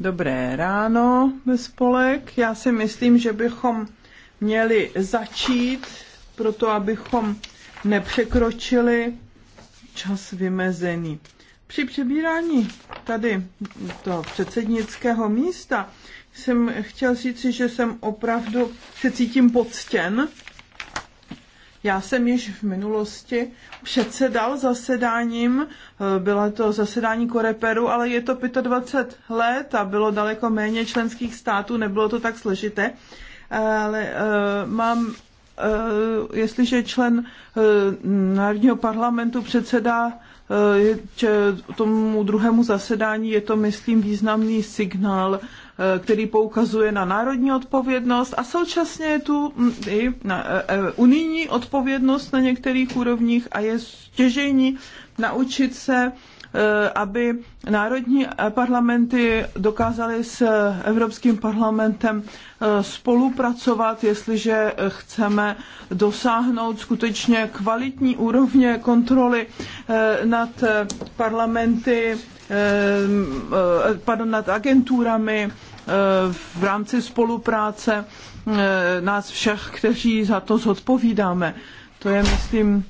Dobré ráno spolek. Já si myslím, že bychom měli začít, proto abychom nepřekročili čas vymezený. Při přebírání tady to předsednického místa jsem chtěl říci, že jsem opravdu se cítím poctěn já jsem již v minulosti předsedal zasedáním, eh, byla to zasedání Koreperu, ale je to 25 let a bylo daleko méně členských států, nebylo to tak složité. Ale eh, mám eh, jestliže člen Národního parlamentu předsedá Eh, tomu druhému zasedání je to, myslím, významný signál, eh, který poukazuje na národní odpovědnost a současně je tu hm, i na eh, unijní odpovědnost na některých úrovních a je stěžejní naučit se Eh, aby národní parlamenty dokázaly s Evropským parlamentem eh, spolupracovat, jestliže chceme dosáhnout skutečně kvalitní úrovně kontroly eh, nad parlamenty, pardon, nad agenturami v rámci spolupráce nás všech, kteří za to zodpovídáme. To je, myslím,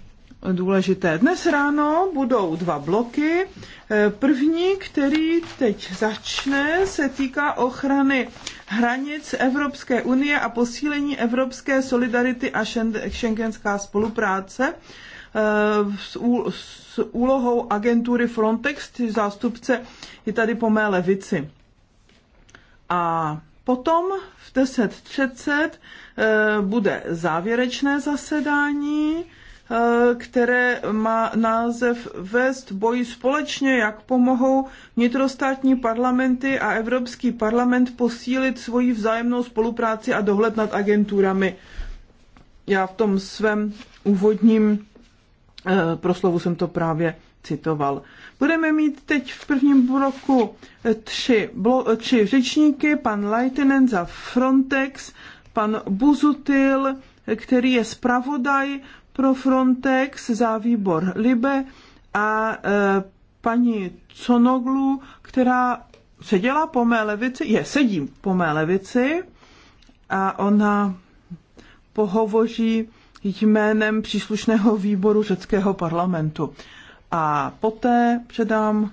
důležité. Dnes ráno budou dva bloky. Eh, první, který teď začne, se týká ochrany hranic Evropské unie a posílení evropské solidarity a šengenská spolupráce eh, s úlohou agentury Frontex. Zástupce je tady po mé levici. A potom v 10.30 eh, bude závěrečné zasedání Eh, které má název Vést boj společně, jak pomohou vnitrostátní parlamenty a Evropský parlament posílit svoji vzájemnou spolupráci a dohled nad agenturami. Já v tom svém úvodním eh, proslovu jsem to právě citoval. Budeme mít teď v prvním bloku eh, tři, blo, tři řečníky, pan Leitinen za Frontex, pan Buzutil, který je zpravodaj pro Frontex, za výbor Libe a e, paní Conoglu, která seděla po mé levici, je, sedím po mé levici a ona pohovoří jménem příslušného výboru řeckého parlamentu. A poté předám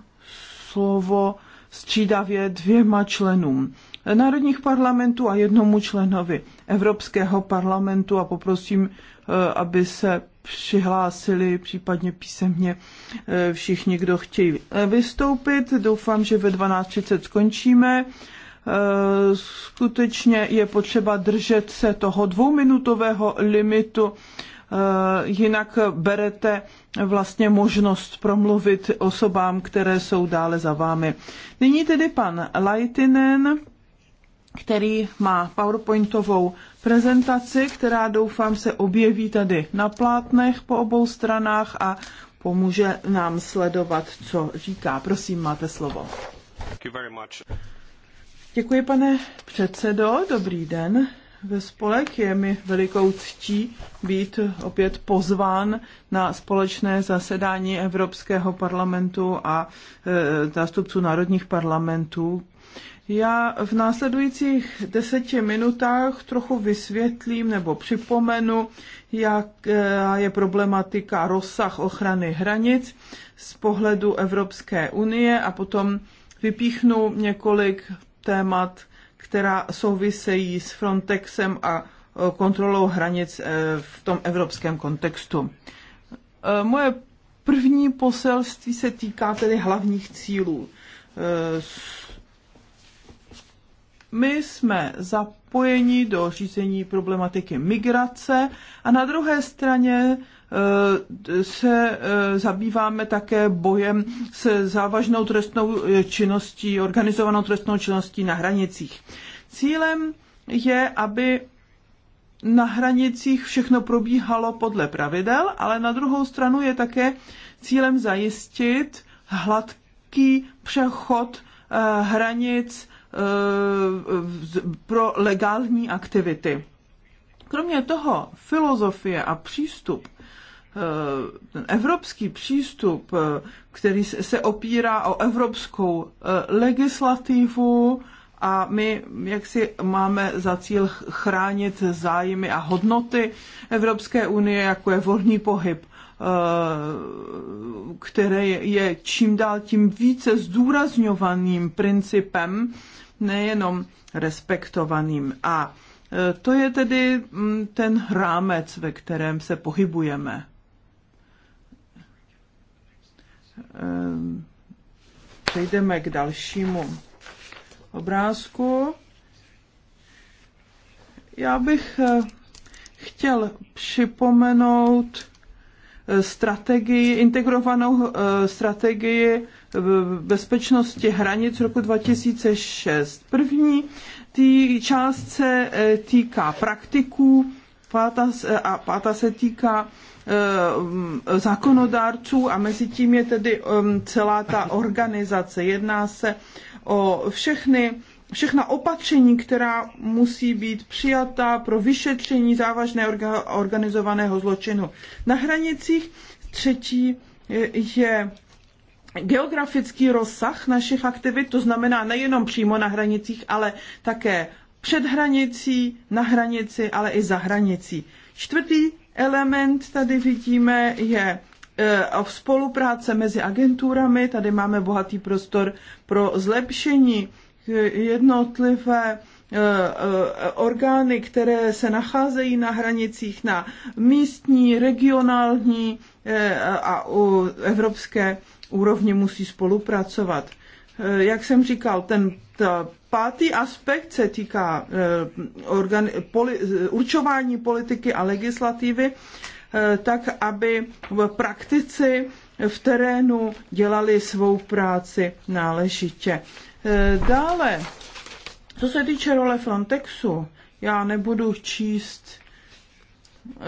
slovo střídavě dvěma členům národních parlamentů a jednomu členovi Evropského parlamentu a poprosím Eh, aby se přihlásili případně písemně eh, všichni, kdo chtějí eh, vystoupit. Doufám, že ve 12.30 skončíme. Skutečně je potřeba držet se toho dvouminutového limitu, jinak berete vlastně možnost promluvit osobám, které jsou dále za vámi. Nyní tedy pan Leitinen který má PowerPointovou prezentaci, která doufám se objeví tady na plátnech po obou stranách a pomůže nám sledovat, co říká. Prosím, máte slovo. Děkuji, pane předsedo. Dobrý den. Ve spolek je mi velikou ctí být opět pozván na společné zasedání Evropského parlamentu a e, zástupců národních parlamentů já v následujících deseti minutách trochu vysvětlím nebo připomenu, jak eh, je problematika rozsah ochrany hranic z pohledu Evropské unie a potom vypíchnu několik témat, která souvisejí s Frontexem a eh, kontrolou hranic eh, v tom evropském kontextu. Moje první poselství se týká tedy hlavních cílů my jsme zapojeni do řízení problematiky migrace a na druhé straně e, se e, zabýváme také bojem se závažnou trestnou e, činností, organizovanou trestnou činností na hranicích. Cílem je, aby na hranicích všechno probíhalo podle pravidel, ale na druhou stranu je také cílem zajistit hladký přechod hranic Eh, pro legální aktivity. Kromě toho filozofie a přístup, eh, ten evropský přístup, eh, který se opírá o evropskou legislativu, a my jak si máme za cíl chránit zájmy a hodnoty Evropské unie, jako je volný pohyb Eh, které je čím dál tím více zdůrazňovaným principem, nejenom respektovaným. A eh, to je tedy mm, ten rámec, ve kterém se pohybujeme. Eh, přejdeme k dalšímu obrázku. Já bych chtěl připomenout strategii, integrovanou eh, strategii eh, bezpečnosti hranic roku 2006. První tý část se eh, týká praktiků pátá, a pátá se týká mm, zákonodárců a mezi tím je tedy mm, celá ta organizace. Jedná se o všechny všechna opatření, která musí být přijata pro vyšetření závažné orga, organizovaného zločinu na hranicích. Třetí je, eh, je geografický rozsah našich aktivit, to znamená nejenom přímo na hranicích, ale také před hranicí, na hranici, ale i za hranicí. Čtvrtý element tady vidíme je v eh, spolupráce mezi agenturami. Tady máme bohatý prostor pro zlepšení jednotlivé eh, eh, orgány, které se nacházejí na hranicích na místní, regionální eh, a u evropské úrovni musí spolupracovat. Jak jsem říkal, ten pátý aspekt se týká poli, určování politiky a legislativy tak, aby praktici v terénu dělali svou práci náležitě. Eh, dále, co se týče role Frontexu, já nebudu číst eh,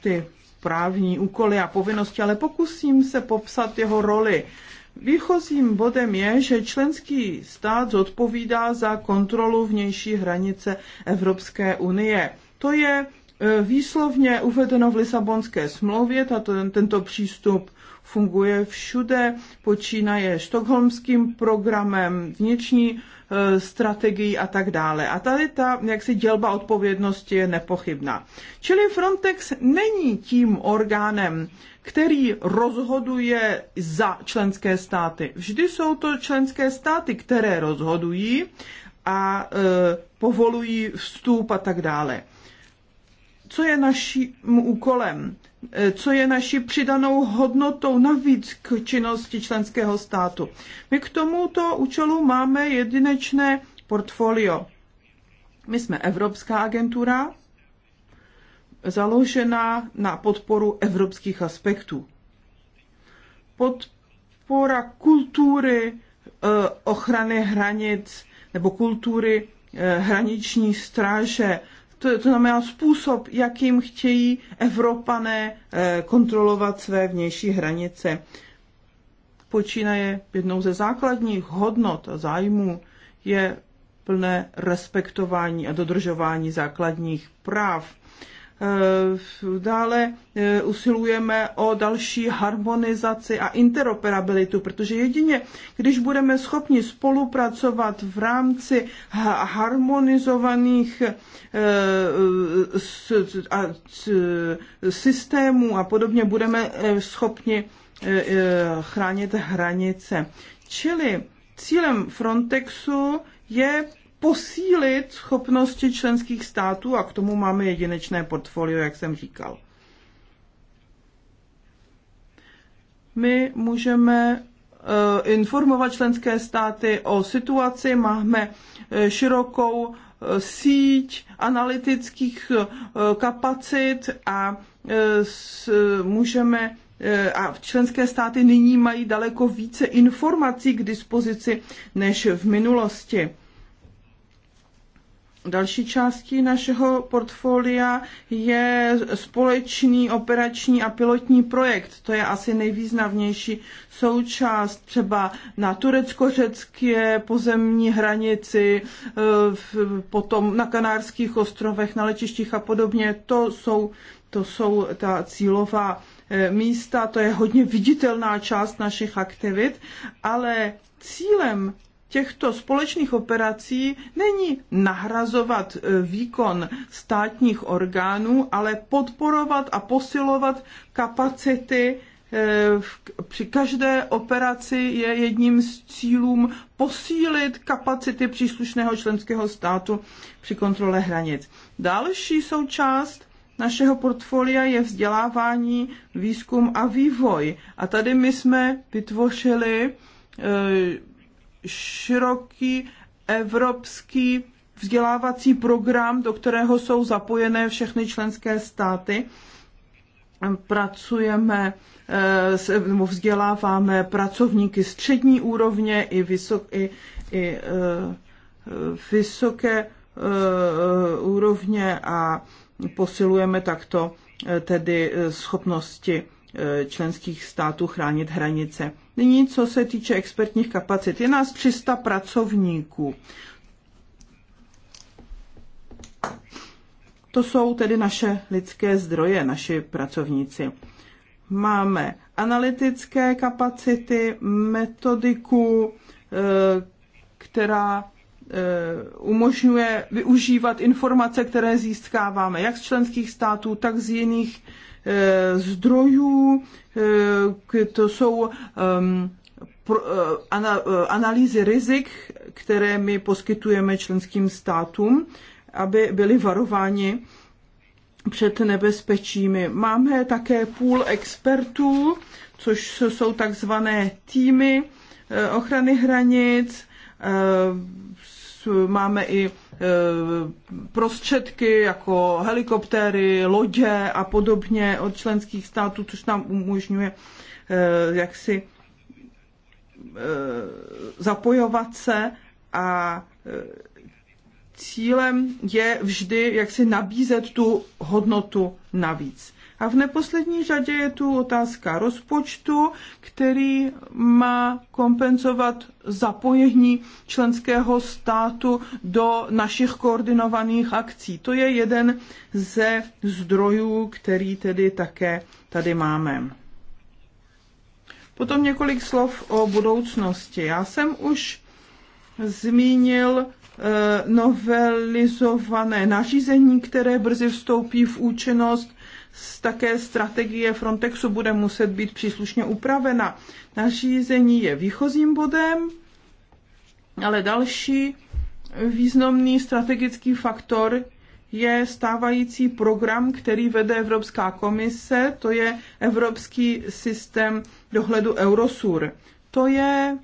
ty právní úkoly a povinnosti, ale pokusím se popsat jeho roli. Výchozím bodem je, že členský stát zodpovídá za kontrolu vnější hranice Evropské unie. To je eh, výslovně uvedeno v Lisabonské smlouvě, tato, tento přístup funguje všude, počínaje štokholmským programem, vnitřní e, strategií a tak dále. A tady ta jaksi dělba odpovědnosti je nepochybná. Čili Frontex není tím orgánem, který rozhoduje za členské státy. Vždy jsou to členské státy, které rozhodují a e, povolují vstup a tak dále co je naším úkolem, e, co je naší přidanou hodnotou navíc k činnosti členského státu. My k tomuto účelu máme jedinečné portfolio. My jsme Evropská agentura, založená na podporu evropských aspektů. Podpora kultury e, ochrany hranic nebo kultury e, hraniční stráže, to, to znamená způsob, jakým chtějí Evropané eh, kontrolovat své vnější hranice. Počínaje jednou ze základních hodnot a zájmů je plné respektování a dodržování základních práv Eh, dále eh, usilujeme o další harmonizaci a interoperabilitu, protože jedině, když budeme schopni spolupracovat v rámci harmonizovaných eh, systémů a podobně, budeme schopni chránit hranice. Čili cílem Frontexu je posílit schopnosti členských států a k tomu máme jedinečné portfolio, jak jsem říkal. My můžeme eh, informovat členské státy o situaci, máme eh, širokou eh, síť analytických kapacit a můžeme a členské státy nyní mají daleko více informací k dispozici než v minulosti. Další částí našeho portfolia je společný operační a pilotní projekt. To je asi nejvýznamnější součást třeba na turecko-řecké pozemní hranici, eh, potom na Kanárských ostrovech, na letištích a podobně. To jsou, to jsou ta cílová eh, místa, to je hodně viditelná část našich aktivit, ale cílem těchto společných operací není nahrazovat e, výkon státních orgánů, ale podporovat a posilovat kapacity e, při každé operaci je jedním z cílů posílit kapacity příslušného členského státu při kontrole hranic. Další součást našeho portfolia je vzdělávání, výzkum a vývoj. A tady my jsme vytvořili e, široký evropský vzdělávací program, do kterého jsou zapojené všechny členské státy. Pracujeme eh, nebo vzděláváme pracovníky střední úrovně i, vysok, i, i eh, vysoké eh, úrovně a posilujeme takto tedy schopnosti členských států chránit hranice. Nyní, co se týče expertních kapacit, je nás 300 pracovníků. To jsou tedy naše lidské zdroje, naši pracovníci. Máme analytické kapacity, metodiku, eh, která eh, umožňuje využívat informace, které získáváme jak z členských států, tak z jiných Eh, zdrojů, eh, to jsou ehm, eh, analýzy rizik, které my poskytujeme členským státům, aby byli varováni před nebezpečími. Máme také půl expertů, což jsou takzvané týmy ochrany hranic, máme i e, prostředky jako helikoptéry, lodě a podobně od členských států, což nám umožňuje e, jaksi e, zapojovat se a cílem je vždy, jak si nabízet tu hodnotu navíc. A v neposlední řadě je tu otázka rozpočtu, který má kompenzovat zapojení členského státu do našich koordinovaných akcí. To je jeden ze zdrojů, který tedy také tady máme. Potom několik slov o budoucnosti. Já jsem už zmínil e, novelizované nařízení, které brzy vstoupí v účinnost také strategie Frontexu bude muset být příslušně upravena. Nařízení je výchozím bodem, ale další významný strategický faktor je stávající program, který vede Evropská komise, to je Evropský systém dohledu Eurosur. To je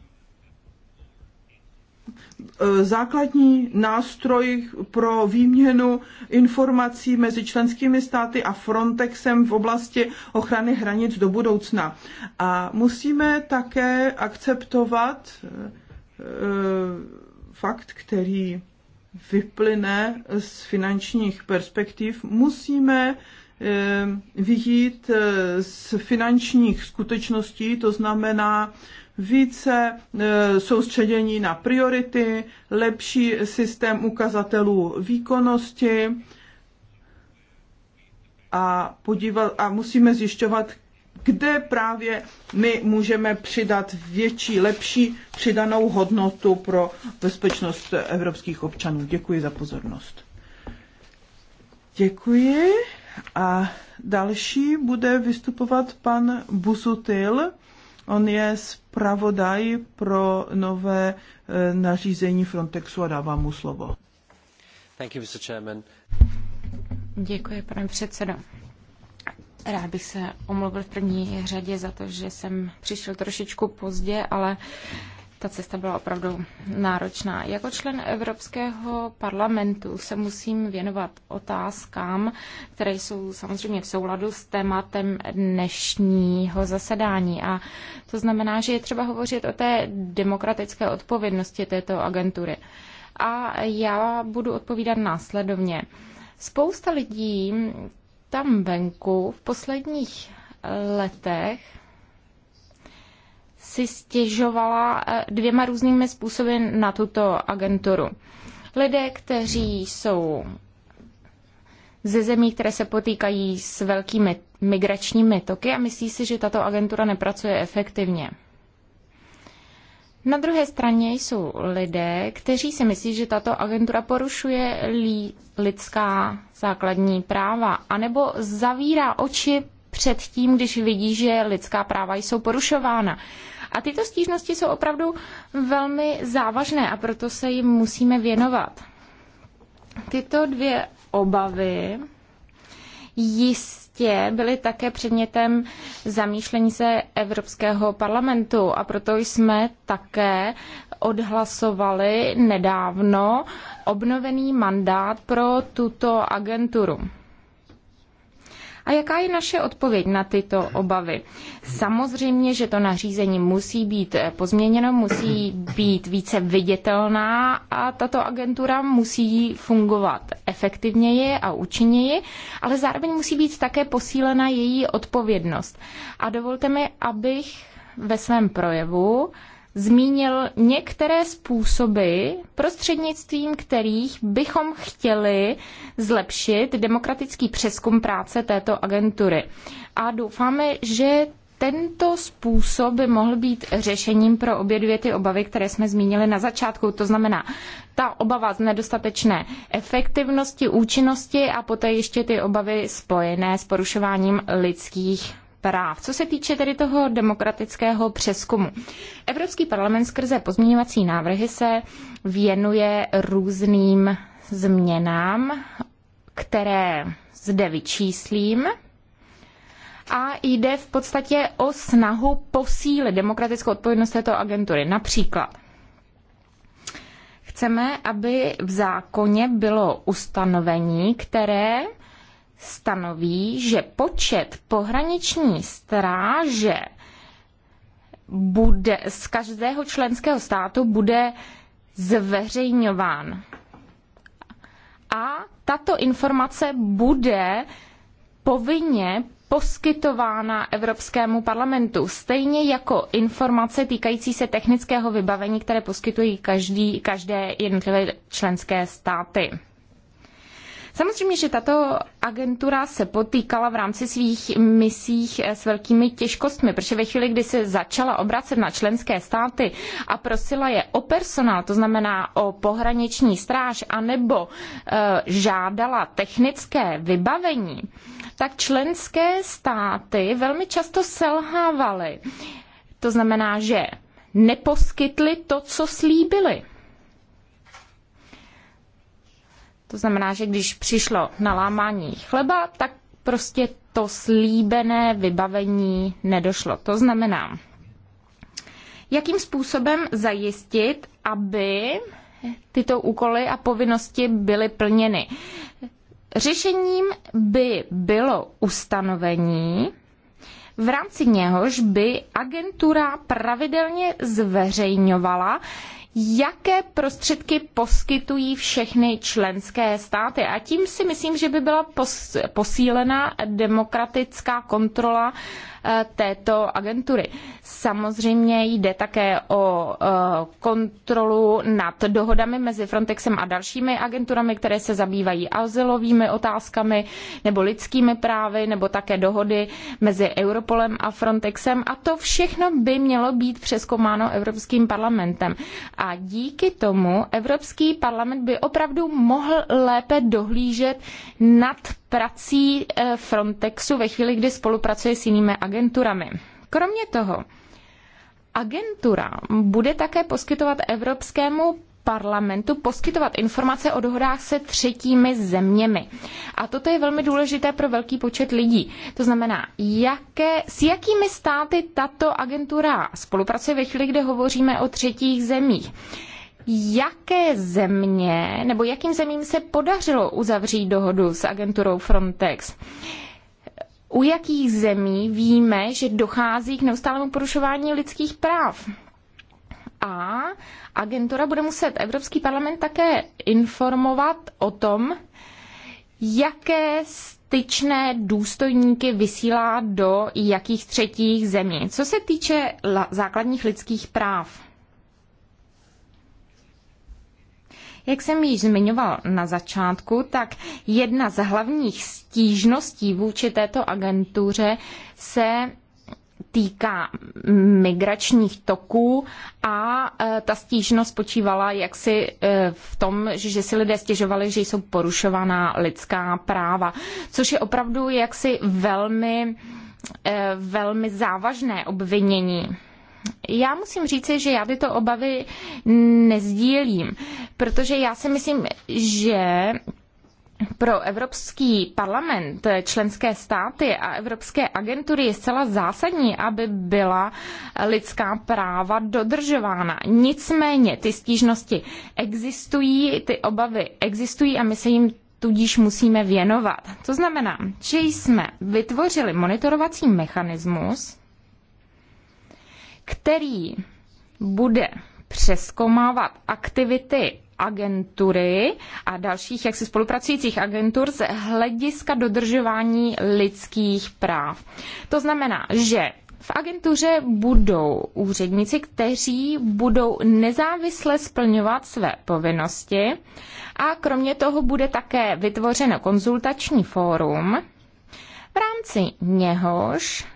E, základní nástroj pro výměnu informací mezi členskými státy a Frontexem v oblasti ochrany hranic do budoucna. A musíme také akceptovat e, e, fakt, který vyplyne z finančních perspektiv, musíme vyjít z finančních skutečností, to znamená více e, soustředění na priority, lepší systém ukazatelů výkonnosti a, podíval, a musíme zjišťovat, kde právě my můžeme přidat větší, lepší přidanou hodnotu pro bezpečnost evropských občanů. Děkuji za pozornost. Děkuji. A další bude vystupovat pan Busutil. On je z zpravodaj pro nové e, nařízení Frontexu a dávám mu slovo. Thank you, Mr. Chairman. Děkuji, pane předsedo. Rád bych se omluvil v první řadě za to, že jsem přišel trošičku pozdě, ale ta cesta byla opravdu náročná. Jako člen Evropského parlamentu se musím věnovat otázkám, které jsou samozřejmě v souladu s tématem dnešního zasedání. A to znamená, že je třeba hovořit o té demokratické odpovědnosti této agentury. A já budu odpovídat následovně. Spousta lidí tam venku v posledních letech si stěžovala eh, dvěma různými způsoby na tuto agenturu. Lidé, kteří jsou ze zemí, které se potýkají s velkými migračními toky a myslí si, že tato agentura nepracuje efektivně. Na druhé straně jsou lidé, kteří si myslí, že tato agentura porušuje lidská základní práva, anebo zavírá oči před tím, když vidí, že lidská práva jsou porušována. A tyto stížnosti jsou opravdu velmi závažné a proto se jim musíme věnovat. Tyto dvě obavy jistě byly také předmětem zamýšlení se Evropského parlamentu a proto jsme také odhlasovali nedávno obnovený mandát pro tuto agenturu. A jaká je naše odpověď na tyto obavy? Samozřejmě, že to nařízení musí být eh, pozměněno, musí být více viditelná a tato agentura musí fungovat efektivněji a účinněji, ale zároveň musí být také posílena její odpovědnost. A dovolte mi, abych ve svém projevu zmínil některé způsoby, prostřednictvím kterých bychom chtěli zlepšit demokratický přeskum práce této agentury. A doufáme, že tento způsob by mohl být řešením pro obě dvě ty obavy, které jsme zmínili na začátku. To znamená ta obava z nedostatečné efektivnosti, účinnosti a poté ještě ty obavy spojené s porušováním lidských práv. Co se týče tedy toho demokratického přeskumu. Evropský parlament skrze pozměňovací návrhy se věnuje různým změnám, které zde vyčíslím a jde v podstatě o snahu posílit demokratickou odpovědnost této agentury. Například chceme, aby v zákoně bylo ustanovení, které stanoví, že počet pohraniční stráže bude, z každého členského státu bude zveřejňován. A tato informace bude povinně poskytována Evropskému parlamentu, stejně jako informace týkající se technického vybavení, které poskytují každý, každé jednotlivé členské státy. Samozřejmě, že tato agentura se potýkala v rámci svých misích eh, s velkými těžkostmi, protože ve chvíli, kdy se začala obracet na členské státy a prosila je o personál, to znamená o pohraniční stráž, anebo e, žádala technické vybavení, tak členské státy velmi často selhávaly. To znamená, že neposkytli to, co slíbili. To znamená, že když přišlo na lámání chleba, tak prostě to slíbené vybavení nedošlo. To znamená, jakým způsobem zajistit, aby tyto úkoly a povinnosti byly plněny. Řešením by bylo ustanovení, v rámci něhož by agentura pravidelně zveřejňovala jaké prostředky poskytují všechny členské státy. A tím si myslím, že by byla posílena demokratická kontrola Eh, této agentury. Samozřejmě jde také o eh, kontrolu nad dohodami mezi Frontexem a dalšími agenturami, které se zabývají azylovými otázkami nebo lidskými právy, nebo také dohody mezi Europolem a Frontexem. A to všechno by mělo být přeskománo Evropským parlamentem. A díky tomu Evropský parlament by opravdu mohl lépe dohlížet nad prací eh, Frontexu ve chvíli, kdy spolupracuje s jinými agenturami. Kromě toho, agentura bude také poskytovat Evropskému parlamentu poskytovat informace o dohodách se třetími zeměmi. A toto je velmi důležité pro velký počet lidí. To znamená, jaké, s jakými státy tato agentura spolupracuje ve chvíli, kdy hovoříme o třetích zemích jaké země nebo jakým zemím se podařilo uzavřít dohodu s agenturou Frontex. U jakých zemí víme, že dochází k neustálému porušování lidských práv? A agentura bude muset Evropský parlament také informovat o tom, jaké styčné důstojníky vysílá do jakých třetích zemí. Co se týče základních lidských práv, Jak jsem již zmiňoval na začátku, tak jedna z hlavních stížností vůči této agentuře se týká migračních toků a e, ta stížnost spočívala jaksi e, v tom, že si lidé stěžovali, že jsou porušovaná lidská práva, což je opravdu jaksi velmi, e, velmi závažné obvinění. Já musím říci, že já tyto obavy nezdílím, protože já si myslím, že pro Evropský parlament, členské státy a evropské agentury je zcela zásadní, aby byla lidská práva dodržována. Nicméně ty stížnosti existují, ty obavy existují a my se jim tudíž musíme věnovat. To znamená, že jsme vytvořili monitorovací mechanismus, který bude přeskomávat aktivity agentury a dalších jaksi spolupracujících agentur z hlediska dodržování lidských práv. To znamená, že v agentuře budou úředníci, kteří budou nezávisle splňovat své povinnosti a kromě toho bude také vytvořeno konzultační fórum, v rámci něhož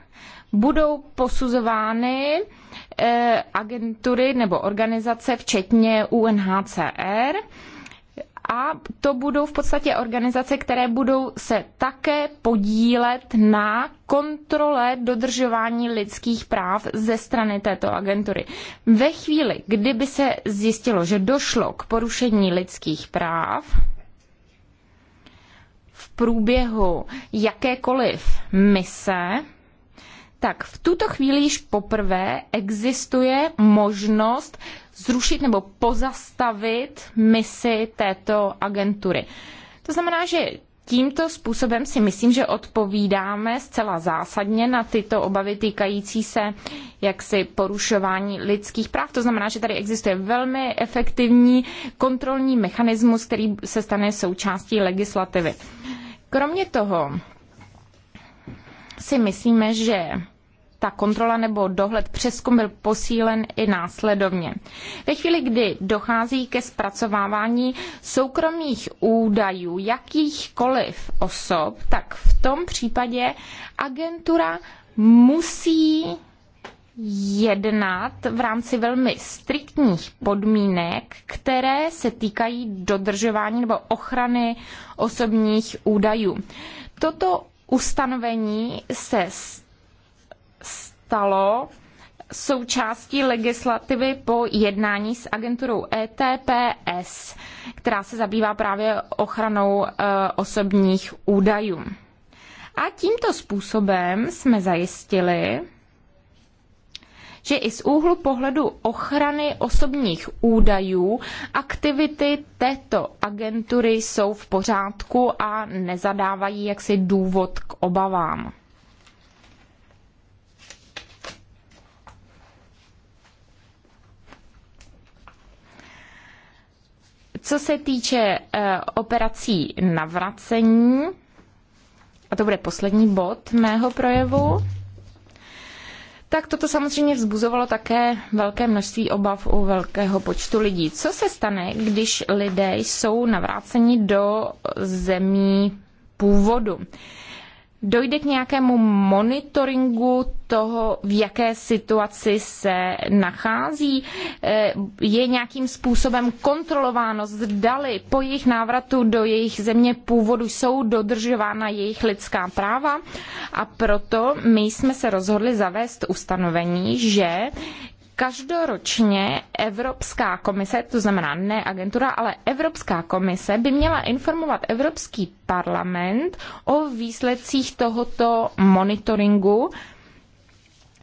budou posuzovány eh, agentury nebo organizace, včetně UNHCR, a to budou v podstatě organizace, které budou se také podílet na kontrole dodržování lidských práv ze strany této agentury. Ve chvíli, kdyby se zjistilo, že došlo k porušení lidských práv v průběhu jakékoliv mise, tak v tuto chvíli již poprvé existuje možnost zrušit nebo pozastavit misi této agentury. To znamená, že tímto způsobem si myslím, že odpovídáme zcela zásadně na tyto obavy týkající se jaksi porušování lidských práv. To znamená, že tady existuje velmi efektivní kontrolní mechanismus, který se stane součástí legislativy. Kromě toho, si myslíme, že ta kontrola nebo dohled přeskum byl posílen i následovně. Ve chvíli, kdy dochází ke zpracovávání soukromých údajů jakýchkoliv osob, tak v tom případě agentura musí jednat v rámci velmi striktních podmínek, které se týkají dodržování nebo ochrany osobních údajů. Toto ustanovení se stalo součástí legislativy po jednání s agenturou ETPS, která se zabývá právě ochranou eh, osobních údajů. A tímto způsobem jsme zajistili, že i z úhlu pohledu ochrany osobních údajů aktivity této agentury jsou v pořádku a nezadávají jaksi důvod k obavám. Co se týče eh, operací navracení, a to bude poslední bod mého projevu, tak toto samozřejmě vzbuzovalo také velké množství obav u velkého počtu lidí. Co se stane, když lidé jsou navráceni do zemí původu? Dojde k nějakému monitoringu toho, v jaké situaci se nachází? Eh, je nějakým způsobem kontrolováno, zdali po jejich návratu do jejich země původu jsou dodržována jejich lidská práva? A proto my jsme se rozhodli zavést ustanovení, že Každoročně Evropská komise, to znamená ne agentura, ale Evropská komise by měla informovat Evropský parlament o výsledcích tohoto monitoringu,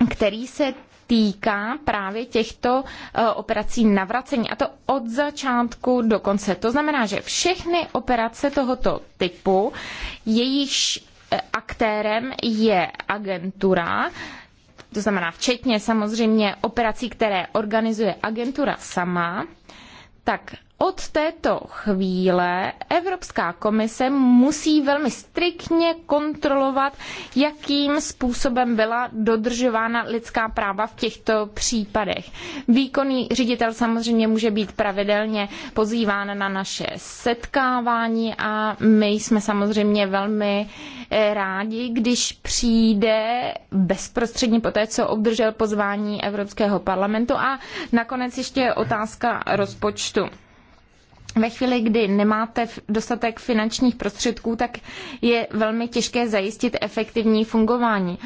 který se týká právě těchto eh, operací navracení. A to od začátku do konce. To znamená, že všechny operace tohoto typu, jejichž eh, aktérem je agentura, to znamená včetně samozřejmě operací, které organizuje agentura sama, tak od této chvíle Evropská komise musí velmi striktně kontrolovat, jakým způsobem byla dodržována lidská práva v těchto případech. Výkonný ředitel samozřejmě může být pravidelně pozýván na naše setkávání a my jsme samozřejmě velmi eh, rádi, když přijde bezprostředně po té, co obdržel pozvání Evropského parlamentu. A nakonec ještě otázka rozpočtu ve chvíli, kdy nemáte dostatek finančních prostředků, tak je velmi těžké zajistit efektivní fungování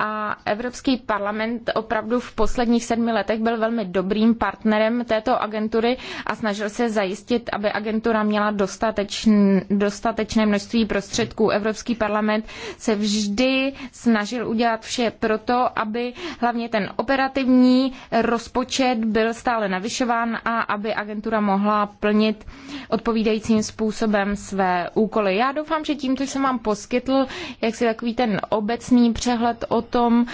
a Evropský parlament opravdu v posledních sedmi letech byl velmi dobrým partnerem této agentury a snažil se zajistit, aby agentura měla dostatečn, dostatečné množství prostředků. Evropský parlament se vždy snažil udělat vše proto, aby hlavně ten operativní rozpočet byl stále navyšován a aby agentura mohla plnit odpovídajícím způsobem své úkoly. Já doufám, že tímto jsem vám poskytl jaksi takový ten obecný přehled o tom,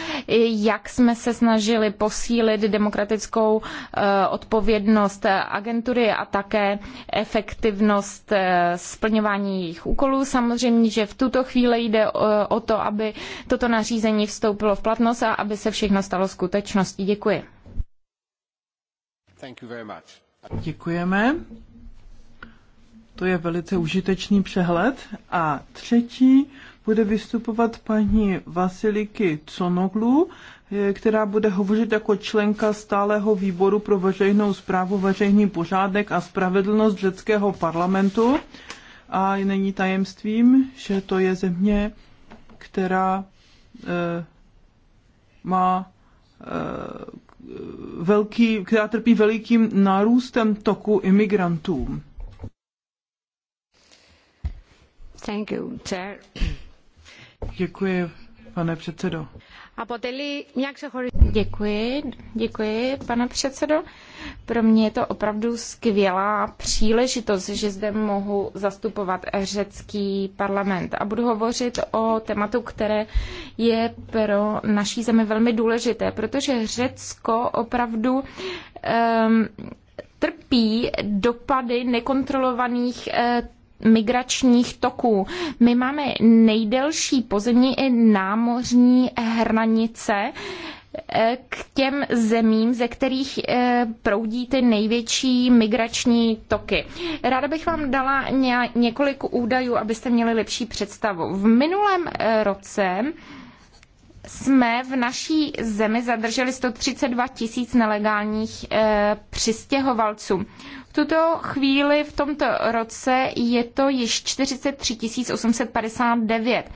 jak jsme se snažili posílit demokratickou eh, odpovědnost agentury a také efektivnost eh, splňování jejich úkolů. Samozřejmě, že v tuto chvíli jde eh, o to, aby toto nařízení vstoupilo v platnost a aby se všechno stalo skutečností. Děkuji. Děkujeme. To je velice užitečný přehled. A třetí bude vystupovat paní Vasiliky Conoglu, která bude hovořit jako členka stálého výboru pro veřejnou zprávu, veřejný pořádek a spravedlnost řeckého parlamentu. A není tajemstvím, že to je země, která e, má e, velký, která trpí velikým nárůstem toku imigrantů. pane předsedající Děkuji, děkuji, pane Pro mě je to opravdu skvělá příležitost, že zde mohu zastupovat řecký parlament a budu hovořit o tématu, které je pro naši zemi velmi důležité, protože Řecko opravdu um, trpí dopady nekontrolovaných eh, migračních toků. My máme nejdelší pozemní i námořní hranice eh, k těm zemím, ze kterých eh, proudí ty největší migrační toky. Ráda bych vám dala několik údajů, abyste měli lepší představu. V minulém eh, roce jsme v naší zemi zadrželi 132 tisíc nelegálních přistěhovalců tuto chvíli v tomto roce je to již 43 859.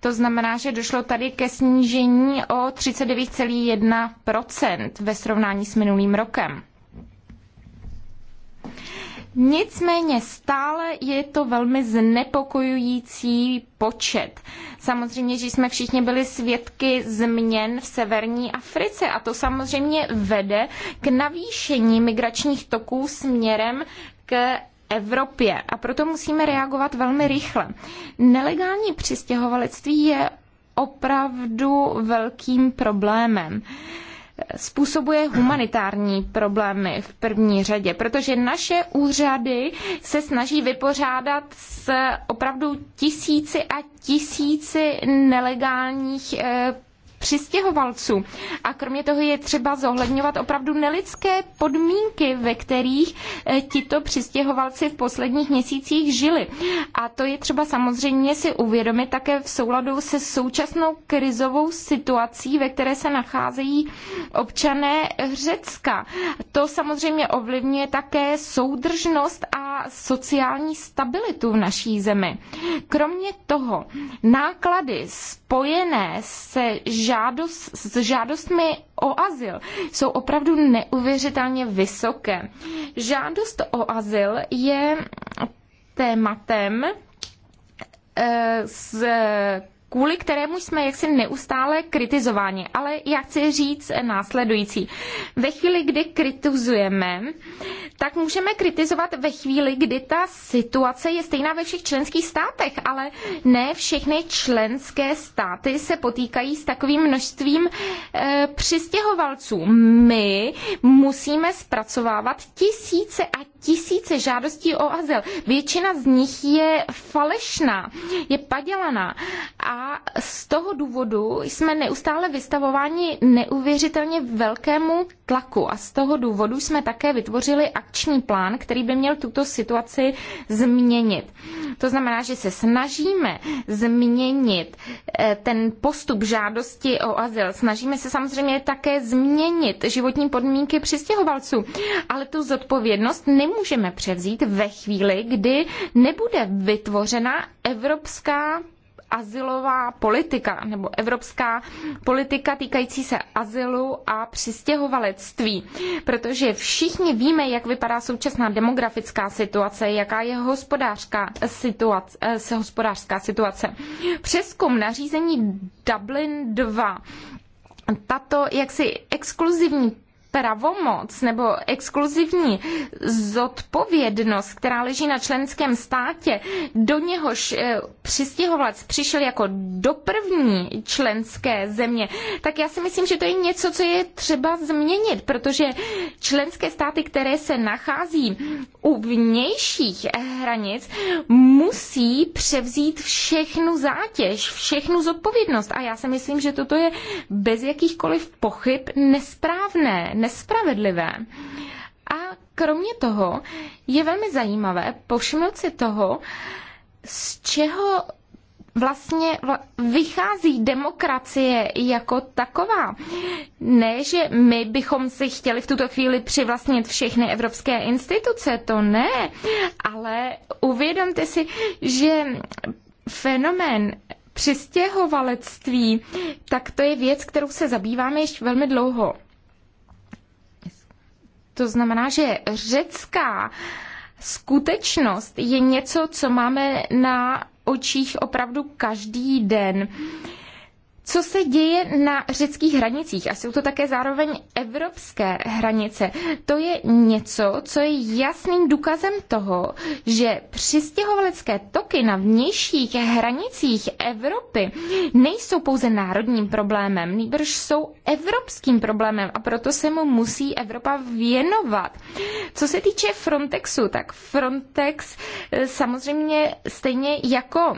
To znamená, že došlo tady ke snížení o 39,1% ve srovnání s minulým rokem. Nicméně stále je to velmi znepokojující počet. Samozřejmě, že jsme všichni byli svědky změn v severní Africe a to samozřejmě vede k navýšení migračních toků směrem k Evropě a proto musíme reagovat velmi rychle. Nelegální přistěhovalectví je opravdu velkým problémem způsobuje humanitární problémy v první řadě, protože naše úřady se snaží vypořádat s opravdu tisíci a tisíci nelegálních eh, přistěhovalců. A kromě toho je třeba zohledňovat opravdu nelidské podmínky, ve kterých eh, tito přistěhovalci v posledních měsících žili. A to je třeba samozřejmě si uvědomit také v souladu se současnou krizovou situací, ve které se nacházejí občané Řecka. To samozřejmě ovlivňuje také soudržnost a sociální stabilitu v naší zemi. Kromě toho, náklady spojené se žádným žádost, s žádostmi o azyl jsou opravdu neuvěřitelně vysoké. Žádost o azyl je tématem, z eh, kvůli kterému jsme jaksi neustále kritizováni. Ale já chci říct následující. Ve chvíli, kdy kritizujeme, tak můžeme kritizovat ve chvíli, kdy ta situace je stejná ve všech členských státech, ale ne všechny členské státy se potýkají s takovým množstvím e, přistěhovalců. My musíme zpracovávat tisíce a tisíce žádostí o azyl. Většina z nich je falešná, je padělaná a z toho důvodu jsme neustále vystavováni neuvěřitelně velkému tlaku a z toho důvodu jsme také vytvořili akční plán, který by měl tuto situaci změnit. To znamená, že se snažíme změnit eh, ten postup žádosti o azyl. Snažíme se samozřejmě také změnit životní podmínky přistěhovalců, ale tu zodpovědnost nemůžeme nemůžeme převzít ve chvíli, kdy nebude vytvořena evropská azylová politika nebo evropská politika týkající se azylu a přistěhovalectví, protože všichni víme, jak vypadá současná demografická situace, jaká je hospodářská situace, eh, hospodářská situace. Přeskum nařízení Dublin 2 tato jaksi exkluzivní pravomoc nebo exkluzivní zodpovědnost, která leží na členském státě, do něhož eh, přistěhovalec přišel jako do první členské země, tak já si myslím, že to je něco, co je třeba změnit, protože členské státy, které se nachází u vnějších hranic, musí převzít všechnu zátěž, všechnu zodpovědnost. A já si myslím, že toto je bez jakýchkoliv pochyb nesprávné, nespravedlivé. A kromě toho je velmi zajímavé povšimnout si toho, z čeho vlastně vychází demokracie jako taková. Ne, že my bychom si chtěli v tuto chvíli přivlastnit všechny evropské instituce, to ne, ale uvědomte si, že fenomén přistěhovalectví, tak to je věc, kterou se zabýváme již velmi dlouho. To znamená, že řecká skutečnost je něco, co máme na očích opravdu každý den co se děje na řeckých hranicích a jsou to také zároveň evropské hranice, to je něco, co je jasným důkazem toho, že přistěhovalecké toky na vnějších hranicích Evropy nejsou pouze národním problémem, nýbrž jsou evropským problémem a proto se mu musí Evropa věnovat. Co se týče Frontexu, tak Frontex eh, samozřejmě stejně jako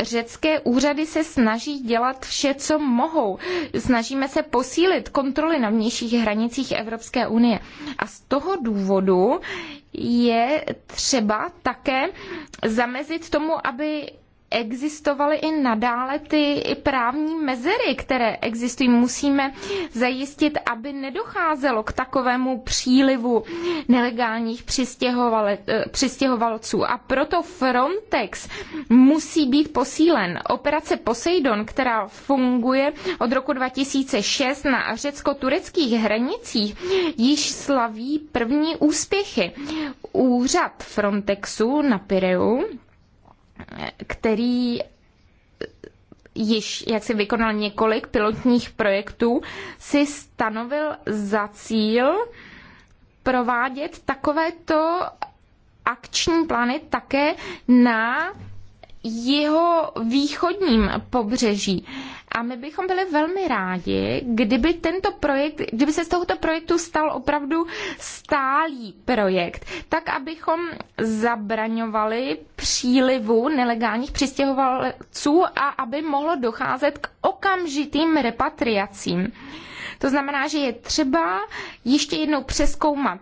řecké úřady se snaží dělat vše co mohou. Snažíme se posílit kontroly na vnějších hranicích Evropské unie. A z toho důvodu je třeba také zamezit tomu, aby existovaly i nadále ty právní mezery, které existují. Musíme zajistit, aby nedocházelo k takovému přílivu nelegálních eh, přistěhovalců. A proto Frontex musí být posílen. Operace Poseidon, která funguje od roku 2006 na řecko-tureckých hranicích, již slaví první úspěchy. Úřad Frontexu na Pireu který již jak si vykonal několik pilotních projektů, si stanovil za cíl provádět takovéto akční plány také na jeho východním pobřeží. A my bychom byli velmi rádi, kdyby tento projekt, kdyby se z tohoto projektu stal opravdu stálý projekt, tak abychom zabraňovali přílivu nelegálních přistěhovalců a aby mohlo docházet k okamžitým repatriacím. To znamená, že je třeba ještě jednou přeskoumat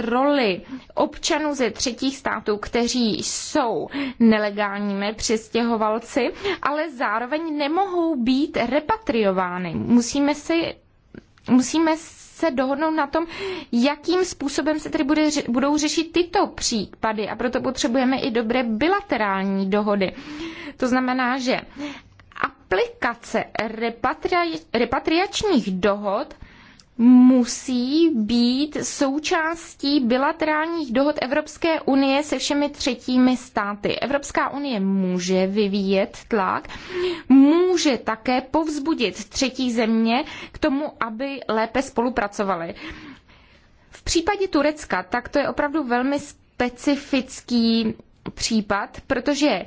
roli občanů ze třetích států, kteří jsou nelegálními přistěhovalci, ale zároveň nemohou být repatriovány. Musíme si musíme se dohodnout na tom, jakým způsobem se tedy bude, budou řešit tyto případy a proto potřebujeme i dobré bilaterální dohody. To znamená, že aplikace repatriačních dohod musí být součástí bilaterálních dohod Evropské unie se všemi třetími státy. Evropská unie může vyvíjet tlak, může také povzbudit třetí země k tomu, aby lépe spolupracovaly. V případě Turecka, tak to je opravdu velmi specifický případ, protože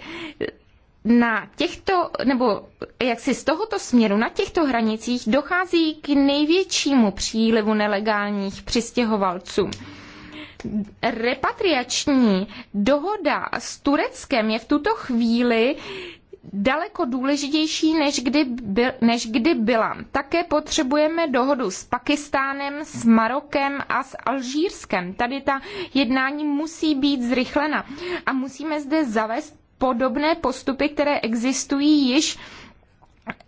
na těchto, nebo jak si z tohoto směru, na těchto hranicích dochází k největšímu přílivu nelegálních přistěhovalců. Repatriační dohoda s Tureckem je v tuto chvíli daleko důležitější, než kdy, byl, než kdy byla. Také potřebujeme dohodu s Pakistánem, s Marokem a s Alžírskem. Tady ta jednání musí být zrychlena a musíme zde zavést podobné postupy, které existují již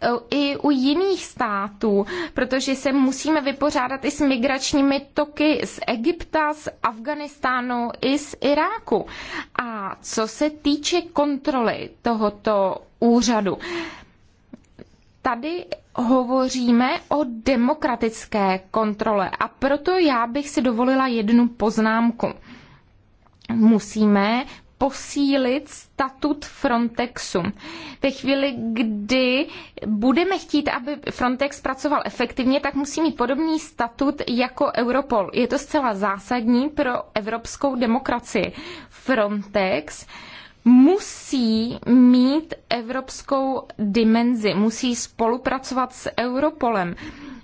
eh, i u jiných států, protože se musíme vypořádat i s migračními toky z Egypta, z Afganistánu i z Iráku. A co se týče kontroly tohoto úřadu, tady hovoříme o demokratické kontrole a proto já bych si dovolila jednu poznámku. Musíme posílit statut Frontexu. Ve chvíli, kdy budeme chtít, aby Frontex pracoval efektivně, tak musí mít podobný statut jako Europol. Je to zcela zásadní pro evropskou demokracii. Frontex musí mít evropskou dimenzi, musí spolupracovat s Europolem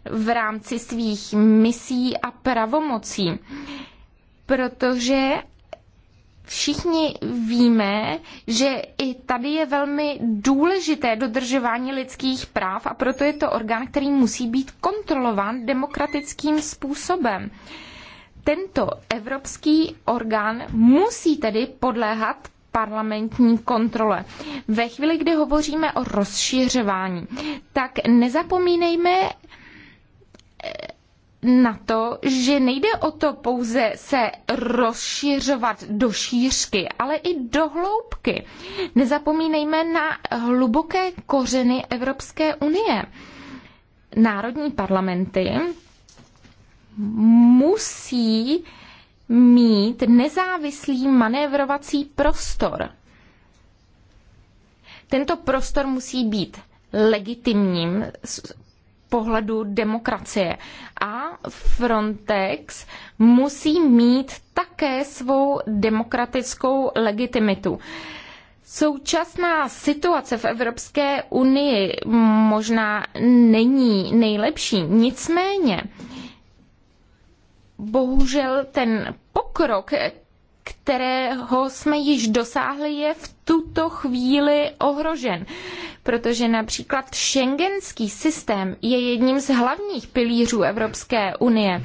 v rámci svých misí a pravomocí, protože Všichni víme, že i tady je velmi důležité dodržování lidských práv a proto je to orgán, který musí být kontrolován demokratickým způsobem. Tento evropský orgán musí tedy podléhat parlamentní kontrole. Ve chvíli, kdy hovoříme o rozšiřování, tak nezapomínejme na to, že nejde o to pouze se rozšiřovat do šířky, ale i do hloubky. Nezapomínejme na hluboké kořeny Evropské unie. Národní parlamenty musí mít nezávislý manévrovací prostor. Tento prostor musí být legitimním pohledu demokracie. A Frontex musí mít také svou demokratickou legitimitu. Současná situace v Evropské unii možná není nejlepší, nicméně bohužel ten pokrok, kterého jsme již dosáhli, je v tuto chvíli ohrožen. Protože například šengenský systém je jedním z hlavních pilířů Evropské unie.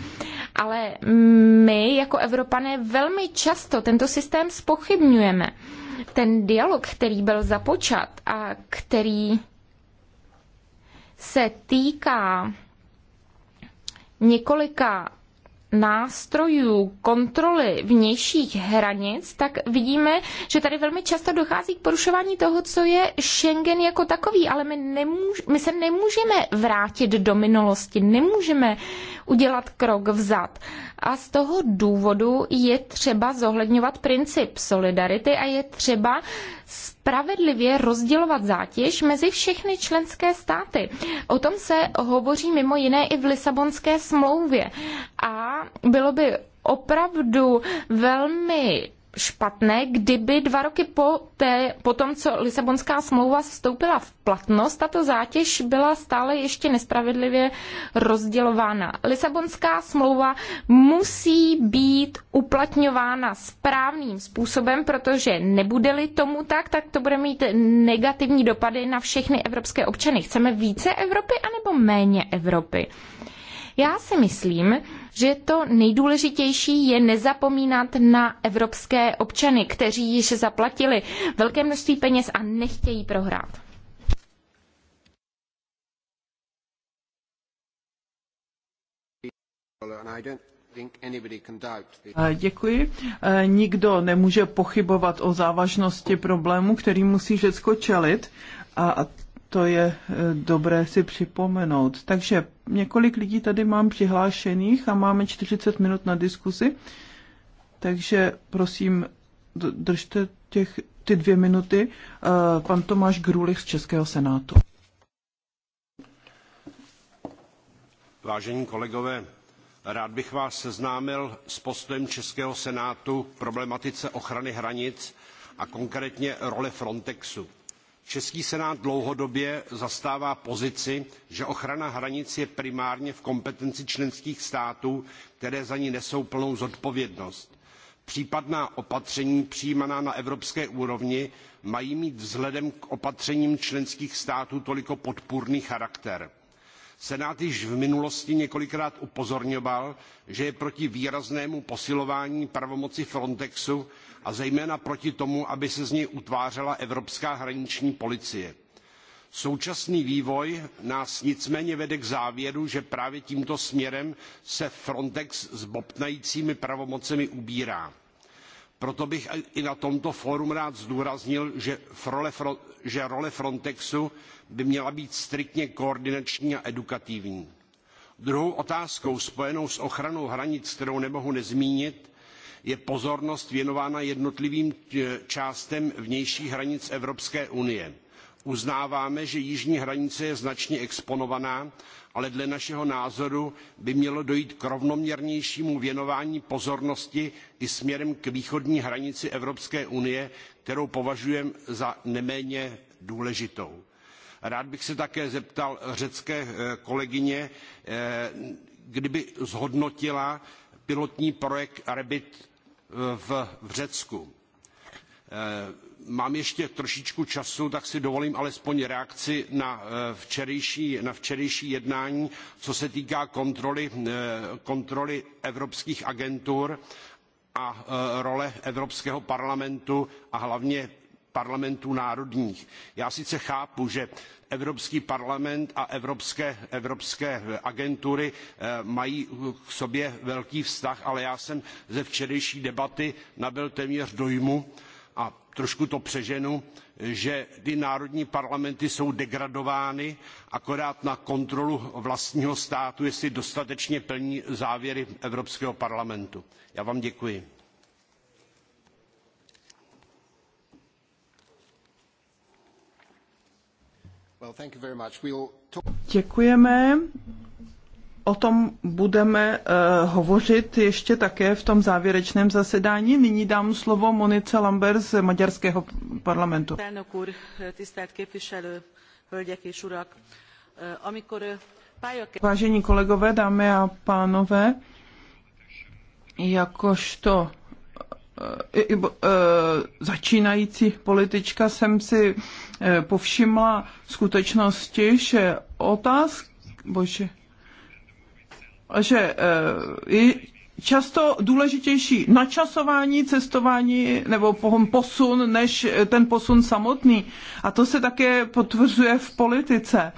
Ale my jako Evropané velmi často tento systém spochybňujeme. Ten dialog, který byl započat a který se týká několika nástrojů kontroly vnějších hranic, tak vidíme, že tady velmi často dochází k porušování toho, co je Schengen jako takový, ale my, nemůž, my se nemůžeme vrátit do minulosti, nemůžeme udělat krok vzad. A z toho důvodu je třeba zohledňovat princip solidarity a je třeba spravedlivě rozdělovat zátěž mezi všechny členské státy. O tom se hovoří mimo jiné i v Lisabonské smlouvě. A bylo by opravdu velmi špatné, kdyby dva roky po, té, po tom, co Lisabonská smlouva vstoupila v platnost, tato zátěž byla stále ještě nespravedlivě rozdělována. Lisabonská smlouva musí být uplatňována správným způsobem, protože nebude-li tomu tak, tak to bude mít negativní dopady na všechny evropské občany. Chceme více Evropy anebo méně Evropy? Já si myslím, že to nejdůležitější je nezapomínat na evropské občany, kteří již zaplatili velké množství peněz a nechtějí prohrát. Eh, děkuji. Eh, nikdo nemůže pochybovat o závažnosti problému, který musí Řecko čelit. A to je eh, dobré si připomenout. Takže několik lidí tady mám přihlášených a máme 40 minut na diskusi, takže prosím, držte těch, ty dvě minuty. Eh, pan Tomáš Grulich z Českého senátu. Vážení kolegové, rád bych vás seznámil s postojem Českého senátu k problematice ochrany hranic a konkrétně role Frontexu Český senát dlouhodobě zastává pozici, že ochrana hranic je primárně v kompetenci členských států, které za ní nesou plnou zodpovědnost. Případná opatření přijímaná na evropské úrovni mají mít vzhledem k opatřením členských států toliko podpůrný charakter senát již v minulosti několikrát upozorňoval že je proti výraznému posilování pravomoci frontexu a zejména proti tomu aby se z něj utvářela evropská hraniční policie. současný vývoj nás nicméně vede k závěru že právě tímto směrem se frontex s bobtnajícími pravomocemi ubírá proto bych i na tomto fóru rád zdůraznil že role frontexu by měla být striktně koordinační a edukativní. druhou otázkou spojenou s ochranou hranic kterou nemohu nezmínit je pozornost věnována jednotlivým částem vnějších hranic evropské unie. Uznáváme, že jižní hranice je značně exponovaná, ale dle našeho názoru by mělo dojít k rovnoměrnějšímu věnování pozornosti i směrem k východní hranici Evropské unie, kterou považujeme za neméně důležitou. Rád bych se také zeptal řecké eh, kolegyně, eh, kdyby zhodnotila pilotní projekt REBIT eh, v Řecku mám ještě trošičku času, tak si dovolím alespoň reakci na eh, včerejší, na včerejší jednání, co se týká kontroly, eh, kontroly evropských agentur a eh, role Evropského parlamentu a hlavně parlamentů národních. Já sice chápu, že Evropský parlament a evropské, evropské agentury mají k sobě velký vztah, ale já jsem ze včerejší debaty nabyl téměř dojmu, a trošku to přeženu, že ty národní parlamenty jsou degradovány akorát na kontrolu vlastního státu, jestli dostatečně plní závěry Evropského parlamentu. Já vám děkuji. Děkujeme o tom budeme eh, hovořit ještě také v tom závěrečném zasedání. Nyní dám slovo Monice Lambert z maďarského parlamentu. Eh, Vážení kolegové, dámy a pánové, jakožto eh, začínající politička jsem si povšimla skutečnosti, že otázka, bože, že eh, je často důležitější načasování cestování nebo posun než ten posun samotný. A to se také potvrzuje v politice.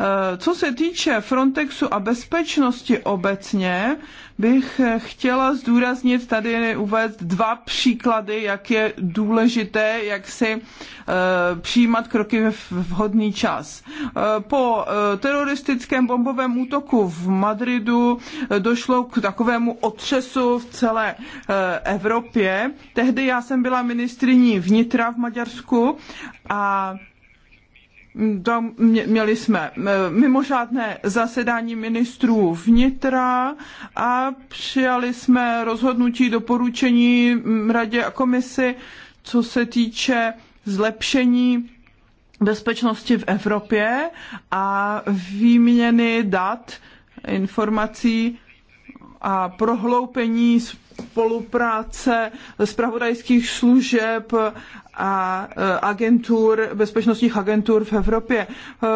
Eh, co se týče Frontexu a bezpečnosti obecně, bych chtěla zdůraznit tady uvést dva příklady, jak je důležité, jak si eh, přijímat kroky v vhodný čas. Eh, po teroristickém bombovém útoku v Madridu došlo k takovému otřesu v celé Evropě. Tehdy já jsem byla ministriní vnitra v Maďarsku a měli jsme eh, mimořádné zasedání ministrů vnitra a přijali jsme rozhodnutí doporučení radě a komisi, co se týče zlepšení bezpečnosti v Evropě a výměny dat, informací a prohloupení spolupráce zpravodajských služeb a eh, agentur, bezpečnostních agentur v Evropě eh,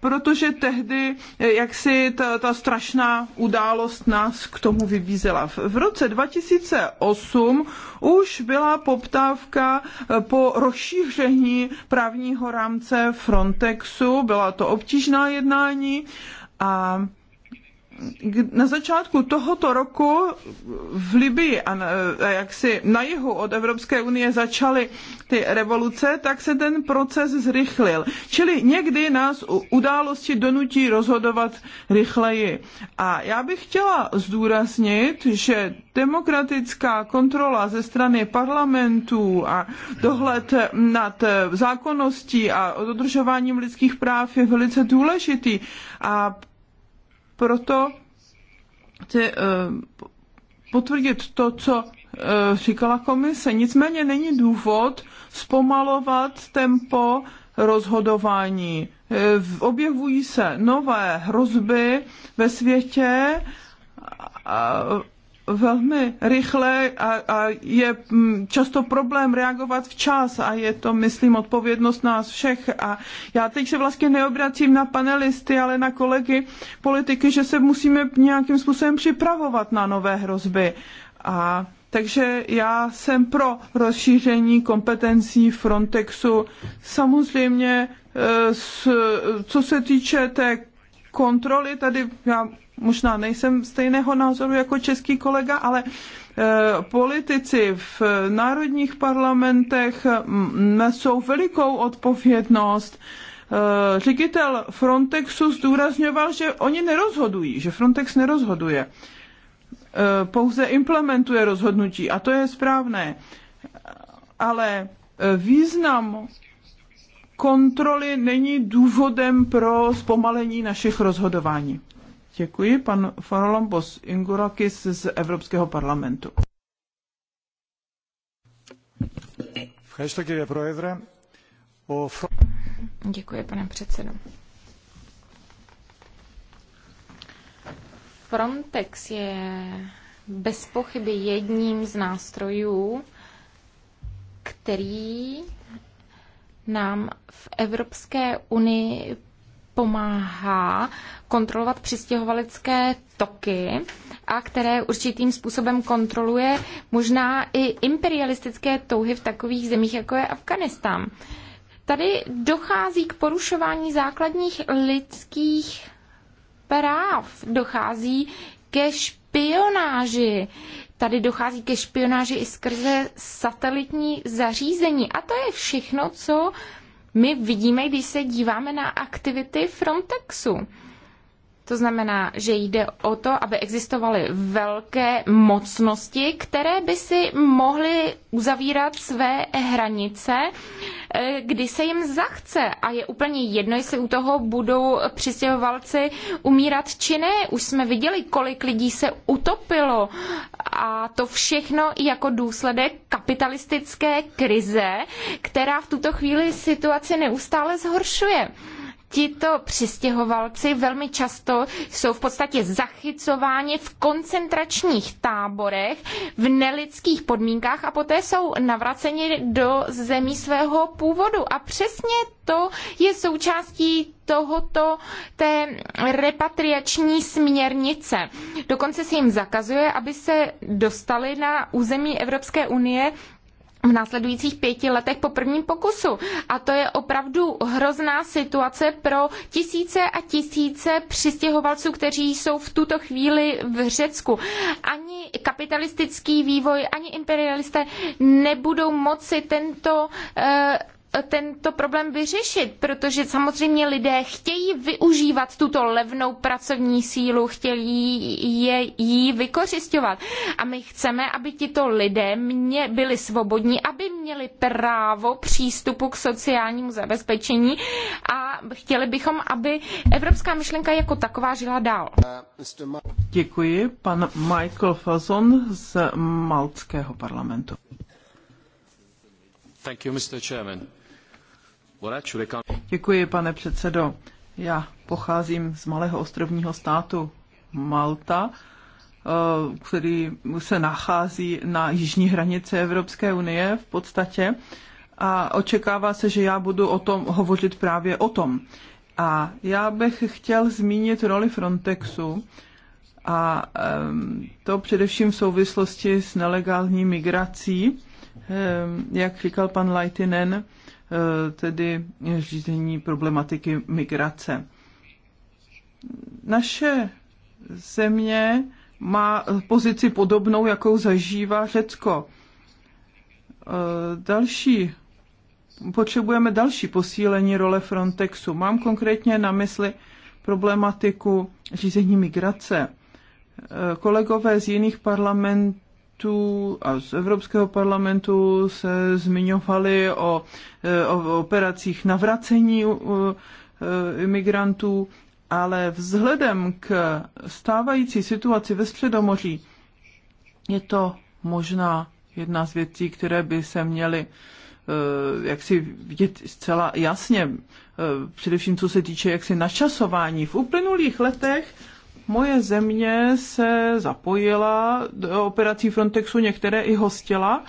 protože tehdy, eh, jak si ta, ta strašná událost nás k tomu vybízela. V roce 2008 už byla poptávka po rozšíření právního rámce Frontexu, byla to obtížná jednání a na začátku tohoto roku v Libii a jak si na jihu od Evropské unie začaly ty revoluce, tak se ten proces zrychlil. Čili někdy nás události donutí rozhodovat rychleji. A já bych chtěla zdůraznit, že demokratická kontrola ze strany parlamentů a dohled nad zákonností a dodržováním lidských práv je velice důležitý. A proto chci eh, potvrdit to, co eh, říkala komise. Nicméně není důvod zpomalovat tempo rozhodování. Eh, objevují se nové hrozby ve světě velmi rychle a, a je mm, často problém reagovat včas a je to, myslím, odpovědnost nás všech. A já teď se vlastně neobracím na panelisty, ale na kolegy politiky, že se musíme nějakým způsobem připravovat na nové hrozby. A takže já jsem pro rozšíření kompetencí Frontexu. Samozřejmě, e, s, co se týče té kontroly, tady já možná nejsem stejného názoru jako český kolega, ale e, politici v národních parlamentech nesou velikou odpovědnost. E, ředitel Frontexu zdůrazňoval, že oni nerozhodují, že Frontex nerozhoduje. E, pouze implementuje rozhodnutí a to je správné. Ale význam kontroly není důvodem pro zpomalení našich rozhodování. Děkuji. Pan Farolombos Ingurakis z Evropského parlamentu. Děkuji, pane předsedo. Frontex je bez pochyby jedním z nástrojů, který nám v Evropské unii pomáhá kontrolovat přistěhovalecké toky a které určitým způsobem kontroluje možná i imperialistické touhy v takových zemích, jako je Afganistán. Tady dochází k porušování základních lidských práv, dochází ke špionáži, tady dochází ke špionáži i skrze satelitní zařízení. A to je všechno, co my vidíme, když se díváme na aktivity Frontexu. To znamená, že jde o to, aby existovaly velké mocnosti, které by si mohly uzavírat své hranice, eh, kdy se jim zachce. A je úplně jedno, jestli u toho budou přistěhovalci umírat či ne. Už jsme viděli, kolik lidí se utopilo. A to všechno jako důsledek kapitalistické krize, která v tuto chvíli situaci neustále zhoršuje tito přistěhovalci velmi často jsou v podstatě zachycováni v koncentračních táborech, v nelidských podmínkách a poté jsou navraceni do zemí svého původu. A přesně to je součástí tohoto té repatriační směrnice. Dokonce se jim zakazuje, aby se dostali na území Evropské unie v následujících pěti letech po prvním pokusu. A to je opravdu hrozná situace pro tisíce a tisíce přistěhovalců, kteří jsou v tuto chvíli v Řecku. Ani kapitalistický vývoj, ani imperialisté nebudou moci tento eh, tento problém vyřešit, protože samozřejmě lidé chtějí využívat tuto levnou pracovní sílu, chtějí je, ji vykořišťovat. A my chceme, aby tito lidé mě byli svobodní, aby měli právo přístupu k sociálnímu zabezpečení a chtěli bychom, aby evropská myšlenka jako taková žila dál. Děkuji, pan Michael Fazon z Maltského parlamentu. Thank you, Mr. Chairman. Děkuji, pane předsedo. Já pocházím z malého ostrovního státu Malta, eh, který se nachází na jižní hranici Evropské unie v podstatě a očekává se, že já budu o tom hovořit právě o tom. A já bych chtěl zmínit roli Frontexu a to především v souvislosti s nelegální migrací, jak říkal pan Leitinen, Eh, tedy řízení problematiky migrace. Naše země má pozici podobnou, jakou zažívá Řecko. Eh, další, potřebujeme další posílení role Frontexu. Mám konkrétně na mysli problematiku řízení migrace. Eh, kolegové z jiných parlamentů parlamentu a z Evropského parlamentu se zmiňovali o, eh, o operacích navracení eh, imigrantů, ale vzhledem k stávající situaci ve Středomoří je to možná jedna z věcí, které by se měly eh, jak si vidět zcela jasně, především co se týče jaksi načasování. V uplynulých letech Moje země se zapojila do operací Frontexu, některé i hostila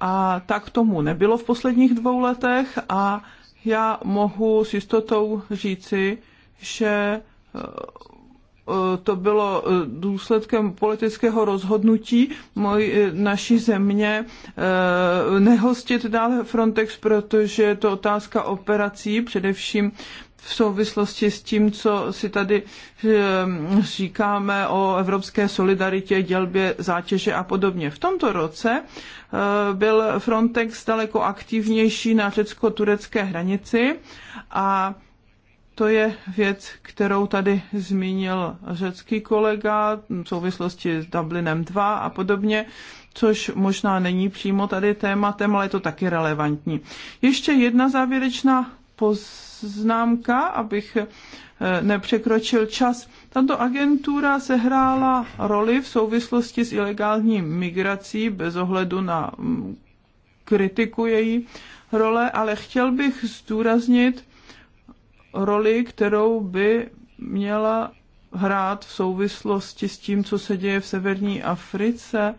a tak tomu nebylo v posledních dvou letech a já mohu s jistotou říci, že eh, eh, to bylo eh, důsledkem politického rozhodnutí moj, naší země nehostit dále Frontex, protože je to otázka operací, především v souvislosti s tím, co si tady ehm, říkáme o evropské solidaritě, dělbě zátěže a podobně. V tomto roce eh, byl Frontex daleko aktivnější na řecko-turecké hranici a to je věc, kterou tady zmínil řecký kolega v souvislosti s Dublinem 2 a podobně, což možná není přímo tady tématem, ale je to taky relevantní. Ještě jedna závěrečná poznámka, abych eh, nepřekročil čas. Tato agentura sehrála roli v souvislosti s ilegální migrací bez ohledu na mm, kritiku její role, ale chtěl bych zdůraznit roli, kterou by měla hrát v souvislosti s tím, co se děje v severní Africe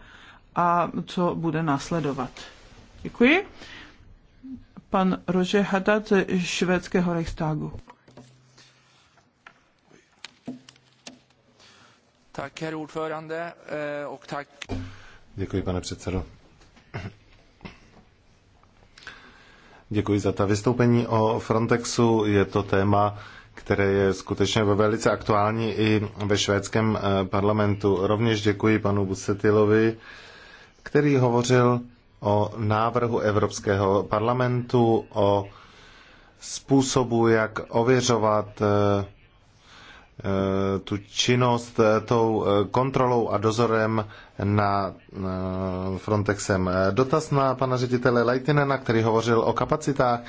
a co bude následovat. Děkuji pan Roger Haddad ze švédského Reichstagu. Tak, herr ordförande, eh, tak. Děkuji, pane předsedo. Děkuji za ta vystoupení o Frontexu. Je to téma, které je skutečně velice aktuální i ve švédském eh, parlamentu. Rovněž děkuji panu Busetilovi, který hovořil o návrhu Evropského parlamentu o způsobu, jak ověřovat eh, eh, tu činnost eh, tou kontrolou a dozorem na Frontexem. Dotaz na pana ředitele Leitinena, který hovořil o kapacitách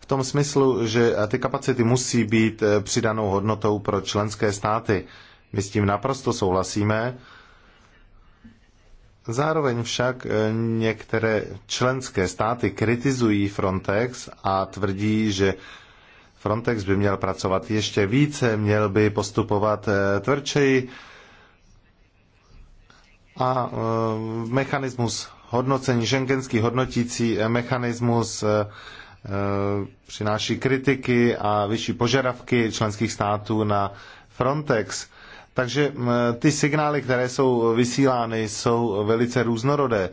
v tom smyslu, že ty kapacity musí být přidanou hodnotou pro členské státy. My s tím naprosto souhlasíme. Zároveň však eh, některé členské státy kritizují Frontex a tvrdí, že Frontex by měl pracovat ještě více, měl by postupovat eh, tvrdšeji a eh, mechanismus hodnocení, šengenský hodnotící mechanismus přináší kritiky a vyšší požadavky členských států na Frontex. Takže ty signály, které jsou vysílány, jsou velice různorodé.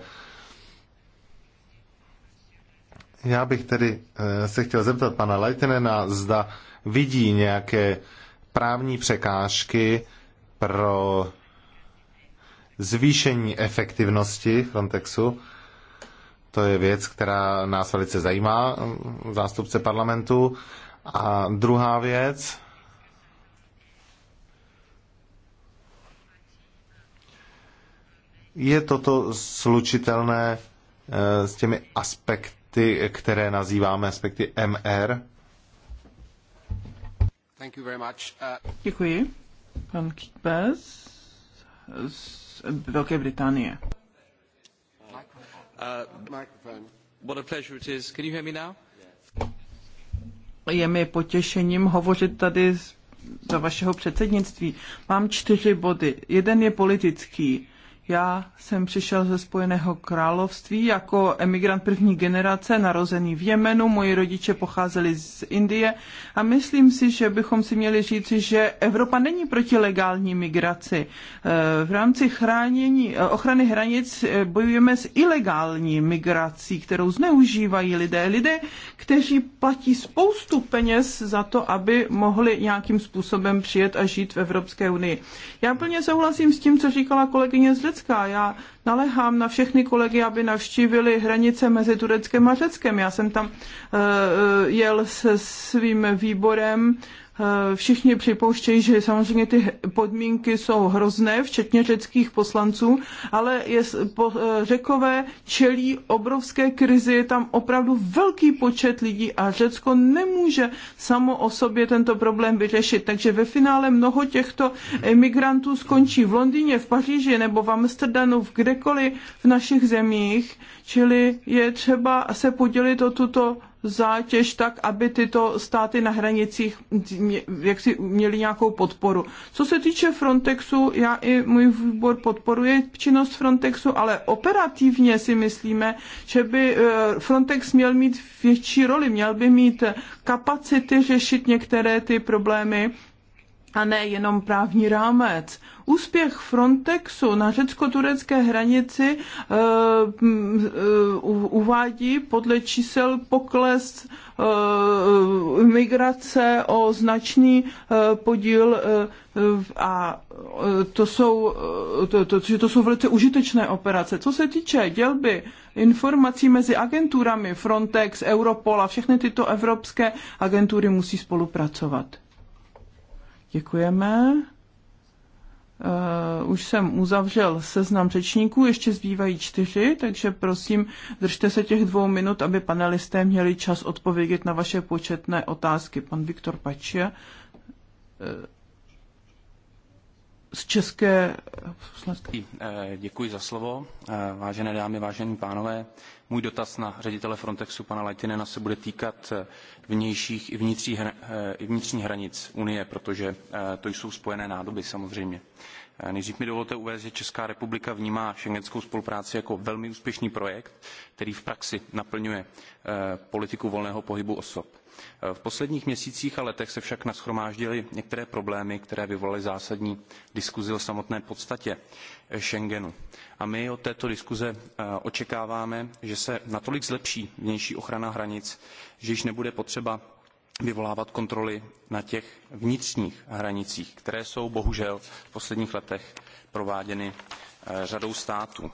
Já bych tedy e, se chtěl zeptat pana Leitnena, zda vidí nějaké právní překážky pro zvýšení efektivnosti Frontexu. To je věc, která nás velice zajímá, zástupce parlamentu. A druhá věc, Je toto slučitelné eh, s těmi aspekty, které nazýváme aspekty MR? Uh, Děkuji. Pan Kikbez z Velké Británie. Uh, je mi potěšením hovořit tady za vašeho předsednictví. Mám čtyři body. Jeden je politický. Já jsem přišel ze Spojeného království jako emigrant první generace, narozený v Jemenu. Moji rodiče pocházeli z Indie a myslím si, že bychom si měli říci, že Evropa není proti legální migraci. E, v rámci chránění, e, ochrany hranic e, bojujeme s ilegální migrací, kterou zneužívají lidé. Lidé, kteří platí spoustu peněz za to, aby mohli nějakým způsobem přijet a žít v Evropské unii. Já plně souhlasím s tím, co říkala kolegyně z Lidska Řecka. Já nalehám na všechny kolegy, aby navštívili hranice mezi Tureckem a Řeckem. Já jsem tam eh, eh, jel se svým výborem Eh, všichni připouštějí, že samozřejmě ty podmínky jsou hrozné, včetně řeckých poslanců, ale je, po, eh, řekové čelí obrovské krizi, je tam opravdu velký počet lidí a Řecko nemůže samo o sobě tento problém vyřešit. Takže ve finále mnoho těchto emigrantů skončí v Londýně, v Paříži nebo v Amsterdamu, v kdekoliv v našich zemích, čili je třeba se podělit o tuto zátěž tak, aby tyto státy na hranicích jak si měly nějakou podporu. Co se týče Frontexu, já i můj výbor podporuje činnost Frontexu, ale operativně si myslíme, že by eh, Frontex měl mít větší roli, měl by mít kapacity řešit některé ty problémy, a ne jenom právní rámec. Úspěch Frontexu na řecko-turecké hranici eh, eh, uvádí podle čísel pokles eh, migrace o značný podíl a to jsou, to, to, to jsou velice užitečné operace. Co se týče dělby informací mezi agenturami Frontex, Europol a všechny tyto evropské agentury musí spolupracovat. Děkujeme. Uh, už jsem uzavřel seznam řečníků, ještě zbývají čtyři, takže prosím, držte se těch dvou minut, aby panelisté měli čas odpovědět na vaše početné otázky. Pan Viktor Pačia uh, z České... Eh, děkuji za slovo. Vážené dámy, vážení pánové, můj dotaz na ředitele Frontexu, pana Leitinena, se bude týkat eh, vnějších eh, i, vnitřních hranic Unie, protože eh, to jsou spojené nádoby samozřejmě. Nejdřív mi dovolte uvést, že Česká republika vnímá šengenskou spolupráci jako velmi úspěšný projekt, který v praxi naplňuje politiku volného pohybu osob. V posledních měsících a letech se však nashromáždily některé problémy, které vyvolaly zásadní diskuzi o samotné podstatě Schengenu. A my od této diskuze eh, očekáváme, že se natolik zlepší vnější ochrana hranic, že již nebude potřeba vyvolávat kontroly na těch vnitřních hranicích, které jsou bohužel v posledních letech prováděny Eh, řadou států.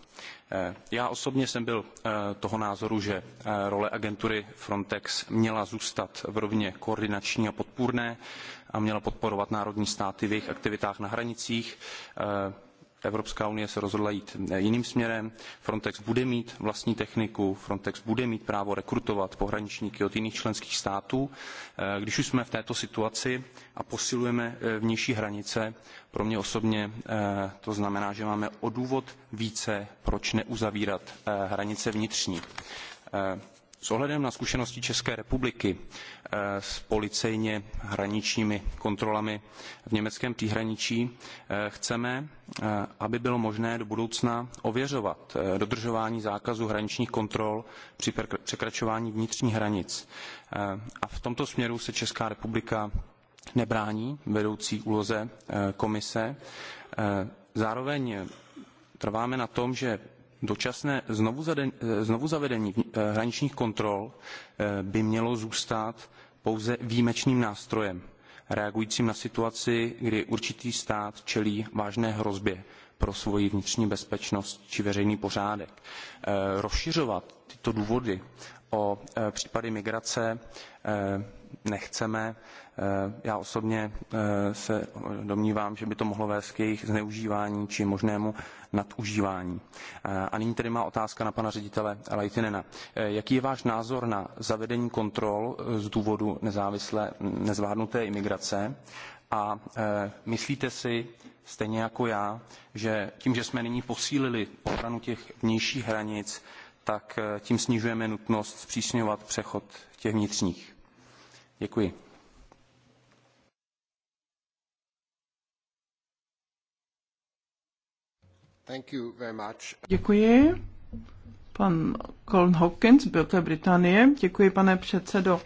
Eh, já osobně jsem byl eh, toho názoru, že role agentury Frontex měla zůstat v rovině koordinační a podpůrné a měla podporovat národní státy v jejich aktivitách na hranicích Evropská unie se rozhodla jít eh, jiným směrem. Frontex bude mít vlastní techniku, Frontex bude mít právo rekrutovat pohraničníky od jiných členských států. Eh, když už jsme v této situaci a posilujeme eh, vnější hranice, pro mě osobně to znamená, že máme o důvod více, proč neuzavírat hranice vnitřní. S ohledem na zkušenosti České republiky eh, s policejně hraničními kontrolami v německém příhraničí eh, chceme, eh, aby bylo možné do budoucna ověřovat dodržování zákazu hraničních kontrol při překračování vnitřních hranic. A v tomto směru se Česká republika nebrání vedoucí úloze komise. Zároveň trváme na tom, že dočasné znovuzavedení eh, eh, hraničních kontrol eh, by mělo zůstat pouze výjimečným nástrojem, reagujícím na situaci, kdy určitý stát čelí vážné hrozbě pro svoji vnitřní bezpečnost či veřejný pořádek. Rozšiřovat tyto důvody o případy migrace nechceme. Eh, já osobně eh, se domnívám, že by to mohlo vést k jejich zneužívání či možnému nadužívání. Eh, a nyní tedy má otázka na pana ředitele Leitinena. Jaký je váš názor na zavedení kontrol z důvodu nezávislé nezvládnuté imigrace? A myslíte si, stejně jako já, že tím, že jsme nyní posílili ochranu těch vnějších hranic, tak tím snižujeme nutnost zpřísňovat přechod těch vnitřních. Děkuji. Děkuji. Pan Colin Hopkins, byl to Británie. Děkuji, pane předsedo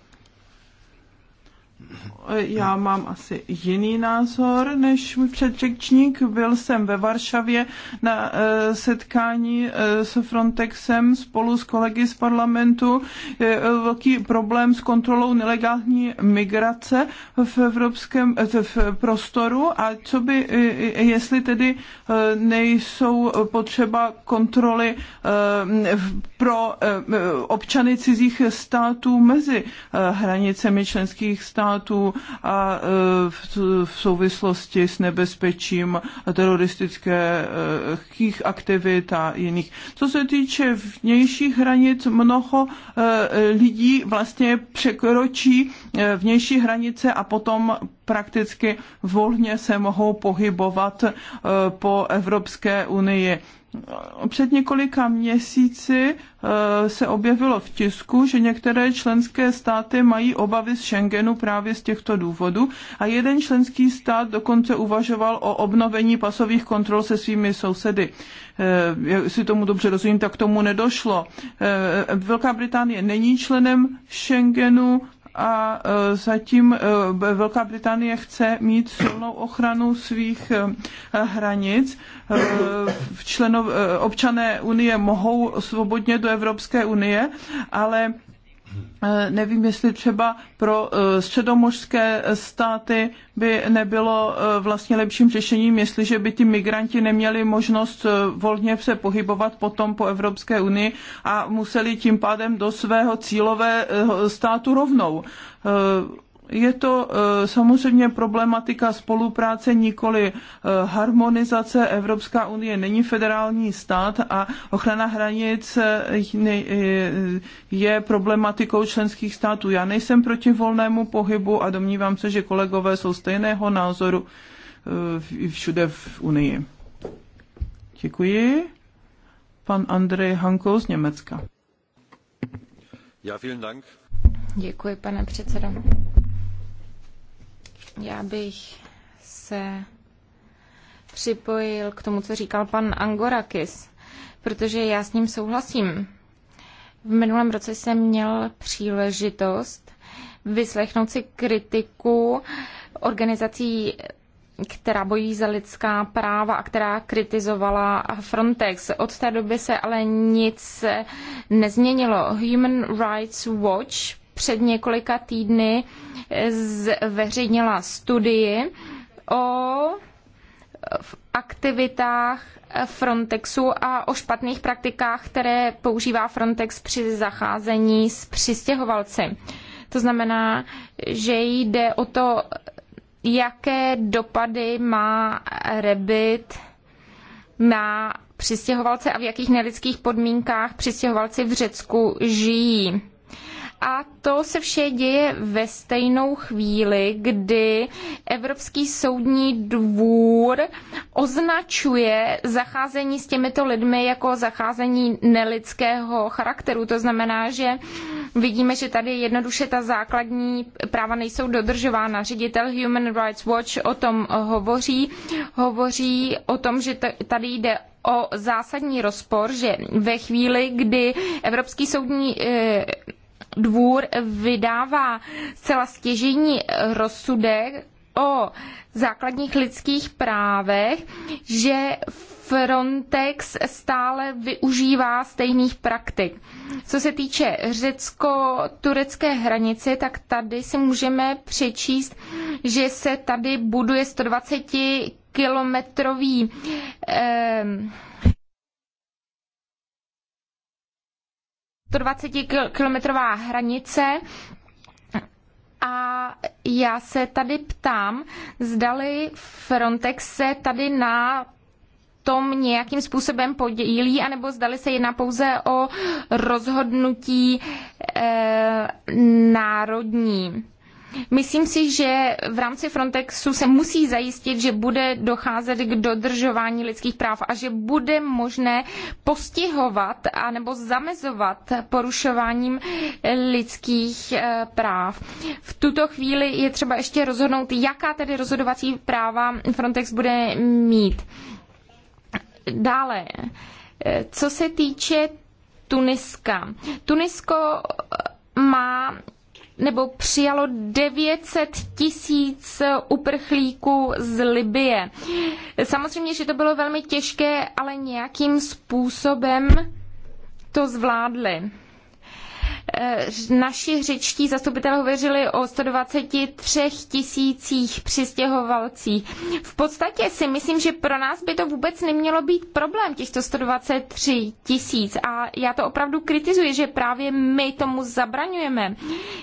já mám asi jiný názor než můj předřečník. Byl jsem ve Varšavě na eh, setkání eh, s Frontexem spolu s kolegy z parlamentu. Eh, velký problém s kontrolou nelegální migrace v evropském v prostoru a co by, jestli tedy nejsou potřeba kontroly pro občany cizích států mezi hranicemi členských států států a e, v souvislosti s nebezpečím teroristických aktivit a jiných. Co se týče vnějších hranic, mnoho e, lidí vlastně překročí e, vnější hranice a potom prakticky volně se mohou pohybovat po Evropské unii před několika měsíci eh, se objevilo v tisku, že některé členské státy mají obavy z Schengenu právě z těchto důvodů a jeden členský stát dokonce uvažoval o obnovení pasových kontrol se svými sousedy. Eh, si tomu dobře rozumím, tak tomu nedošlo. Eh, Velká Británie není členem Schengenu, a e, zatím e, Velká Británie chce mít silnou ochranu svých e, hranic. Členov, občané Unie mohou svobodně do Evropské unie, ale Eh, nevím, jestli třeba pro eh, středomořské státy by nebylo eh, vlastně lepším řešením, jestliže by ti migranti neměli možnost volně se pohybovat potom po Evropské unii a museli tím pádem do svého cílového státu rovnou je to eh, samozřejmě problematika spolupráce, nikoli eh, harmonizace. Evropská unie není federální stát a ochrana hranic eh, je problematikou členských států. Já nejsem proti volnému pohybu a domnívám se, že kolegové jsou stejného názoru všude v Unii. Děkuji. Pan Andrej Hanko z Německa. Já vielen Dank. Děkuji, pane předsedo. Já bych se připojil k tomu, co říkal pan Angorakis, protože já s ním souhlasím. V minulém roce jsem měl příležitost vyslechnout si kritiku organizací, která bojí za lidská práva a která kritizovala Frontex. Od té doby se ale nic nezměnilo. Human Rights Watch před několika týdny zveřejnila studii o aktivitách Frontexu a o špatných praktikách, které používá Frontex při zacházení s přistěhovalci. To znamená, že jde o to, jaké dopady má Rebit na přistěhovalce a v jakých nelidských podmínkách přistěhovalci v Řecku žijí. A to se vše děje ve stejnou chvíli, kdy Evropský soudní dvůr označuje zacházení s těmito lidmi jako zacházení nelidského charakteru. To znamená, že vidíme, že tady jednoduše ta základní práva nejsou dodržována. Ředitel Human Rights Watch o tom hovoří. Hovoří o tom, že tady jde o zásadní rozpor, že ve chvíli, kdy Evropský soudní eh, dvůr vydává zcela stěžení rozsudek o základních lidských právech, že Frontex stále využívá stejných praktik. Co se týče řecko-turecké hranice, tak tady si můžeme přečíst, že se tady buduje 120 kilometrový eh, 120-kilometrová hranice a já se tady ptám, zdali Frontex se tady na tom nějakým způsobem podílí, anebo zdali se jedná pouze o rozhodnutí e, národní. Myslím si, že v rámci Frontexu se musí zajistit, že bude docházet k dodržování lidských práv a že bude možné postihovat anebo zamezovat porušováním lidských eh, práv. V tuto chvíli je třeba ještě rozhodnout, jaká tedy rozhodovací práva Frontex bude mít. Dále, eh, co se týče Tuniska. Tunisko eh, má nebo přijalo 900 tisíc uprchlíků z Libie. Samozřejmě, že to bylo velmi těžké, ale nějakým způsobem to zvládli. Eh, naši řečtí zastupitelé hovořili o 123 tisících přistěhovalcích. V podstatě si myslím, že pro nás by to vůbec nemělo být problém těchto 123 tisíc a já to opravdu kritizuji, že právě my tomu zabraňujeme.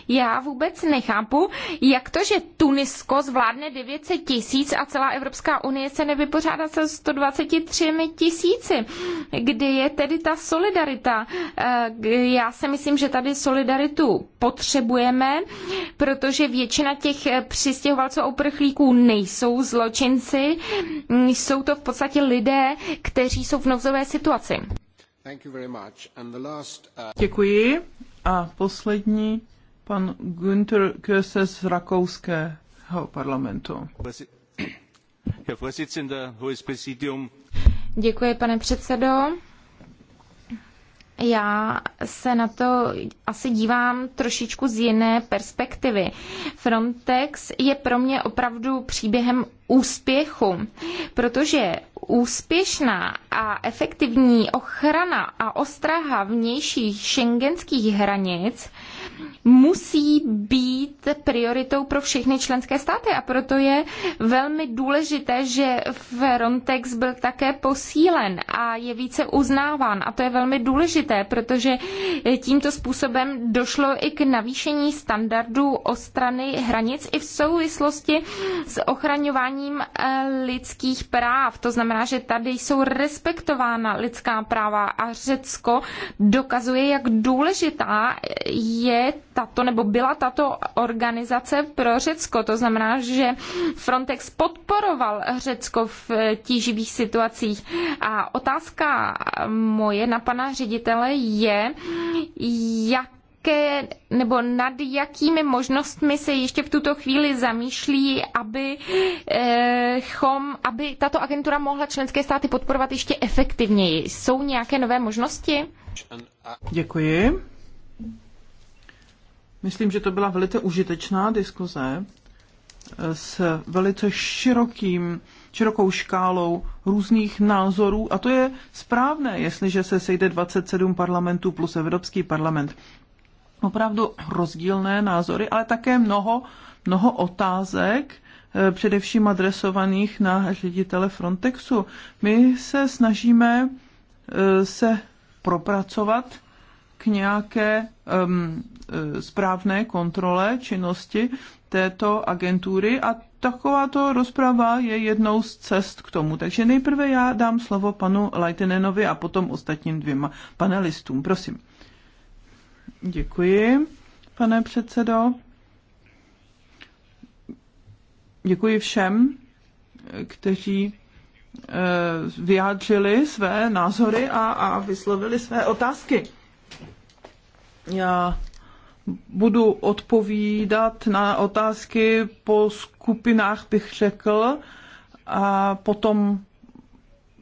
Já vůbec nechápu, jak to, že Tunisko zvládne 900 tisíc a celá Evropská unie se nevypořádá se 123 tisíci. Kde je tedy ta solidarita? Eh, já si myslím, že tady tady solidaritu potřebujeme, protože většina těch eh, přistěhovalců a uprchlíků nejsou zločinci, mm, jsou to v podstatě lidé, kteří jsou v nouzové situaci. Uh, Děkuji. A poslední, pan Günther Köse z Rakouského parlamentu. Děkuji, pane předsedo já se na to asi dívám trošičku z jiné perspektivy. Frontex je pro mě opravdu příběhem úspěchu, protože úspěšná a efektivní ochrana a ostraha vnějších šengenských hranic musí být prioritou pro všechny členské státy a proto je velmi důležité, že Frontex byl také posílen a je více uznáván a to je velmi důležité, protože tímto způsobem došlo i k navýšení standardů ostrany hranic i v souvislosti s ochraňováním eh, lidských práv. To znamená, že tady jsou respektována lidská práva a Řecko dokazuje, jak důležitá je tato nebo byla tato organizace pro Řecko. To znamená, že Frontex podporoval Řecko v eh, tíživých situacích. A otázka moje na pana ředitele je, jak jaké nebo nad jakými možnostmi se ještě v tuto chvíli zamýšlí, aby, e, chom, aby tato agentura mohla členské státy podporovat ještě efektivněji. Jsou nějaké nové možnosti? Děkuji. Myslím, že to byla velice užitečná diskuze eh, s velice širokým, širokou škálou různých názorů a to je správné, jestliže se sejde 27 parlamentů plus Evropský parlament. Opravdu rozdílné názory, ale také mnoho, mnoho otázek, eh, především adresovaných na ředitele Frontexu. My se snažíme eh, se propracovat k nějaké um, Eh, správné kontrole činnosti této agentury a takováto rozprava je jednou z cest k tomu. Takže nejprve já dám slovo panu Leitenenovi a potom ostatním dvěma panelistům. Prosím. Děkuji, pane předsedo. Děkuji všem, kteří eh, vyjádřili své názory a, a vyslovili své otázky. Já budu odpovídat na otázky po skupinách, bych řekl, a potom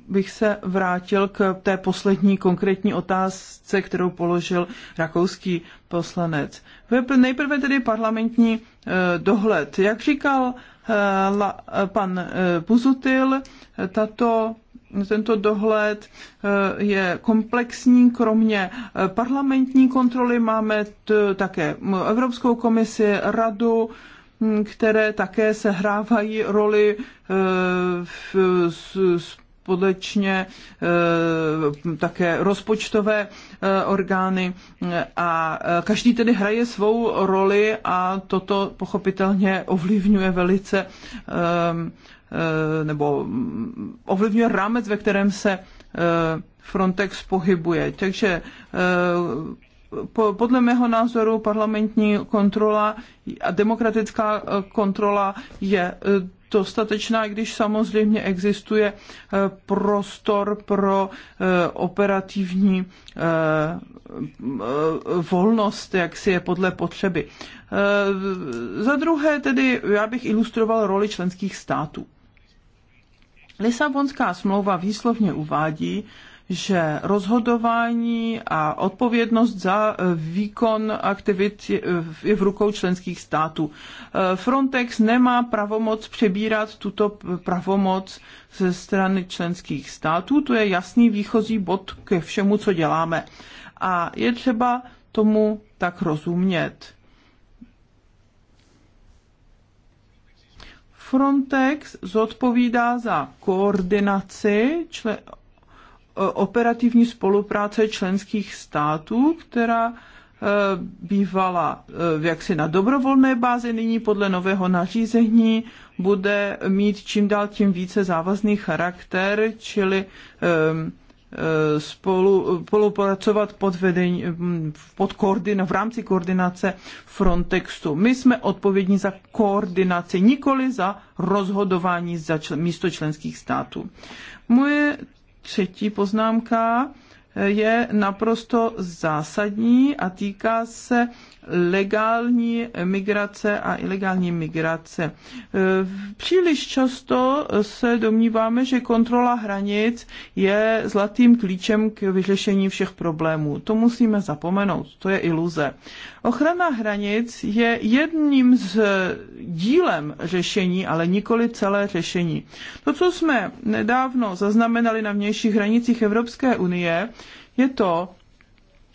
bych se vrátil k té poslední konkrétní otázce, kterou položil rakouský poslanec. Nejprve tedy parlamentní eh, dohled. Jak říkal eh, pan Puzutil, eh, tato tento dohled eh, je komplexní. Kromě eh, parlamentní kontroly máme také hm, Evropskou komisi, radu, hm, které také sehrávají roli eh, v, společně také rozpočtové orgány a každý tedy hraje svou roli a toto pochopitelně ovlivňuje velice Eh, nebo mm, ovlivňuje rámec, ve kterém se eh, Frontex pohybuje. Takže eh, podle mého názoru parlamentní kontrola a demokratická kontrola je dostatečná, když samozřejmě existuje prostor pro operativní volnost, jak si je podle potřeby. Za druhé tedy já bych ilustroval roli členských států. Lisabonská smlouva výslovně uvádí, že rozhodování a odpovědnost za eh, výkon aktivit eh, je v rukou členských států. Eh, Frontex nemá pravomoc přebírat tuto pravomoc ze strany členských států, to je jasný výchozí bod ke všemu, co děláme. A je třeba tomu tak rozumět. Frontex zodpovídá za koordinaci čle, operativní spolupráce členských států, která e, bývala e, jaksi na dobrovolné bázi, nyní podle nového nařízení bude mít čím dál tím více závazný charakter, čili um, Eh, spolu, spolupracovat pod, vedení, pod koordina, v rámci koordinace Frontexu. My jsme odpovědní za koordinaci, nikoli za rozhodování za čl, místo členských států. Moje třetí poznámka je naprosto zásadní a týká se legální migrace a ilegální migrace. Eh, příliš často se domníváme, že kontrola hranic je zlatým klíčem k vyřešení všech problémů. To musíme zapomenout, to je iluze. Ochrana hranic je jedním z dílem řešení, ale nikoli celé řešení. To, co jsme nedávno zaznamenali na vnějších hranicích Evropské unie, je to,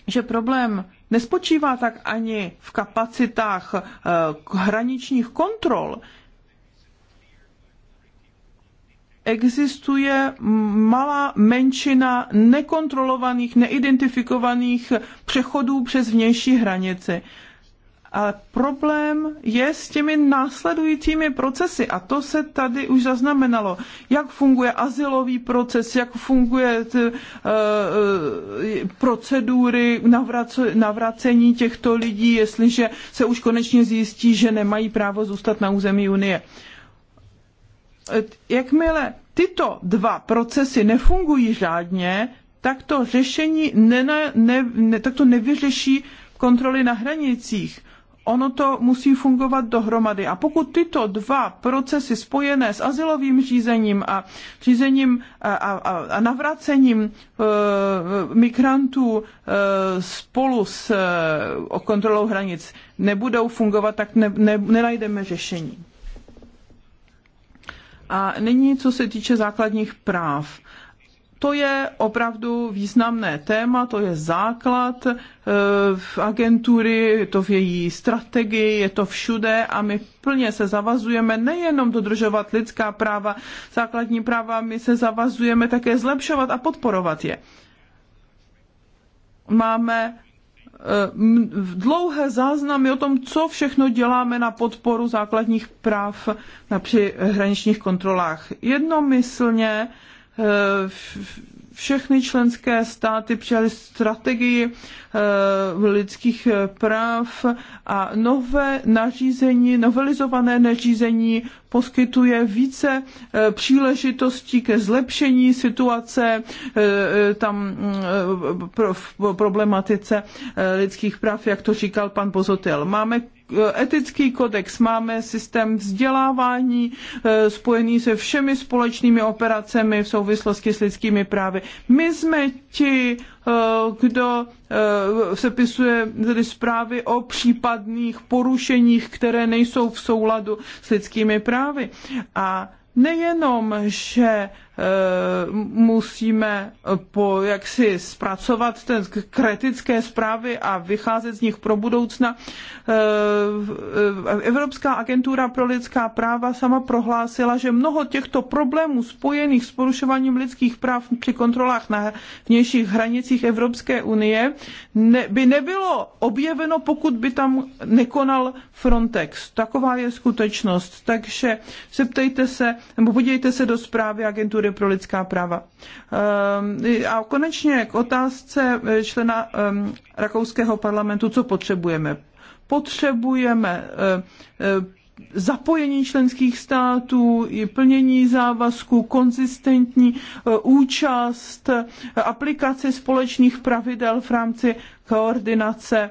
že problém nespočívá tak ani v kapacitách eh, hraničních kontrol. Existuje malá menšina nekontrolovaných, neidentifikovaných přechodů přes vnější hranice. Ale problém je s těmi následujícími procesy a to se tady už zaznamenalo. Jak funguje asilový proces, jak funguje t, eh, eh, procedury navrace, navracení těchto lidí, jestliže se už konečně zjistí, že nemají právo zůstat na území Unie. Eh, jakmile tyto dva procesy nefungují řádně, tak to řešení ne, ne, ne, tak to nevyřeší kontroly na hranicích ono to musí fungovat dohromady. A pokud tyto dva procesy spojené s asilovým řízením a řízením a, a, a navracením e, migrantů e, spolu s e, kontrolou hranic nebudou fungovat, tak ne, ne, nenajdeme řešení. A nyní, co se týče základních práv. E, to je opravdu významné téma, to je základ eh, v agentury, je to v její strategii, je to všude a my plně se zavazujeme nejenom dodržovat lidská práva, základní práva, my se zavazujeme také zlepšovat a podporovat je. Máme eh, dlouhé záznamy o tom, co všechno děláme na podporu základních práv na přihraničních kontrolách. Jednomyslně Eh, všechny členské státy přijaly strategii eh, lidských eh, práv a nové nařízení, novelizované nařízení poskytuje více příležitostí ke zlepšení situace tam v problematice lidských práv, jak to říkal pan Bozotel. Máme etický kodex, máme systém vzdělávání eh, spojený se všemi společnými operacemi v souvislosti s lidskými právy. My jsme ti, eh, kdo eh, sepisuje tedy zprávy o případných porušeních, které nejsou v souladu s lidskými právy. A nejenom, že Eh, musíme po, jaksi zpracovat ten kritické zprávy a vycházet z nich pro budoucna. Eh, Evropská agentura pro lidská práva sama prohlásila, že mnoho těchto problémů spojených s porušováním lidských práv při kontrolách na vnějších hranicích Evropské unie by nebylo objeveno, pokud by tam nekonal Frontex. Taková je skutečnost. Takže se ptejte se, nebo podívejte se do zprávy agentury Agentury pro lidská práva. Ehm, a konečně k otázce eh, člena ehm, rakouského parlamentu, co potřebujeme. Potřebujeme eh, eh, zapojení členských států, plnění závazků, konzistentní účast, aplikaci společných pravidel v rámci koordinace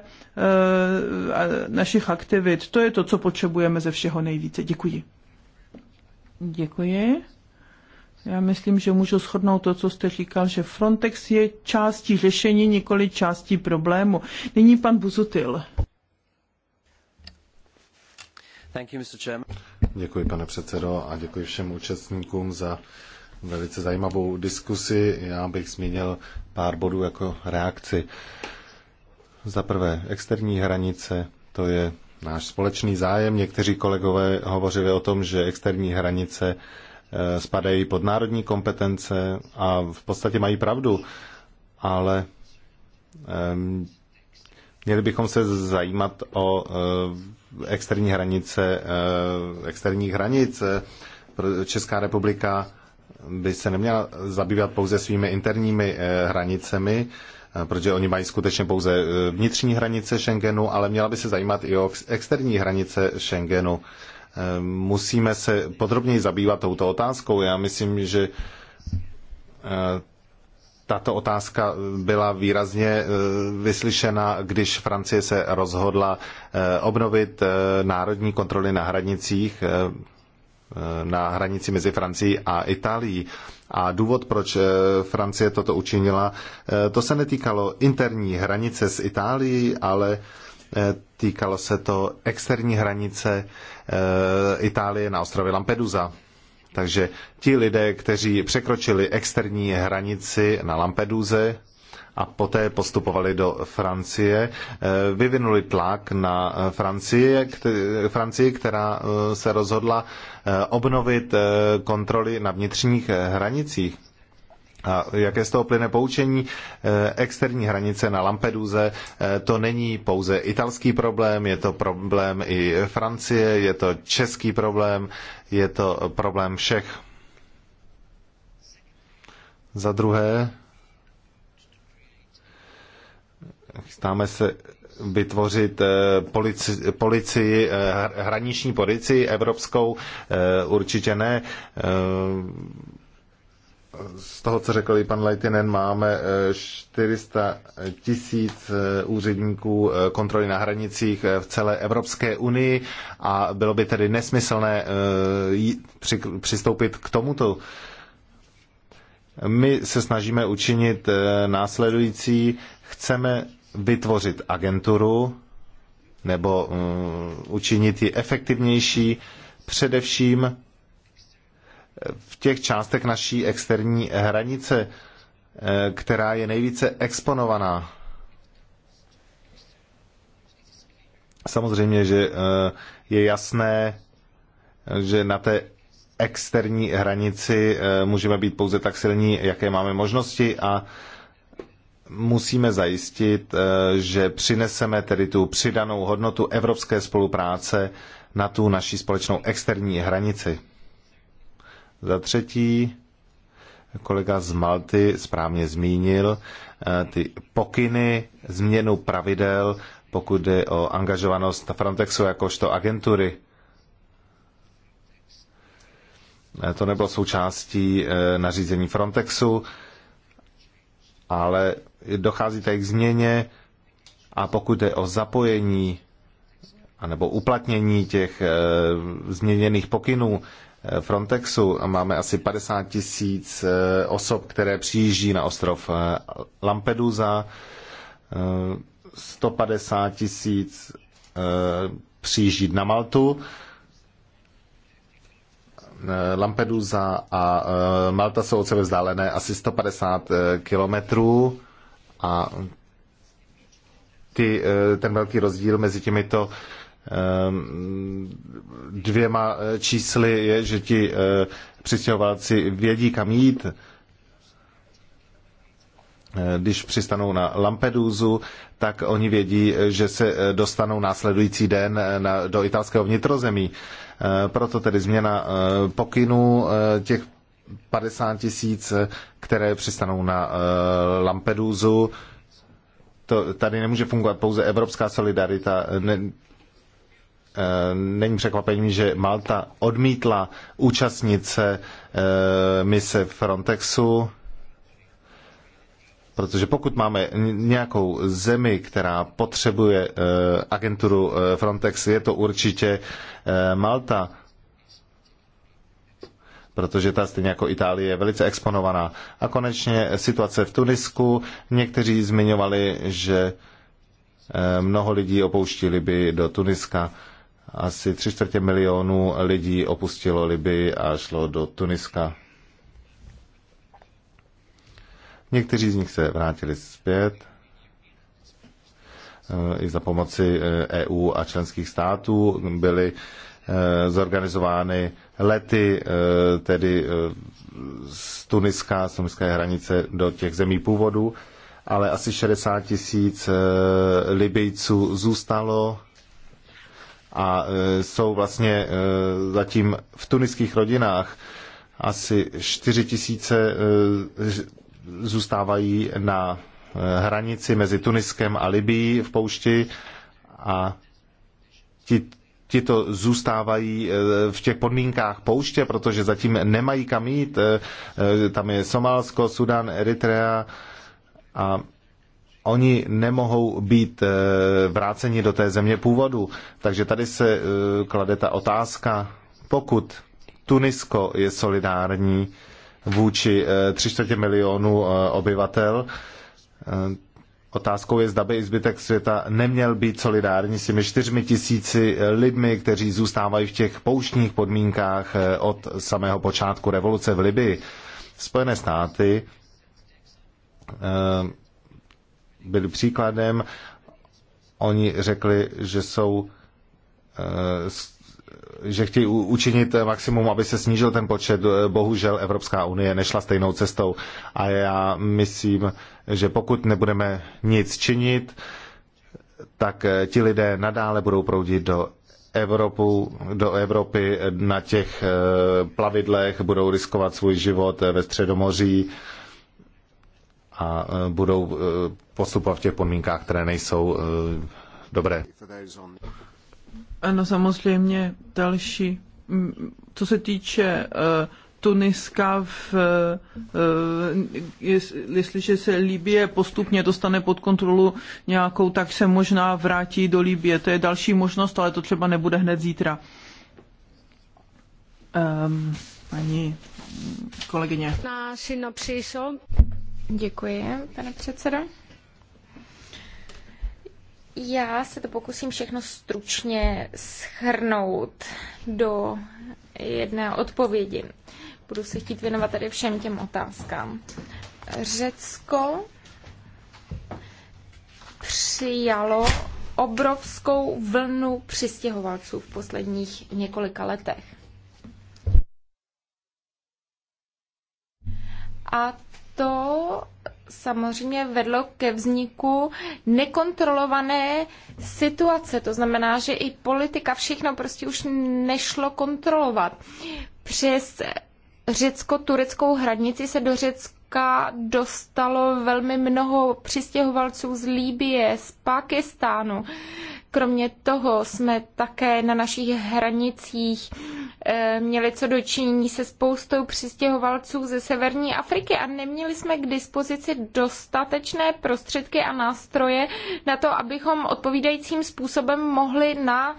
našich aktivit. To je to, co potřebujeme ze všeho nejvíce. Děkuji. Děkuji. Já myslím, že můžu shodnout to, co jste říkal, že Frontex je částí řešení, nikoli částí problému. Nyní pan Buzutil. děkuji, pane předsedo, a děkuji všem účastníkům za velice zajímavou diskusi. Já bych zmínil pár bodů jako reakci. Za prvé, externí hranice, to je náš společný zájem. Někteří kolegové hovořili o tom, že externí hranice Eh, spadají pod národní kompetence a v podstatě mají pravdu, ale měli bychom se zajímat o eh, externí hranice, eh, externích hranic. Česká republika by se neměla zabývat pouze svými interními hranicemi, protože oni mají skutečně pouze vnitřní hranice Schengenu, ale měla by se zajímat i o externí hranice Schengenu. Musíme se podrobněji zabývat touto otázkou. Já myslím, že eh, tato otázka byla výrazně eh, vyslyšena, když Francie se rozhodla eh, obnovit národní kontroly na hranicích, na hranici mezi Francií a Itálií. A důvod, proč Francie toto učinila, to se netýkalo interní hranice s Itálií, ale týkalo se to externí hranice Eh, Itálie na ostrově Lampedusa. Takže ti lidé, kteří překročili externí hranici na Lampeduze a poté postupovali do Francie, eh, vyvinuli tlak na Francii, Francii, která eh, se rozhodla obnovit kontroly na vnitřních hranicích a jaké z toho plyne poučení? Eh, externí hranice na Lampeduze eh, to není pouze italský problém, je to problém i Francie, je to český problém, je to problém všech. Za druhé, chystáme se vytvořit eh, polici policii, hraniční policii evropskou, určitě ne z toho, co řekl i pan Leitinen, máme 400 eh, tisíc eh, úředníků eh, kontroly na hranicích v celé Evropské unii a bylo by tedy nesmyslné přistoupit k tomuto. My se snažíme učinit následující. Chceme vytvořit agenturu nebo mm, učinit ji efektivnější, především v těch částech naší externí hranice, eh, která je nejvíce exponovaná. Samozřejmě, že eh, je jasné, že na té externí hranici eh, můžeme být pouze tak silní, jaké máme možnosti a musíme zajistit, že přineseme tedy tu přidanou hodnotu evropské spolupráce na tu naší společnou externí hranici. Za třetí, kolega z Malty správně zmínil, eh, ty pokyny, změnu pravidel, pokud jde o angažovanost Frontexu jakožto agentury. Eh, to nebylo součástí eh, nařízení Frontexu, ale dochází tady k změně a pokud jde o zapojení anebo uplatnění těch e, změněných pokynů Frontexu máme asi 50 tisíc eh, osob, které přijíždí na ostrov eh, Lampedusa, 150 eh, tisíc přijíždí na Maltu. Lampedusa a Malta jsou od sebe vzdálené asi 150 kilometrů a ty, ten velký rozdíl mezi těmito Ehm, dvěma eh, čísly je, že ti eh, přistěhovalci vědí, kam jít. Eh, když přistanou na Lampedusu, tak oni vědí, že se dostanou následující den na, do italského vnitrozemí. Proto tedy změna pokynů těch 50 tisíc, které přistanou na Lampedusu. To, tady nemůže fungovat pouze evropská solidarita. Ne, Eh, není překvapením, že Malta odmítla účastnice eh, mise Frontexu, protože pokud máme nějakou zemi, která potřebuje eh, agenturu Frontex, je to určitě Malta protože ta stejně jako Itálie je velice exponovaná. A konečně situace v Tunisku. Někteří zmiňovali, že mnoho lidí opouští Libii do Tuniska. Asi tři čtvrtě milionu lidí opustilo Libii a šlo do Tuniska. Někteří z nich se vrátili zpět eh, i za pomoci EU eh, e a členských států. Byly eh, zorganizovány lety, tedy z Tuniska, z tuniské hranice do těch zemí původu, ale asi 60 tisíc Libijců zůstalo a e, jsou vlastně e, zatím v tuniských rodinách. Asi 4 tisíce e, zůstávají na hranici mezi Tuniskem a Libií v poušti a ti, zůstávají v těch podmínkách pouště, protože zatím nemají kam jít. Tam je Somálsko, Sudan, Eritrea a oni nemohou být eh, vráceni do té země původu. Takže tady se eh, klade ta otázka, pokud Tunisko je solidární vůči 300 eh, milionů obyvatel, Otázkou je, zda by i zbytek světa neměl být solidární s těmi čtyřmi tisíci lidmi, kteří zůstávají v těch pouštních podmínkách od samého počátku revoluce v Libii. Spojené státy byli příkladem. Oni řekli, že jsou eh, že chtějí učinit maximum, aby se snížil ten počet. Bohužel Evropská unie nešla stejnou cestou a já myslím, že pokud nebudeme nic činit, tak eh, ti lidé nadále budou proudit do Evropu, do Evropy na těch eh, plavidlech, budou riskovat svůj život ve Středomoří a e, budou e, postupovat v těch podmínkách, které nejsou e, dobré. Ano, samozřejmě další. Co se týče Tuniska, v, jestliže se Libie postupně dostane pod kontrolu nějakou, tak se možná vrátí do Libie. To je další možnost, ale to třeba nebude hned zítra. Um, paní kolegyně. Na Děkuji, pane předsedo. Já se to pokusím všechno stručně schrnout do jedné odpovědi. Budu se chtít věnovat tady všem těm otázkám. Řecko přijalo obrovskou vlnu přistěhovalců v posledních několika letech. A to samozřejmě vedlo ke vzniku nekontrolované situace. To znamená, že i politika, všechno prostě už nešlo kontrolovat. Přes řecko-tureckou hranici se do Řecka dostalo velmi mnoho přistěhovalců z Líbie, z Pakistánu. Kromě toho jsme také na našich hranicích eh, měli co dočinění se spoustou přistěhovalců ze severní Afriky a neměli jsme k dispozici dostatečné prostředky a nástroje na to, abychom odpovídajícím způsobem mohli na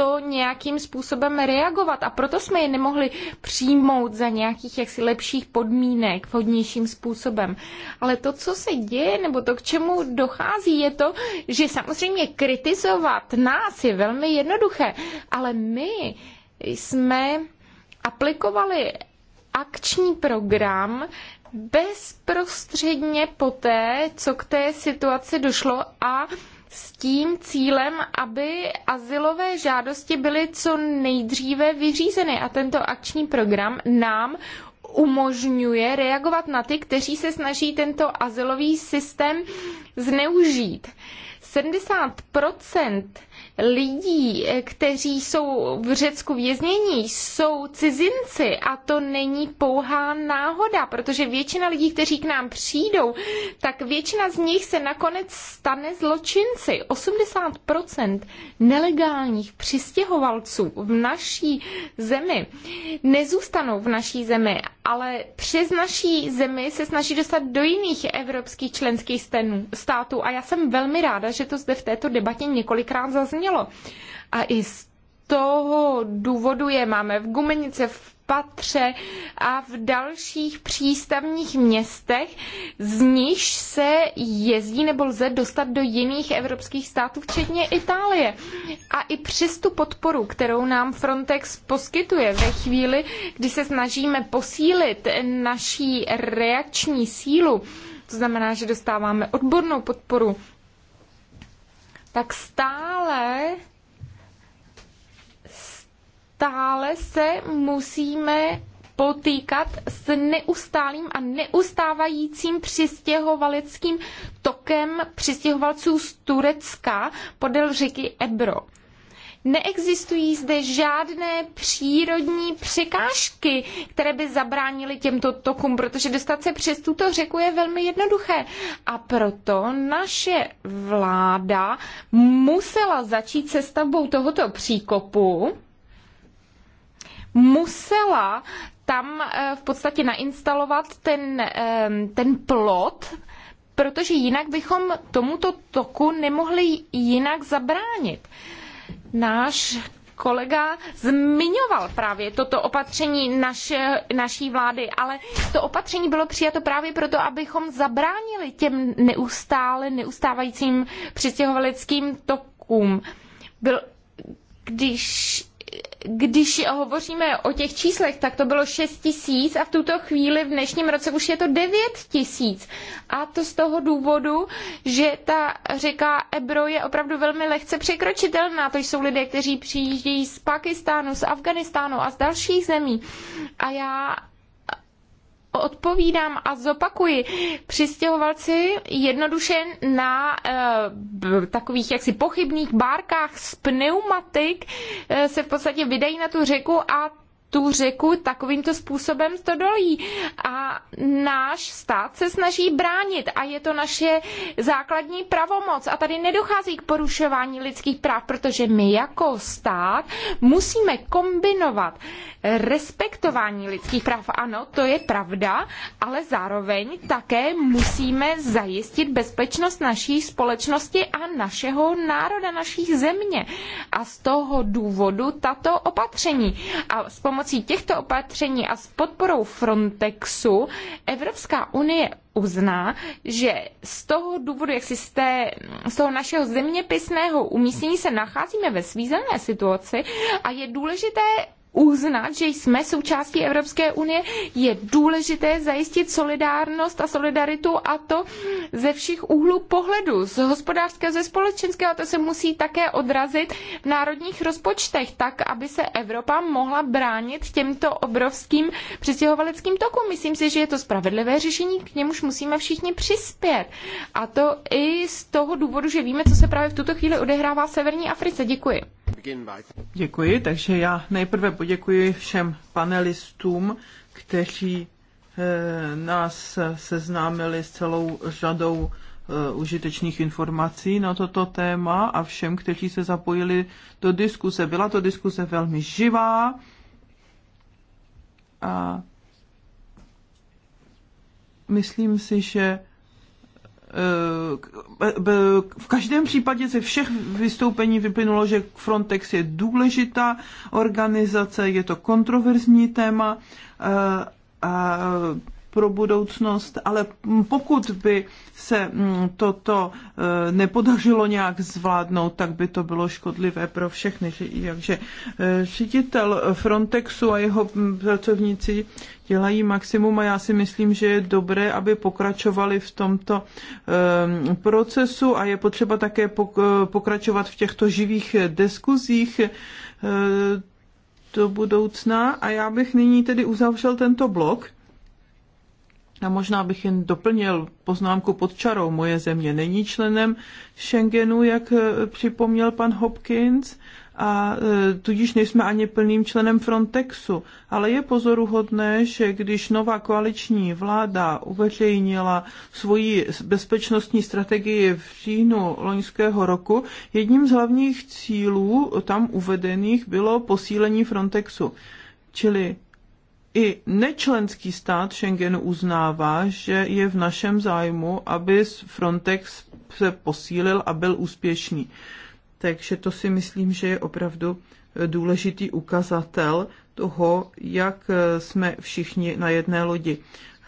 to nějakým způsobem reagovat a proto jsme je nemohli přijmout za nějakých jaksi lepších podmínek, vhodnějším způsobem. Ale to, co se děje, nebo to, k čemu dochází, je to, že samozřejmě kritizovat nás je velmi jednoduché, ale my jsme aplikovali akční program bezprostředně poté, co k té situaci došlo a s tím cílem, aby asilové žádosti byly co nejdříve vyřízeny. A tento akční program nám umožňuje reagovat na ty, kteří se snaží tento azylový systém zneužít. 70 lidí, eh, kteří jsou v Řecku věznění, jsou cizinci a to není pouhá náhoda, protože většina lidí, kteří k nám přijdou, tak většina z nich se nakonec stane zločinci. 80% nelegálních přistěhovalců v naší zemi nezůstanou v naší zemi, ale přes naší zemi se snaží dostat do jiných evropských členských států. A já jsem velmi ráda, že to zde v této debatě několikrát zaznělo mělo. A i z toho důvodu je máme v Gumenice, v Patře a v dalších přístavních městech, z nichž se jezdí nebo lze dostat do jiných evropských států, včetně Itálie. A i přes tu podporu, kterou nám Frontex poskytuje ve chvíli, kdy se snažíme posílit naší reakční sílu, to znamená, že dostáváme odbornou podporu, tak stále stále se musíme potýkat s neustálým a neustávajícím přistěhovaleckým tokem přistěhovalců z Turecka podél řeky Ebro. Neexistují zde žádné přírodní překážky, které by zabránily těmto tokům, protože dostat se přes tuto řeku je velmi jednoduché. A proto naše vláda musela začít se stavbou tohoto příkopu, musela tam eh, v podstatě nainstalovat ten, ten plot, protože jinak bychom tomuto toku nemohli jinak zabránit náš kolega zmiňoval právě toto opatření naše, naší vlády, ale to opatření bylo přijato právě proto, abychom zabránili těm neustále neustávajícím přistěhovaleckým tokům. Byl, když když hovoříme o těch číslech, tak to bylo 6 tisíc a v tuto chvíli v dnešním roce už je to 9 tisíc. A to z toho důvodu, že ta řeka Ebro je opravdu velmi lehce překročitelná. To jsou lidé, kteří přijíždějí z Pakistánu, z Afganistánu a z dalších zemí. A já odpovídám a zopakuji. Přistěhovalci jednoduše na e, takových jaksi pochybných bárkách z pneumatik e, se v podstatě vydají na tu řeku a tu řeku takovýmto způsobem to dolí. A náš stát se snaží bránit a je to naše základní pravomoc. A tady nedochází k porušování lidských práv, protože my jako stát musíme kombinovat respektování lidských práv. Ano, to je pravda, ale zároveň také musíme zajistit bezpečnost naší společnosti a našeho národa, naší země. A z toho důvodu tato opatření. A s pomocí těchto opatření a s podporou Frontexu Evropská unie uzná, že z toho důvodu, jak si z, té, z toho našeho zeměpisného umístění se nacházíme ve svízelné situaci a je důležité uznat, že jsme součástí Evropské unie, je důležité zajistit solidárnost a solidaritu a to ze všech úhlů pohledu, z hospodářského, ze společenského, a to se musí také odrazit v národních rozpočtech, tak, aby se Evropa mohla bránit těmto obrovským přistěhovaleckým tokům. Myslím si, že je to spravedlivé řešení, k němuž musíme všichni přispět. A to i z toho důvodu, že víme, co se právě v tuto chvíli odehrává v Severní Africe. Děkuji. Děkuji, takže já nejprve poděkuji všem panelistům, kteří eh, nás seznámili s celou řadou eh, užitečných informací na toto téma a všem, kteří se zapojili do diskuse. Byla to diskuse velmi živá a myslím si, že Eh, eh, v každém případě ze všech vystoupení vyplynulo, že Frontex je důležitá organizace, je to kontroverzní téma eh, pro budoucnost, ale pokud by se mm, toto eh, nepodařilo nějak zvládnout, tak by to bylo škodlivé pro všechny. Takže eh, ředitel Frontexu a jeho mm, pracovníci dělají maximum a já si myslím, že je dobré, aby pokračovali v tomto eh, procesu a je potřeba také pokračovat v těchto živých diskuzích do budoucna. A já bych nyní tedy uzavřel tento blok a možná bych jen doplnil poznámku pod čarou. Moje země není členem Schengenu, jak e, připomněl pan Hopkins, a e, tudíž nejsme ani plným členem Frontexu. Ale je pozoruhodné, že když nová koaliční vláda uveřejnila svoji bezpečnostní strategii v říjnu loňského roku, jedním z hlavních cílů tam uvedených bylo posílení Frontexu. Čili i nečlenský stát Schengen uznává, že je v našem zájmu, aby Frontex se posílil a byl úspěšný. Takže to si myslím, že je opravdu eh, důležitý ukazatel toho, jak eh, jsme všichni na jedné lodi.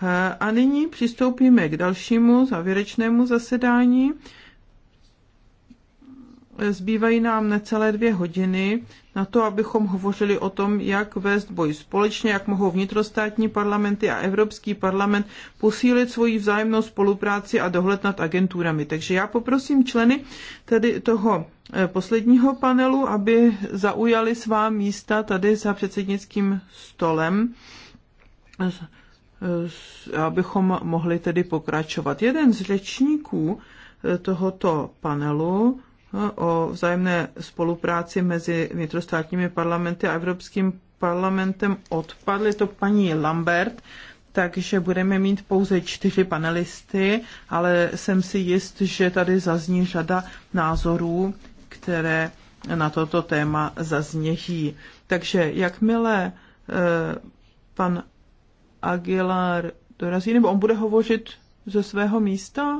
Eh, a nyní přistoupíme k dalšímu závěrečnému zasedání. Zbývají nám necelé dvě hodiny na to, abychom hovořili o tom, jak vést boj společně, jak mohou vnitrostátní parlamenty a Evropský parlament posílit svoji vzájemnou spolupráci a dohled nad agenturami. Takže já poprosím členy tedy toho eh, posledního panelu, aby zaujali svá místa tady za předsednickým stolem abychom mohli tedy pokračovat. Jeden z řečníků eh, tohoto panelu o vzájemné spolupráci mezi vnitrostátními parlamenty a Evropským parlamentem odpadl. Je to paní Lambert, takže budeme mít pouze čtyři panelisty, ale jsem si jist, že tady zazní řada názorů, které na toto téma zazněží. Takže jakmile eh, pan Aguilar dorazí, nebo on bude hovořit ze svého místa?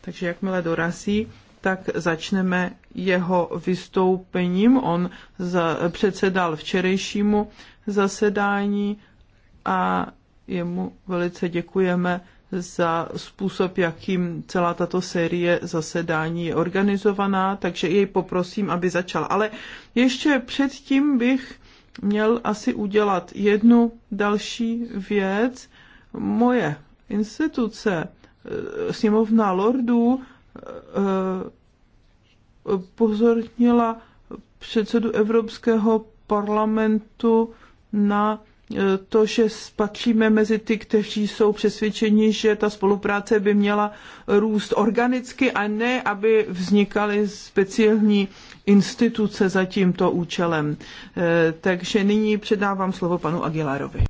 Takže jakmile dorazí, tak začneme jeho vystoupením. On za, předsedal včerejšímu zasedání a jemu velice děkujeme za způsob, jakým celá tato série zasedání je organizovaná, takže jej poprosím, aby začal. Ale ještě předtím bych měl asi udělat jednu další věc. Moje instituce Eh, sněmovna lordů eh, pozornila předsedu Evropského parlamentu na eh, to, že spatříme mezi ty, kteří jsou přesvědčeni, že ta spolupráce by měla růst organicky a ne, aby vznikaly speciální instituce za tímto účelem. Takže nyní předávám slovo panu Aguilarovi.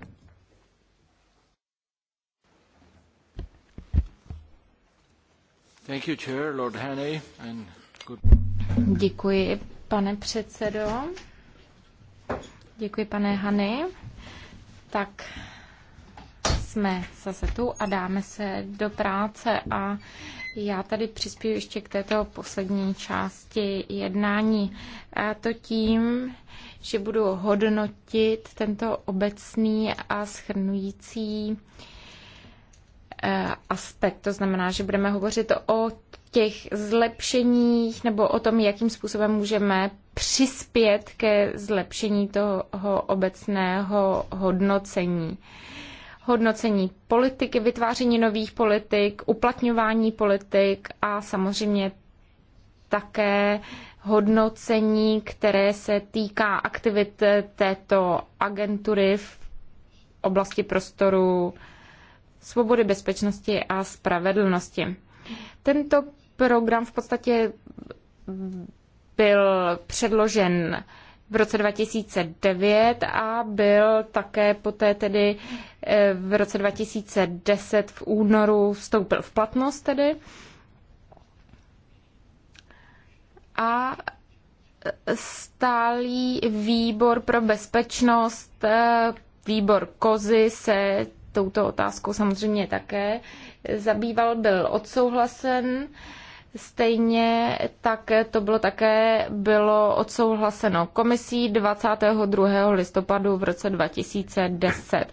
Děkuji, pane předsedo. Děkuji, pane Hany. Tak jsme zase tu a dáme se do práce a já tady přispěju ještě k této poslední části jednání. A to tím, že budu hodnotit tento obecný a schrnující Eh, aspekt. To znamená, že budeme hovořit o těch zlepšeních nebo o tom, jakým způsobem můžeme přispět ke zlepšení toho obecného hodnocení. Hodnocení politiky, vytváření nových politik, uplatňování politik a samozřejmě také hodnocení, které se týká aktivit této agentury v oblasti prostoru svobody, bezpečnosti a spravedlnosti. Tento program v podstatě byl předložen v roce 2009 a byl také poté tedy eh, v roce 2010 v únoru vstoupil v platnost tedy. A eh, stálý výbor pro bezpečnost, eh, výbor Kozy se touto otázkou samozřejmě také zabýval, byl odsouhlasen. Stejně tak to bylo také bylo odsouhlaseno komisí 22. listopadu v roce 2010.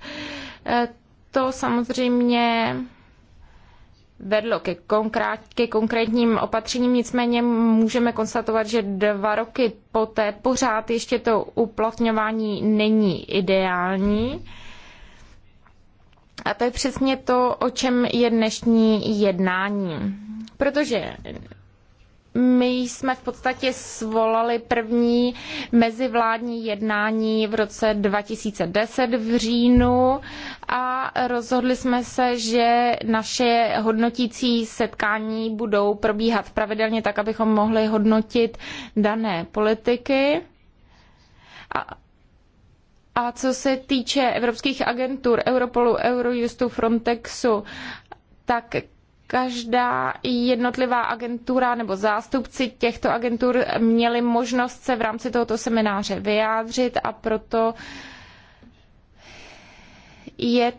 To samozřejmě vedlo ke, konkrét, ke konkrétním opatřením, nicméně můžeme konstatovat, že dva roky poté pořád ještě to uplatňování není ideální a to je přesně to, o čem je dnešní jednání. Protože my jsme v podstatě svolali první mezivládní jednání v roce 2010 v říjnu a rozhodli jsme se, že naše hodnotící setkání budou probíhat pravidelně tak, abychom mohli hodnotit dané politiky. A a co se týče evropských agentur, Europolu, Eurojustu, Frontexu, tak každá jednotlivá agentura nebo zástupci těchto agentur měli možnost se v rámci tohoto semináře vyjádřit a proto je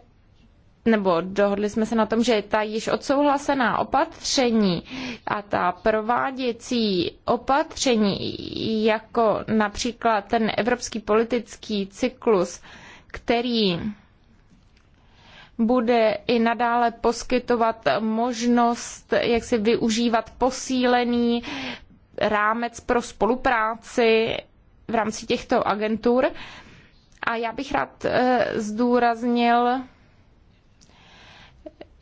nebo dohodli jsme se na tom, že ta již odsouhlasená opatření a ta prováděcí opatření, jako například ten evropský politický cyklus, který bude i nadále poskytovat možnost, jak si využívat posílený rámec pro spolupráci v rámci těchto agentur. A já bych rád eh, zdůraznil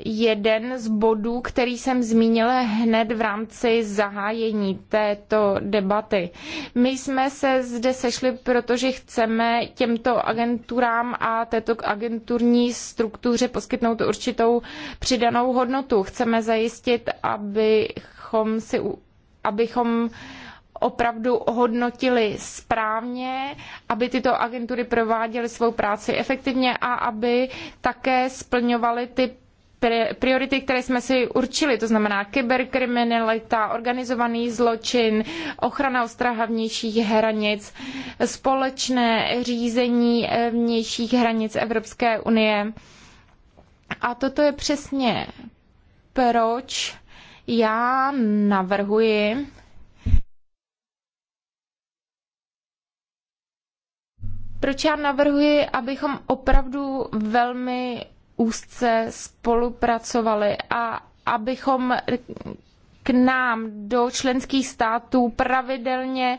jeden z bodů, který jsem zmínila hned v rámci zahájení této debaty. My jsme se zde sešli, protože chceme těmto agenturám a této agenturní struktuře poskytnout určitou přidanou hodnotu. Chceme zajistit, abychom si abychom opravdu hodnotili správně, aby tyto agentury prováděly svou práci efektivně a aby také splňovaly ty priority, které jsme si určili, to znamená kyberkriminalita, organizovaný zločin, ochrana ostraha vnějších hranic, společné řízení eh, vnějších hranic Evropské unie. A toto je přesně proč já navrhuji proč já navrhuji, abychom opravdu velmi úzce spolupracovali a abychom k nám do členských států pravidelně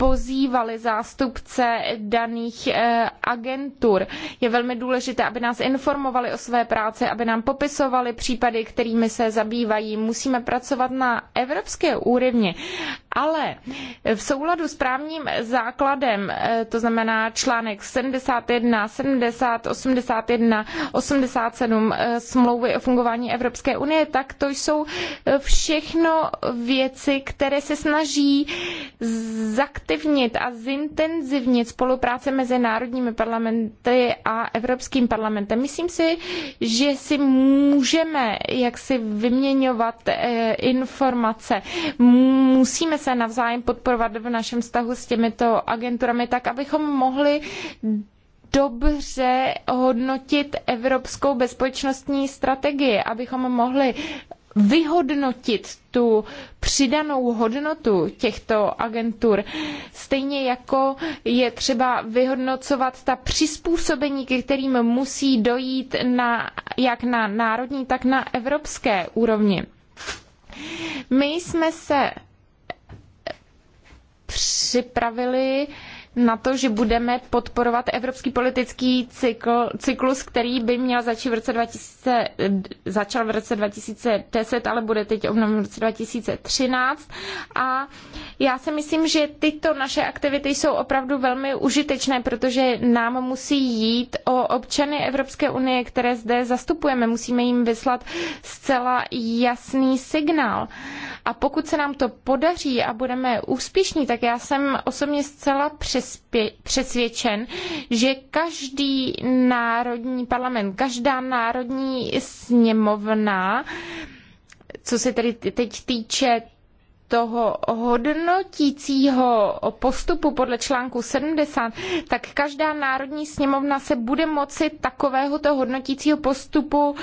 pozývali zástupce daných eh, agentur. Je velmi důležité, aby nás informovali o své práci, aby nám popisovali případy, kterými se zabývají. Musíme pracovat na evropské úrovni, ale v souladu s právním základem, eh, to znamená článek 71, 70, 81, 87 smlouvy o fungování Evropské unie, tak to jsou eh, všechno věci, které se snaží zaktivovat zefektivnit a zintenzivnit spolupráce mezi národními parlamenty a Evropským parlamentem. Myslím si, že si můžeme jaksi vyměňovat eh, informace. Musíme se navzájem podporovat v našem vztahu s těmito agenturami tak, abychom mohli dobře hodnotit evropskou bezpečnostní strategii, abychom mohli vyhodnotit tu přidanou hodnotu těchto agentur, stejně jako je třeba vyhodnocovat ta přizpůsobení, ke kterým musí dojít na, jak na národní, tak na evropské úrovni. My jsme se připravili uh, na to, že budeme podporovat evropský politický cykl, cyklus, který by měl začít v roce 2000, začal v roce 2010, ale bude teď obnoven v roce 2013. A já si myslím, že tyto naše aktivity jsou opravdu velmi užitečné, protože nám musí jít o občany Evropské unie, které zde zastupujeme. Musíme jim vyslat zcela jasný signál. A pokud se nám to podaří a budeme úspěšní, tak já jsem osobně zcela přesvědčená, přespě, přesvědčen, že každý národní parlament, každá národní sněmovna, co se tedy teď týče toho hodnotícího postupu podle článku 70, tak každá národní sněmovna se bude moci takovéhoto hodnotícího postupu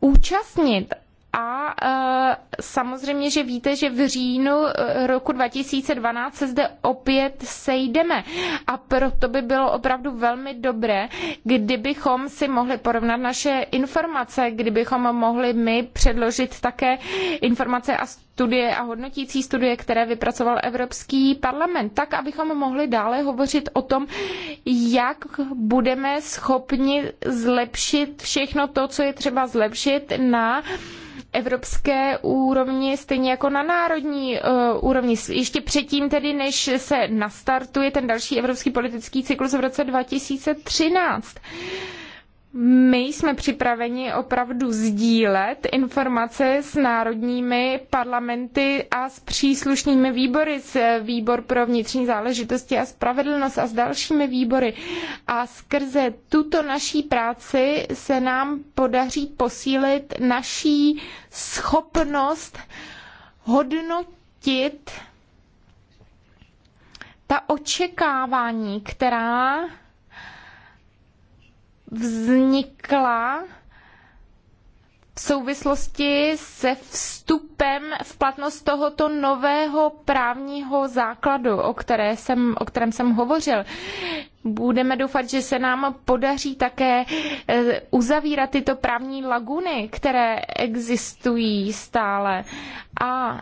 účastnit. A e, samozřejmě, že víte, že v říjnu e, roku 2012 se zde opět sejdeme. A proto by bylo opravdu velmi dobré, kdybychom si mohli porovnat naše informace, kdybychom mohli my předložit také informace a studie a hodnotící studie, které vypracoval Evropský parlament, tak abychom mohli dále hovořit o tom, jak budeme schopni zlepšit všechno to, co je třeba zlepšit na uh, evropské úrovni, stejně jako na národní uh, úrovni. Ještě předtím tedy, než se nastartuje ten další evropský politický cyklus v roce 2013 my jsme připraveni opravdu sdílet informace s národními parlamenty a s příslušnými výbory, s eh, výbor pro vnitřní záležitosti a spravedlnost a s dalšími výbory. A skrze tuto naší práci se nám podaří posílit naší schopnost hodnotit ta očekávání, která vznikla v souvislosti se vstupem v platnost tohoto nového právního základu, o, které jsem, o kterém jsem hovořil. Budeme doufat, že se nám podaří také e, uzavírat tyto právní laguny, které existují stále. A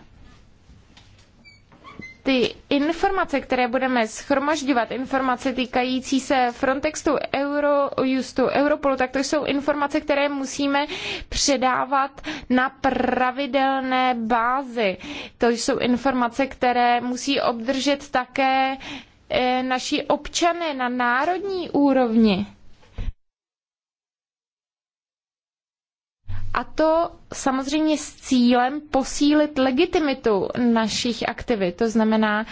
ty informace, které budeme schromažďovat, informace týkající se Frontextu, Eurojustu, Europolu, tak to jsou informace, které musíme předávat na pravidelné bázi. To jsou informace, které musí obdržet také eh, naši občané na národní úrovni. A to samozřejmě s cílem posílit legitimitu našich aktivit. To znamená,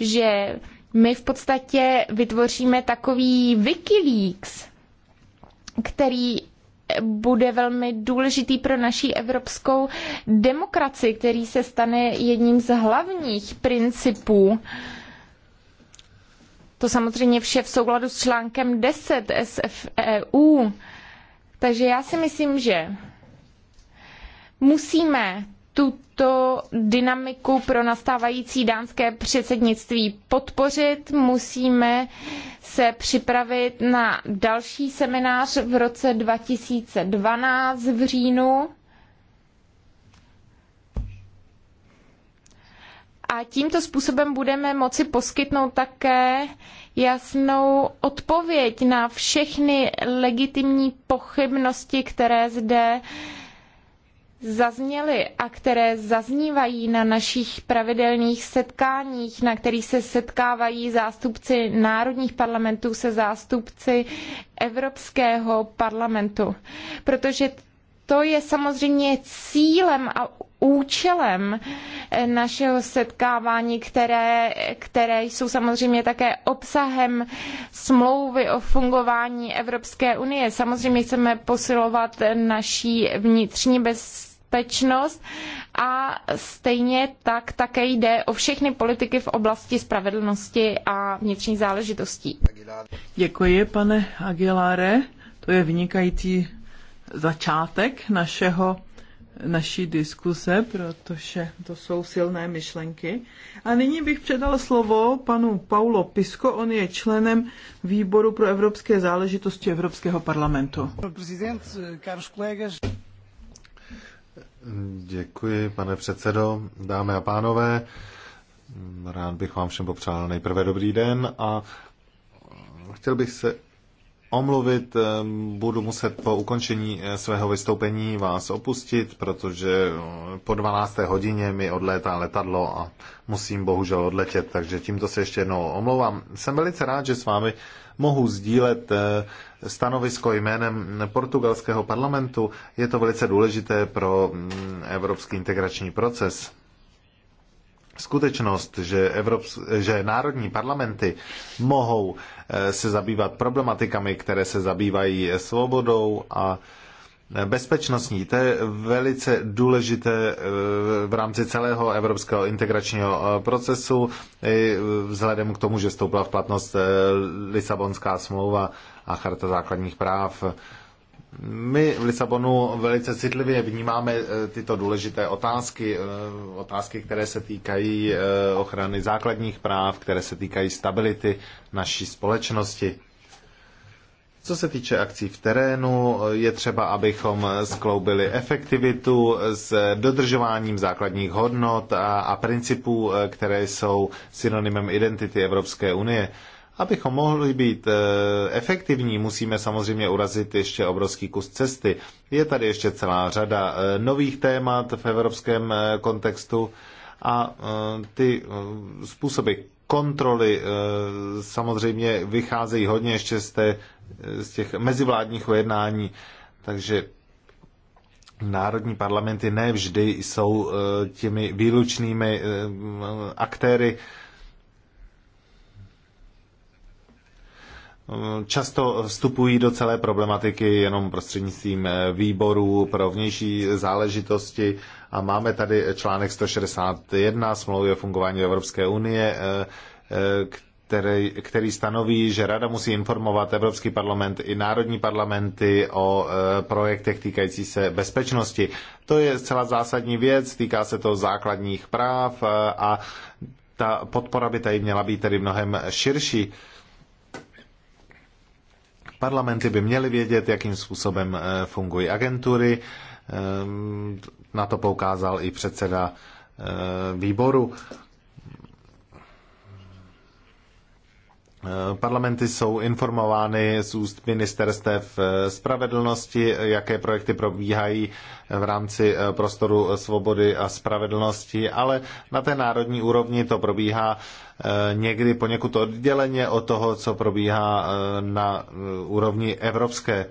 že my v podstatě vytvoříme takový Wikileaks, který bude velmi důležitý pro naší evropskou demokracii, který se stane jedním z hlavních principů. To samozřejmě vše v souladu s článkem 10 SFEU. Takže já si myslím, že Musíme tuto dynamiku pro nastávající dánské předsednictví podpořit. Musíme se připravit na další seminář v roce 2012 v říjnu. A tímto způsobem budeme moci poskytnout také jasnou odpověď na všechny legitimní pochybnosti, které zde zazněly a které zaznívají na našich pravidelných setkáních, na kterých se setkávají zástupci národních parlamentů se zástupci Evropského parlamentu. Protože to je samozřejmě cílem a účelem eh, našeho setkávání, které, které jsou samozřejmě také obsahem smlouvy o fungování Evropské unie. Samozřejmě chceme posilovat naší vnitřní bez bezpečnost a stejně tak také jde o všechny politiky v oblasti spravedlnosti a vnitřních záležitostí. Děkuji, pane Aguilare. To je vynikající začátek našeho naší diskuse, protože to jsou silné myšlenky. A nyní bych předal slovo panu Paulo Pisko, on je členem výboru pro evropské záležitosti Evropského parlamentu. Děkuji, pane předsedo, dámy a pánové. Rád bych vám všem popřál nejprve dobrý den a chtěl bych se omluvit. Budu muset po ukončení svého vystoupení vás opustit, protože po 12. hodině mi odlétá letadlo a musím bohužel odletět, takže tímto se ještě jednou omlouvám. Jsem velice rád, že s vámi mohu sdílet eh, stanovisko jménem portugalského parlamentu. Je to velice důležité pro mm, evropský integrační proces. Skutečnost, že, Evrops- že národní parlamenty mohou eh, se zabývat problematikami, které se zabývají svobodou a bezpečnostní, to je velice důležité eh, v rámci celého evropského integračního eh, procesu, vzhledem k tomu, že vstoupila v platnost Lisabonská smlouva a Charta základních práv. My v Lisabonu velice citlivě vnímáme eh, tyto důležité otázky, eh, otázky, které se týkají eh, ochrany základních práv, které se týkají stability naší společnosti. Co se týče akcí v terénu, je třeba, abychom skloubili efektivitu s dodržováním základních hodnot a, a principů, které jsou synonymem identity Evropské unie. Abychom mohli být eh, efektivní, musíme samozřejmě urazit ještě obrovský kus cesty. Je tady ještě celá řada eh, nových témat v evropském eh, kontextu a ty způsoby kontroly samozřejmě vycházejí hodně ještě z, té, z těch mezivládních ujednání, takže národní parlamenty nevždy jsou těmi výlučnými aktéry často vstupují do celé problematiky jenom prostřednictvím eh, výborů pro vnější záležitosti a máme tady eh, článek 161 smlouvy o fungování Evropské unie, eh, který, který stanoví, že Rada musí informovat Evropský parlament i národní parlamenty o projektech týkající se bezpečnosti. To je zcela zásadní věc, týká se to základních práv a ta podpora by tady měla být tedy mnohem širší. Parlamenty by měly vědět, jakým způsobem eh, fungují agentury. Ehm, na to poukázal i předseda eh, výboru. Parlamenty jsou informovány z úst ministerstev eh, spravedlnosti, jaké projekty probíhají v rámci eh, prostoru svobody a spravedlnosti, ale na té národní úrovni to probíhá eh, někdy poněkud odděleně od toho, co probíhá na úrovni evropské.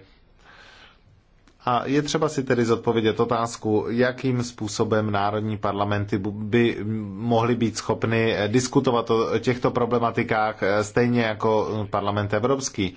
A je třeba si tedy zodpovědět otázku, jakým způsobem národní parlamenty by mohly být schopny diskutovat o těchto problematikách eh, stejně jako parlament evropský.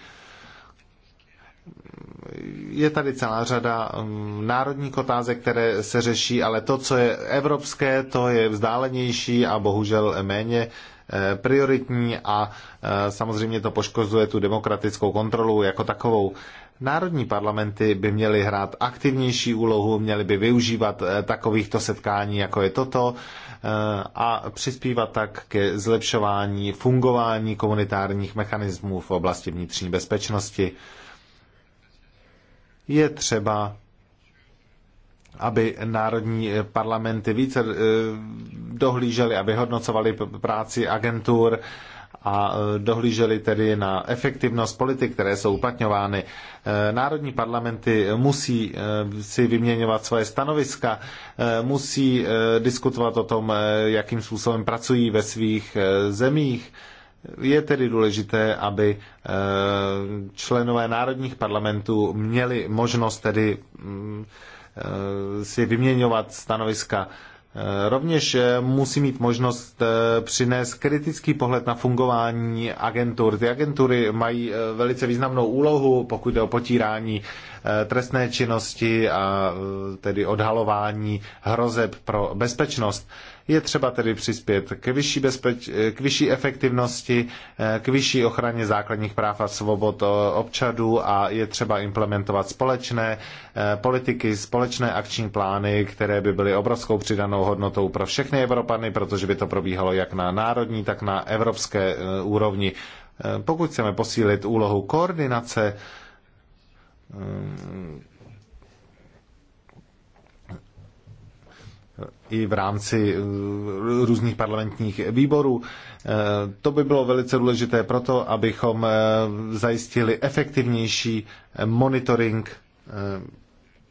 Je tady celá řada mm, národních otázek, které se řeší, ale to, co je evropské, to je vzdálenější a bohužel méně eh, prioritní a eh, samozřejmě to poškozuje tu demokratickou kontrolu jako takovou. Národní parlamenty by měly hrát aktivnější úlohu, měly by využívat eh, takovýchto setkání, jako je toto, eh, a přispívat tak ke zlepšování fungování komunitárních mechanismů v oblasti vnitřní bezpečnosti. Je třeba aby národní parlamenty více eh, dohlížely a vyhodnocovaly práci agentur a e, dohlíželi tedy na efektivnost politik, které jsou uplatňovány. E, národní parlamenty musí e, si vyměňovat svoje stanoviska, musí diskutovat o tom, jakým způsobem pracují ve svých zemích. Je tedy důležité, aby členové národních parlamentů měli možnost tedy mm, si vyměňovat stanoviska Eh, rovněž eh, musí mít možnost eh, přinést kritický pohled na fungování agentur. Ty agentury mají velice významnou úlohu, pokud jde o potírání trestné činnosti a tedy odhalování hrozeb pro bezpečnost. Je třeba tedy přispět k vyšší, bezpeč, k vyšší efektivnosti, eh, k vyšší ochraně základních práv a svobod eh, občanů a je třeba implementovat společné eh, politiky, společné akční plány, které by byly obrovskou přidanou hodnotou pro všechny Evropany, protože by to probíhalo jak na národní, tak na evropské úrovni. Pokud chceme posílit úlohu koordinace, i v rámci eh, různých parlamentních výborů. Eh, to by bylo velice důležité proto, abychom eh, zajistili efektivnější monitoring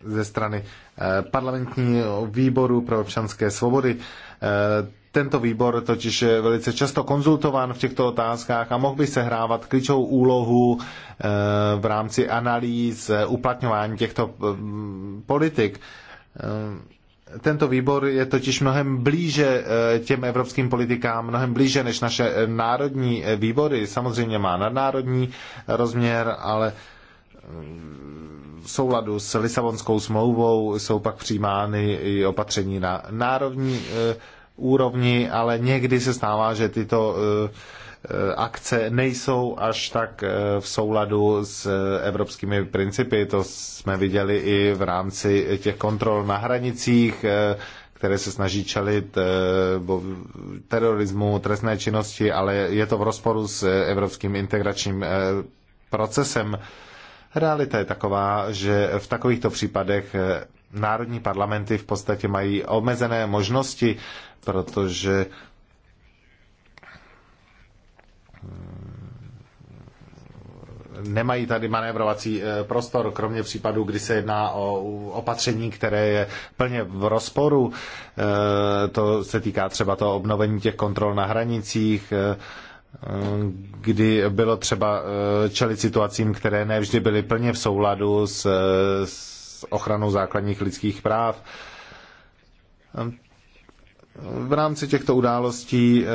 ze strany parlamentního výboru pro občanské svobody. Tento výbor totiž je velice často konzultován v těchto otázkách a mohl by se hrávat klíčovou úlohu v rámci analýz uplatňování těchto politik tento výbor je totiž mnohem blíže eh, těm evropským politikám, mnohem blíže než naše eh, národní eh, výbory. Samozřejmě má nadnárodní rozměr, ale mm, v souladu s Lisabonskou smlouvou jsou pak přijímány i opatření na národní úrovni, ale někdy se stává, že tyto uh, Eh, akce nejsou až tak eh, v souladu s eh, evropskými principy. To jsme viděli i v rámci těch kontrol na hranicích, které se snaží čelit terorismu, trestné činnosti, ale je to v rozporu s evropským integračním procesem. Realita je taková, že v takovýchto případech národní parlamenty v podstatě mají omezené možnosti, protože nemají tady manévrovací eh, prostor, kromě případů, kdy se jedná o opatření, které je plně v rozporu. Eh, to se týká třeba toho obnovení těch kontrol na hranicích, eh, kdy bylo třeba čelit situacím, které nevždy byly plně v souladu s, s ochranou základních lidských práv. V rámci těchto událostí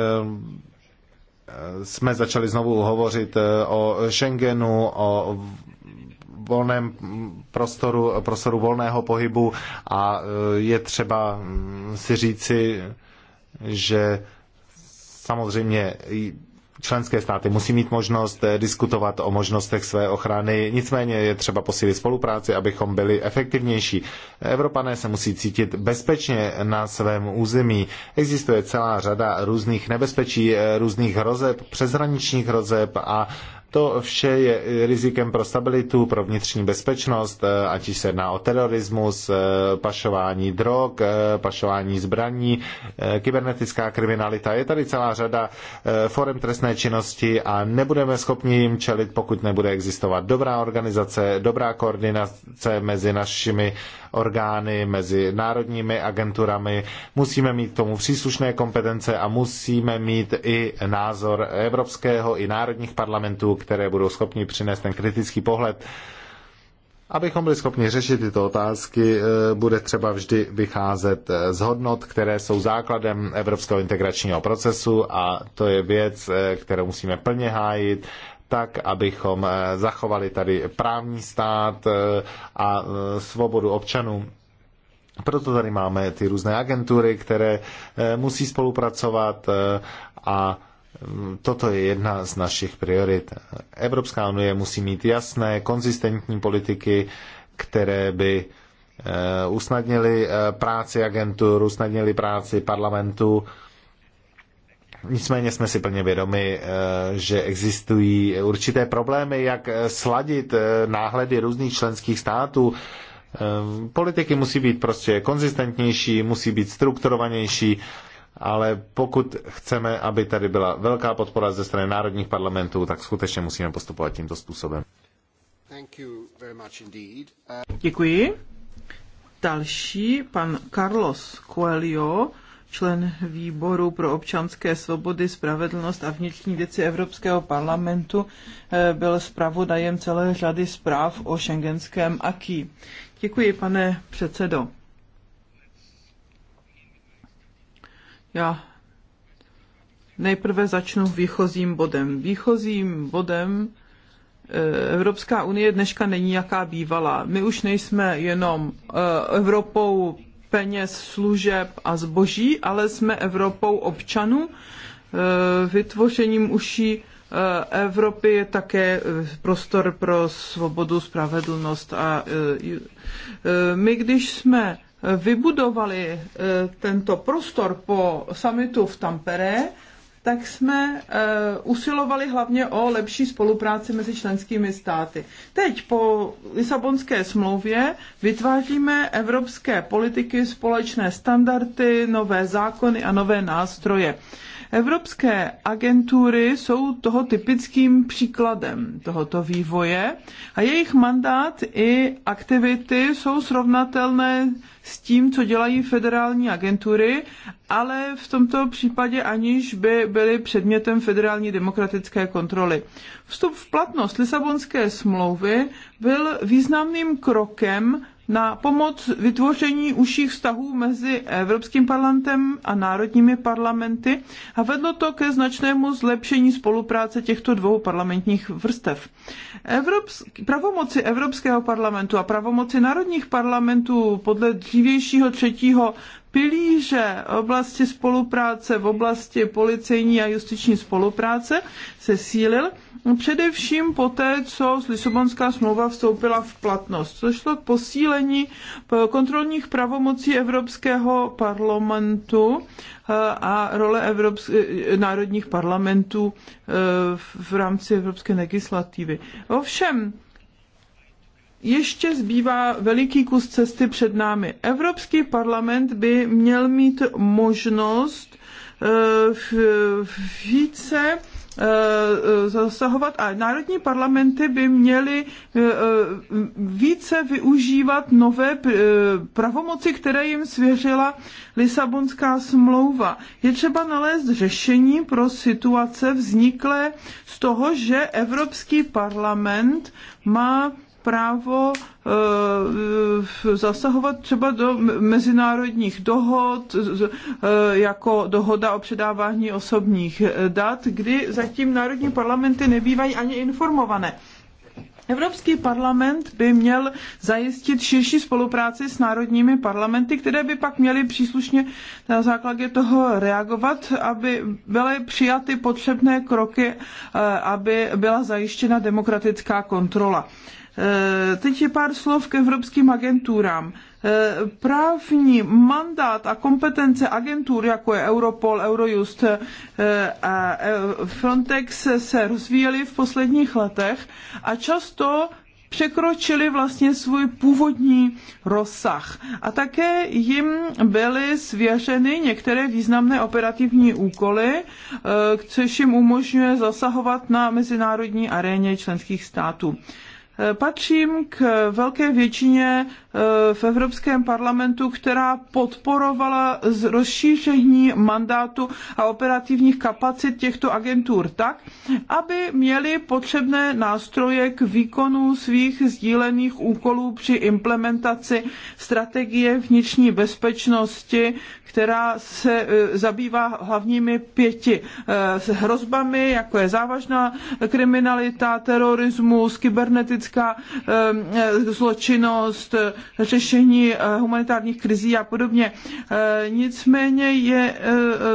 jsme začali znovu hovořit eh, o Schengenu, o volném prostoru, prostoru volného pohybu a eh, je třeba mm, si říci, že samozřejmě členské státy musí mít možnost eh, diskutovat o možnostech své ochrany, nicméně je třeba posílit spolupráci, abychom byli efektivnější. Evropané se musí cítit bezpečně na svém území. Existuje celá řada různých nebezpečí, eh, různých hrozeb, přeshraničních hrozeb a to vše je rizikem pro stabilitu, pro vnitřní bezpečnost, eh, ať se jedná o terorismus, eh, pašování drog, eh, pašování zbraní, kybernetická kriminalita. Je tady celá řada forem trestné činnosti a nebudeme schopni jim čelit, pokud nebude existovat dobrá organizace, dobrá koordinace mezi našimi orgány, mezi národními agenturami. Musíme mít k tomu příslušné kompetence a musíme mít i názor evropského i národních parlamentů, které budou schopni přinést ten kritický pohled. Abychom byli schopni řešit tyto otázky, eh, bude třeba vždy vycházet eh, z hodnot, které jsou základem evropského integračního procesu a to je věc, eh, kterou musíme plně hájit tak, abychom zachovali tady právní stát a svobodu občanů. Proto tady máme ty různé agentury, které musí spolupracovat a Toto je jedna z našich priorit. Evropská unie musí mít jasné, konzistentní politiky, které by eh, usnadnili eh, práci agentur, usnadnili práci parlamentu. Nicméně jsme si plně vědomi, eh, že existují určité problémy, jak sladit náhledy různých členských států. Politiky musí být prostě konzistentnější, musí být strukturovanější ale pokud chceme, aby tady byla velká podpora ze strany národních parlamentů, tak skutečně musíme postupovat tímto způsobem. Uh, Děkuji. Další, pan Carlos Coelho, člen výboru pro občanské svobody, spravedlnost a vnitřní věci Evropského parlamentu, eh, byl zpravodajem celé řady zpráv o šengenském aký. Děkuji, pane předsedo. Já nejprve začnu výchozím bodem. Výchozím bodem eh, Evropská unie dneška není jaká bývala. My už nejsme jenom eh, Evropou peněz, služeb a zboží, ale jsme Evropou občanů. Eh, vytvořením uší Evropy je také prostor pro svobodu, spravedlnost a my, když jsme vybudovali eh, tento prostor po samitu v Tampere, tak jsme eh, usilovali hlavně o lepší spolupráci mezi členskými státy. Teď po Lisabonské smlouvě vytváříme evropské politiky, společné standardy, nové zákony a nové nástroje. Evropské agentury jsou toho typickým příkladem tohoto vývoje a jejich mandát i aktivity jsou srovnatelné s tím, co dělají federální agentury, ale v tomto případě aniž by byly předmětem federální demokratické kontroly. Vstup v platnost Lisabonské smlouvy byl významným krokem na pomoc vytvoření užších vztahů mezi Evropským parlamentem a národními parlamenty a vedlo to ke značnému zlepšení spolupráce těchto dvou parlamentních vrstev. Evropský, pravomoci Evropského parlamentu a pravomoci národních parlamentů podle dřívějšího třetího pilíře oblasti spolupráce v oblasti policejní a justiční spolupráce se sílil především poté, co Lisabonská smlouva vstoupila v platnost, což šlo k posílení eh, kontrolních pravomocí Evropského parlamentu eh, a role Evropsk- eh, národních parlamentů v rámci evropské legislativy. Ovšem, ještě zbývá veliký kus cesty před námi. Evropský parlament by měl mít možnost eh, více eh, zasahovat a národní parlamenty by měly eh, více využívat nové pravomoci, které jim svěřila Lisabonská smlouva. Je třeba nalézt řešení pro situace vzniklé z toho, že Evropský parlament má právo eh, zasahovat třeba do mezinárodních dohod, eh, jako dohoda o předávání osobních eh, dat, kdy zatím národní parlamenty nebývají ani informované. Evropský parlament by měl zajistit širší spolupráci s národními parlamenty, které by pak měly příslušně na základě toho reagovat, aby byly přijaty potřebné kroky, aby byla zajištěna demokratická kontrola. Eh, teď je pár slov k evropským agenturám. Eh, právní mandát a kompetence agentur, jako je Europol, Eurojust eh, a Frontex, se rozvíjely v posledních letech a často překročili vlastně svůj původní rozsah. A také jim byly svěřeny některé významné operativní úkoly, což jim umožňuje zasahovat na mezinárodní aréně členských států. Eh, patřím k velké většině eh, v Evropském parlamentu, která podporovala rozšíření mandátu a operativních kapacit těchto agentur tak, aby měly potřebné nástroje k výkonu svých sdílených úkolů při implementaci strategie vnitřní bezpečnosti, která se e, zabývá hlavními pěti e, hrozbami, jako je závažná kriminalita, terorismus, kybernetická e, zločinnost, řešení humanitárních krizí a podobně. Nicméně je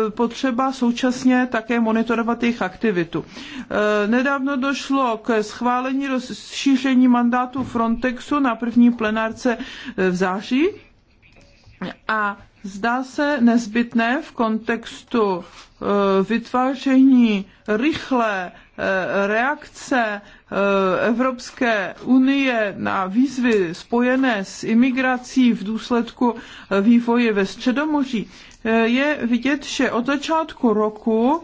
potřeba současně také monitorovat jejich aktivitu. Nedávno došlo k schválení rozšíření mandátu Frontexu na první plenárce v září a zdá se nezbytné v kontextu eh, vytváření rychlé eh, reakce eh, Evropské unie na výzvy spojené s imigrací v důsledku vývoje ve Středomoří, je vidět, že od začátku roku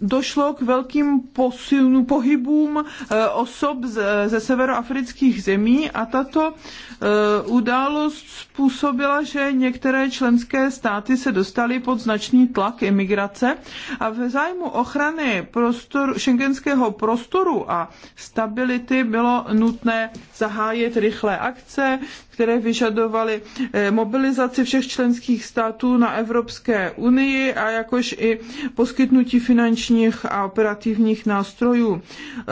došlo k velkým posilným pohybům eh, osob ze severoafrických zemí a tato eh, událost způsobila, že některé členské státy se dostaly pod značný tlak imigrace a v zájmu ochrany prostor, šengenského prostoru a stability bylo nutné zahájit rychlé akce, které vyžadovaly eh, mobilizaci všech členských států na Evropské unii a jakož i poskytnutí finančních a operativních nástrojů. Eh,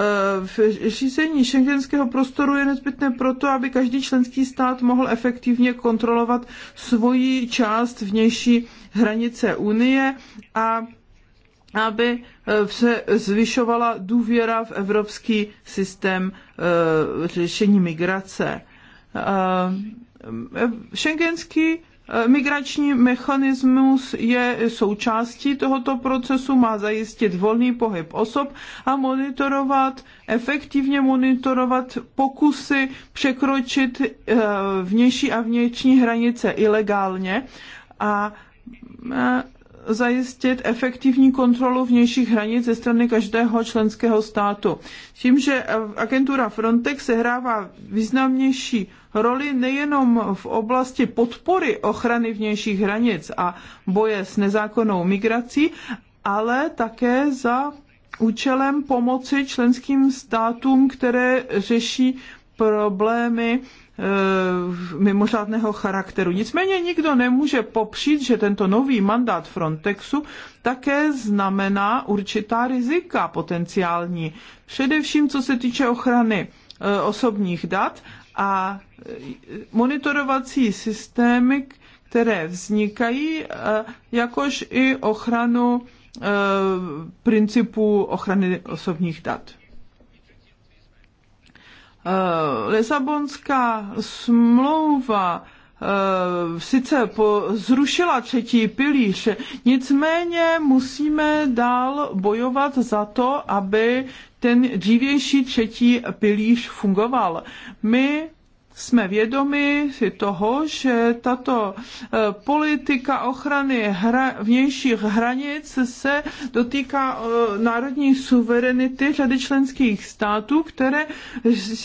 v řízení šengenského prostoru je nezbytné proto, aby každý členský stát mohl efektivně kontrolovat svoji část vnější hranice Unie a aby eh, se zvyšovala důvěra v evropský systém řešení migrace. Schengenský eh, eh, migrační mechanismus je součástí tohoto procesu, má zajistit volný pohyb osob a monitorovat, efektivně monitorovat pokusy překročit eh, vnější a vnější hranice ilegálně a zajistit efektivní kontrolu vnějších hranic ze strany každého členského státu. Tím, že agentura Frontex sehrává významnější roli nejenom v oblasti podpory ochrany vnějších hranic a boje s nezákonnou migrací, ale také za účelem pomoci členským státům, které řeší problémy Eh, mimořádného charakteru. Nicméně nikdo nemůže popřít, že tento nový mandát Frontexu také znamená určitá rizika potenciální, především co se týče ochrany eh, osobních dat a eh, monitorovací systémy, které vznikají, jakož i ochranu principů ochrany osobních dat. Eh, Lisabonská smlouva eh, sice po, zrušila třetí pilíř, nicméně musíme dál bojovat za to, aby ten dřívější třetí pilíř fungoval. My jsme vědomi si toho, že tato eh, politika ochrany hra, vnějších hranic se dotýká eh, národní suverenity řady členských států, které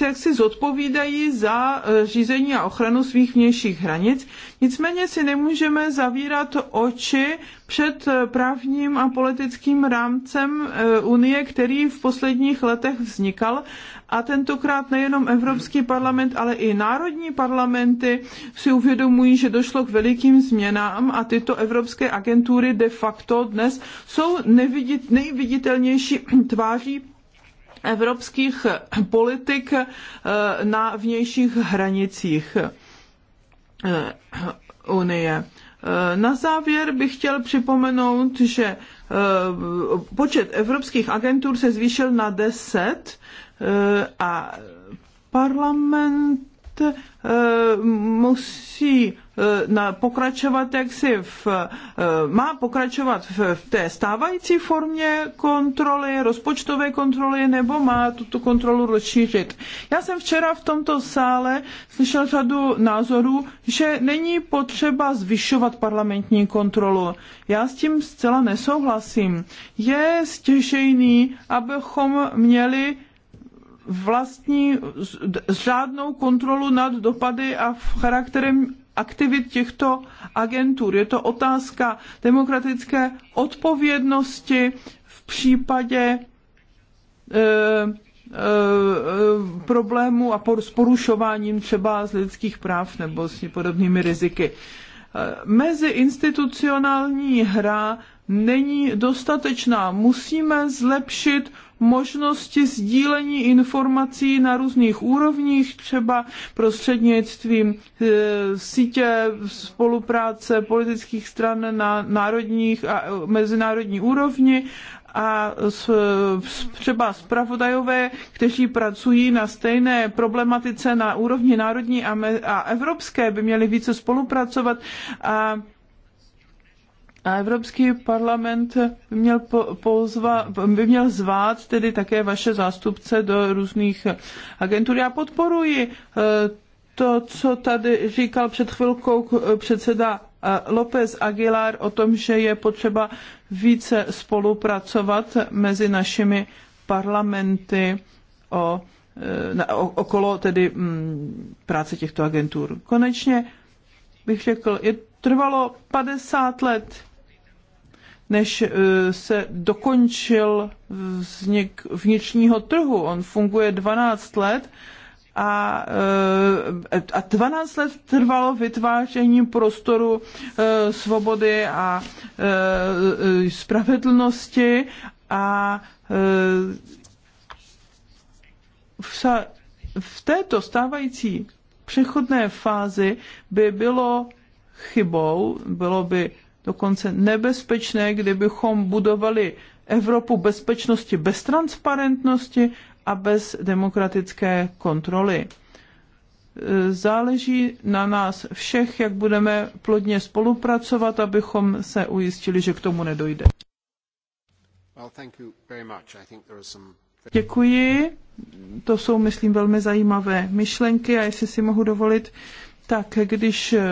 jaksi zodpovídají za eh, řízení a ochranu svých vnějších hranic. Nicméně si nemůžeme zavírat oči před eh, právním a politickým rámcem eh, Unie, který v posledních letech vznikal. A tentokrát nejenom Evropský parlament, ale i národní parlamenty si uvědomují, že došlo k velikým změnám a tyto evropské agentury de facto dnes jsou nevidit, nejviditelnější tváří evropských eh, politik na vnějších hranicích Unie. Eh, na závěr bych chtěl připomenout, že eh, počet evropských agentur se zvýšil na 10 eh, a parlament Eh, musí eh, pokračovat jaksi v, eh, má pokračovat v, v té stávající formě kontroly, rozpočtové kontroly, nebo má tuto kontrolu rozšířit. Já jsem včera v tomto sále slyšel řadu názorů, že není potřeba zvyšovat parlamentní kontrolu. Já s tím zcela nesouhlasím. Je stěžejný, abychom měli vlastní žádnou kontrolu nad dopady a charakterem aktivit těchto agentur. Je to otázka demokratické odpovědnosti v případě e, e, e, problémů a por, s porušováním třeba z lidských práv nebo s podobnými riziky. E, Meziinstitucionální hra není dostatečná. Musíme zlepšit možnosti sdílení informací na různých úrovních, třeba prostřednictvím e, sítě spolupráce politických stran na národních a mezinárodní úrovni a třeba zpravodajové, kteří pracují na stejné problematice na úrovni národní a, a evropské, by měli více spolupracovat a a Evropský parlament by měl, pozva, by měl zvát tedy také vaše zástupce do různých agentur. Já podporuji eh, to, co tady říkal před chvilkou eh, předseda eh, López Aguilar o tom, že je potřeba více spolupracovat mezi našimi parlamenty o, na, o, okolo tedy m, mm, práce těchto agentur. Konečně bych řekl, je trvalo 50 let než eh, se dokončil vznik vnitřního trhu. On funguje 12 let a, eh, a 12 let trvalo vytváření prostoru eh, svobody a spravedlnosti a v této stávající přechodné fázi by bylo chybou, bylo by dokonce nebezpečné, kdybychom budovali Evropu bezpečnosti bez transparentnosti a bez demokratické kontroly. E, záleží na nás všech, jak budeme plodně spolupracovat, abychom se ujistili, že k tomu nedojde. Děkuji. To jsou, myslím, velmi zajímavé myšlenky a jestli si mohu dovolit, tak když eh,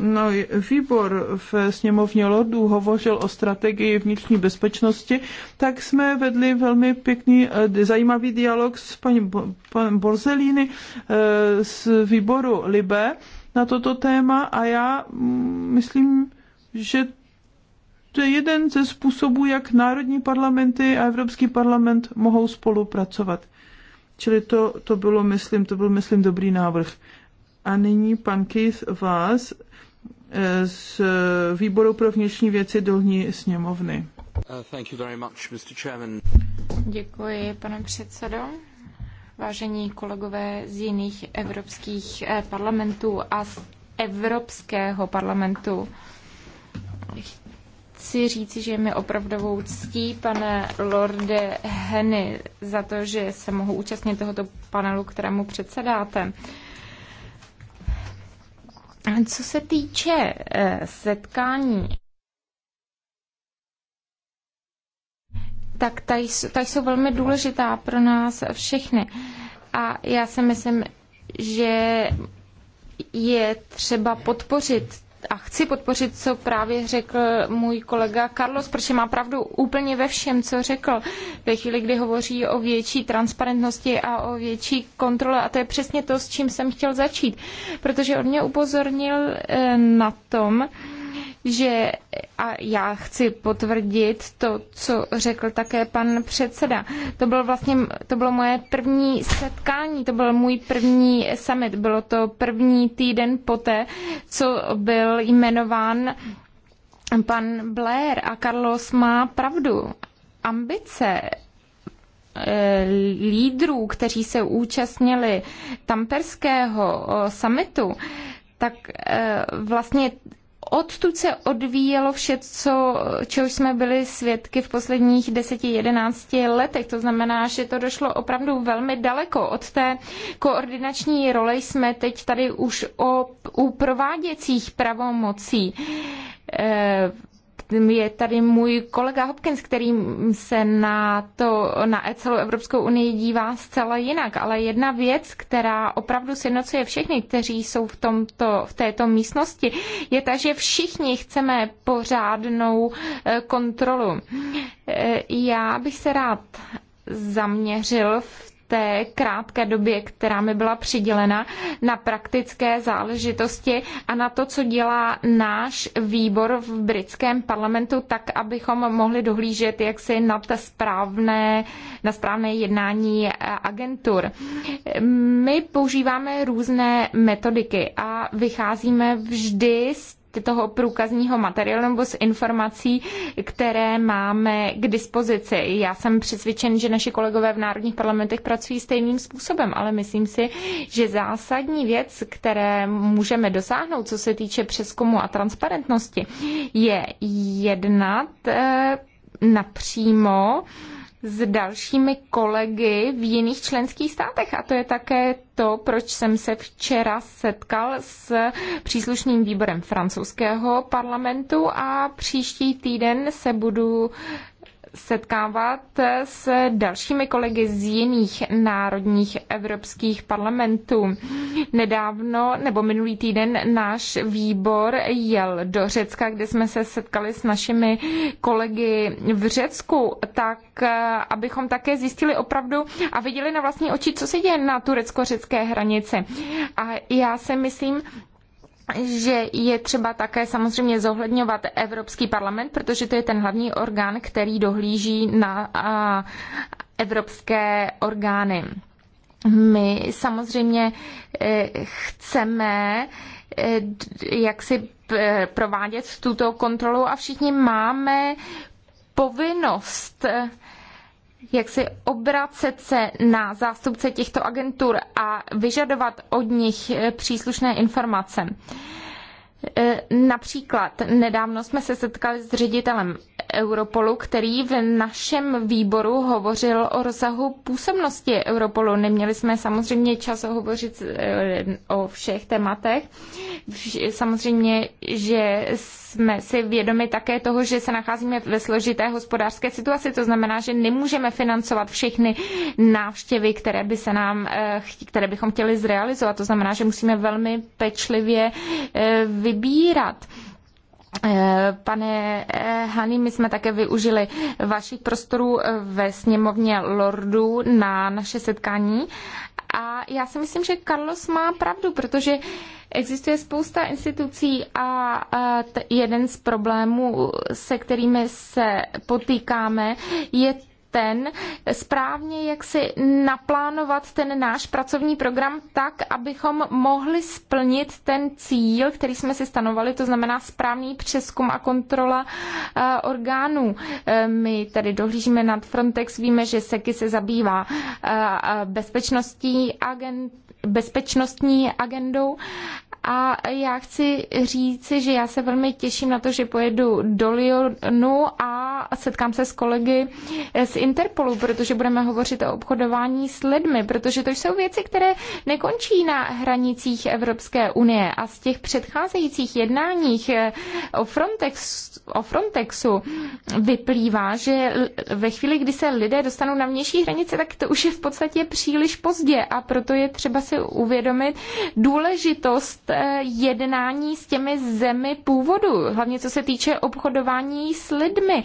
no, výbor v sněmovně lordů hovořil o strategii vnitřní bezpečnosti, tak jsme vedli velmi pěkný, eh, zajímavý dialog s paní panem Borzelíny eh, z výboru Libe na toto téma a já mm, myslím, že to je jeden ze způsobů, jak národní parlamenty a Evropský parlament mohou spolupracovat. Čili to, to bylo, myslím, to byl, myslím, dobrý návrh. A nyní pan Keith Vás eh, z Výboru pro vnitřní věci dolní sněmovny. Uh, much, Děkuji, pane předsedo vážení kolegové z jiných evropských eh, parlamentů a z Evropského parlamentu. Chci říci, že mi opravdovou ctí, pane Lorde Heny, za to, že se mohu účastnit tohoto panelu, kterému předsedáte. Uh, co se týče eh, setkání, tak ta jsou, ta jsou velmi důležitá pro nás všechny. A já si myslím, že je třeba podpořit a chci podpořit, co právě řekl můj kolega Carlos, protože má pravdu úplně ve všem, co řekl ve chvíli, kdy hovoří o větší transparentnosti a o větší kontrole. A to je přesně to, s čím jsem chtěl začít, protože on mě upozornil eh, na tom, že, a já chci potvrdit to, co řekl také pan předseda, to bylo vlastně, to bylo moje první setkání, to byl můj první summit, bylo to první týden poté, co byl jmenován pan Blair a Carlos má pravdu. Ambice eh, lídrů, kteří se účastnili tamperského eh, summitu, tak eh, vlastně odtud se odvíjelo vše, co, čeho jsme byli svědky v posledních 10-11 letech. To znamená, že to došlo opravdu velmi daleko. Od té koordinační role jsme teď tady už o, u prováděcích pravomocí eh, je tady můj kolega Hopkins, který se na to, na celou Evropskou unii dívá zcela jinak, ale jedna věc, která opravdu sjednocuje všechny, kteří jsou v, tomto, v této místnosti, je ta, že všichni chceme pořádnou eh, kontrolu. Eh, já bych se rád zaměřil v té krátké době, která mi byla přidělena, na praktické záležitosti a na to, co dělá náš výbor v britském parlamentu, tak abychom mohli dohlížet jaksi na, ta správné, na správné jednání agentur. My používáme různé metodiky a vycházíme vždy z toho průkazního materiálu nebo z informací, které máme k dispozici. Já jsem přesvědčen, že naši kolegové v národních parlamentech pracují stejným způsobem, ale myslím si, že zásadní věc, které můžeme dosáhnout, co se týče přeskumu a transparentnosti, je jednat eh, napřímo s dalšími kolegy v jiných členských státech. A to je také to, proč jsem se včera setkal s příslušným výborem francouzského parlamentu a příští týden se budu setkávat s dalšími kolegy z jiných národních evropských parlamentů. Nedávno nebo minulý týden náš výbor jel do Řecka, kde jsme se setkali s našimi kolegy v Řecku, tak eh, abychom také zjistili opravdu a viděli na vlastní oči, co se děje na turecko-řecké hranici. A já si myslím, že je třeba také samozřejmě zohledňovat Evropský parlament, protože to je ten hlavní orgán, který dohlíží na evropské orgány. My samozřejmě eh, chceme eh, jak si eh, provádět tuto kontrolu a všichni máme povinnost jak si obracet se na zástupce těchto agentur a vyžadovat od nich eh, příslušné informace. Eh, například nedávno jsme se setkali s ředitelem Europolu, který v našem výboru hovořil o rozsahu působnosti Europolu. Neměli jsme samozřejmě čas hovořit eh, o všech tématech. Samozřejmě, že jsme si vědomi také toho, že se nacházíme ve složité hospodářské situaci. To znamená, že nemůžeme financovat všechny návštěvy, které, by se nám, eh, které bychom chtěli zrealizovat. To znamená, že musíme velmi pečlivě eh, vybírat. Eh, pane eh, Hani, my jsme také využili vašich prostorů eh, ve sněmovně Lordů na naše setkání a já si myslím, že Carlos má pravdu, protože existuje spousta institucí a jeden z problémů, se kterými se potýkáme, je ten správně jak si naplánovat ten náš pracovní program tak, abychom mohli splnit ten cíl, který jsme si stanovali, to znamená správný přeskum a kontrola eh, orgánů. Eh, my tady dohlížíme nad Frontex, víme, že SEKI se zabývá eh, bezpečností agent bezpečnostní agendou a já chci říci, že já se velmi těším na to, že pojedu do Lyonu a setkám se s kolegy z Interpolu, protože budeme hovořit o obchodování s lidmi, protože to jsou věci, které nekončí na hranicích Evropské unie. A z těch předcházejících jednáních eh, o, Frontex, o Frontexu vyplývá, že ve chvíli, kdy se lidé dostanou na vnější hranice, tak to už je v podstatě příliš pozdě a proto je třeba si uvědomit důležitost Eh, jednání s těmi zemi původu, hlavně co se týče obchodování s lidmi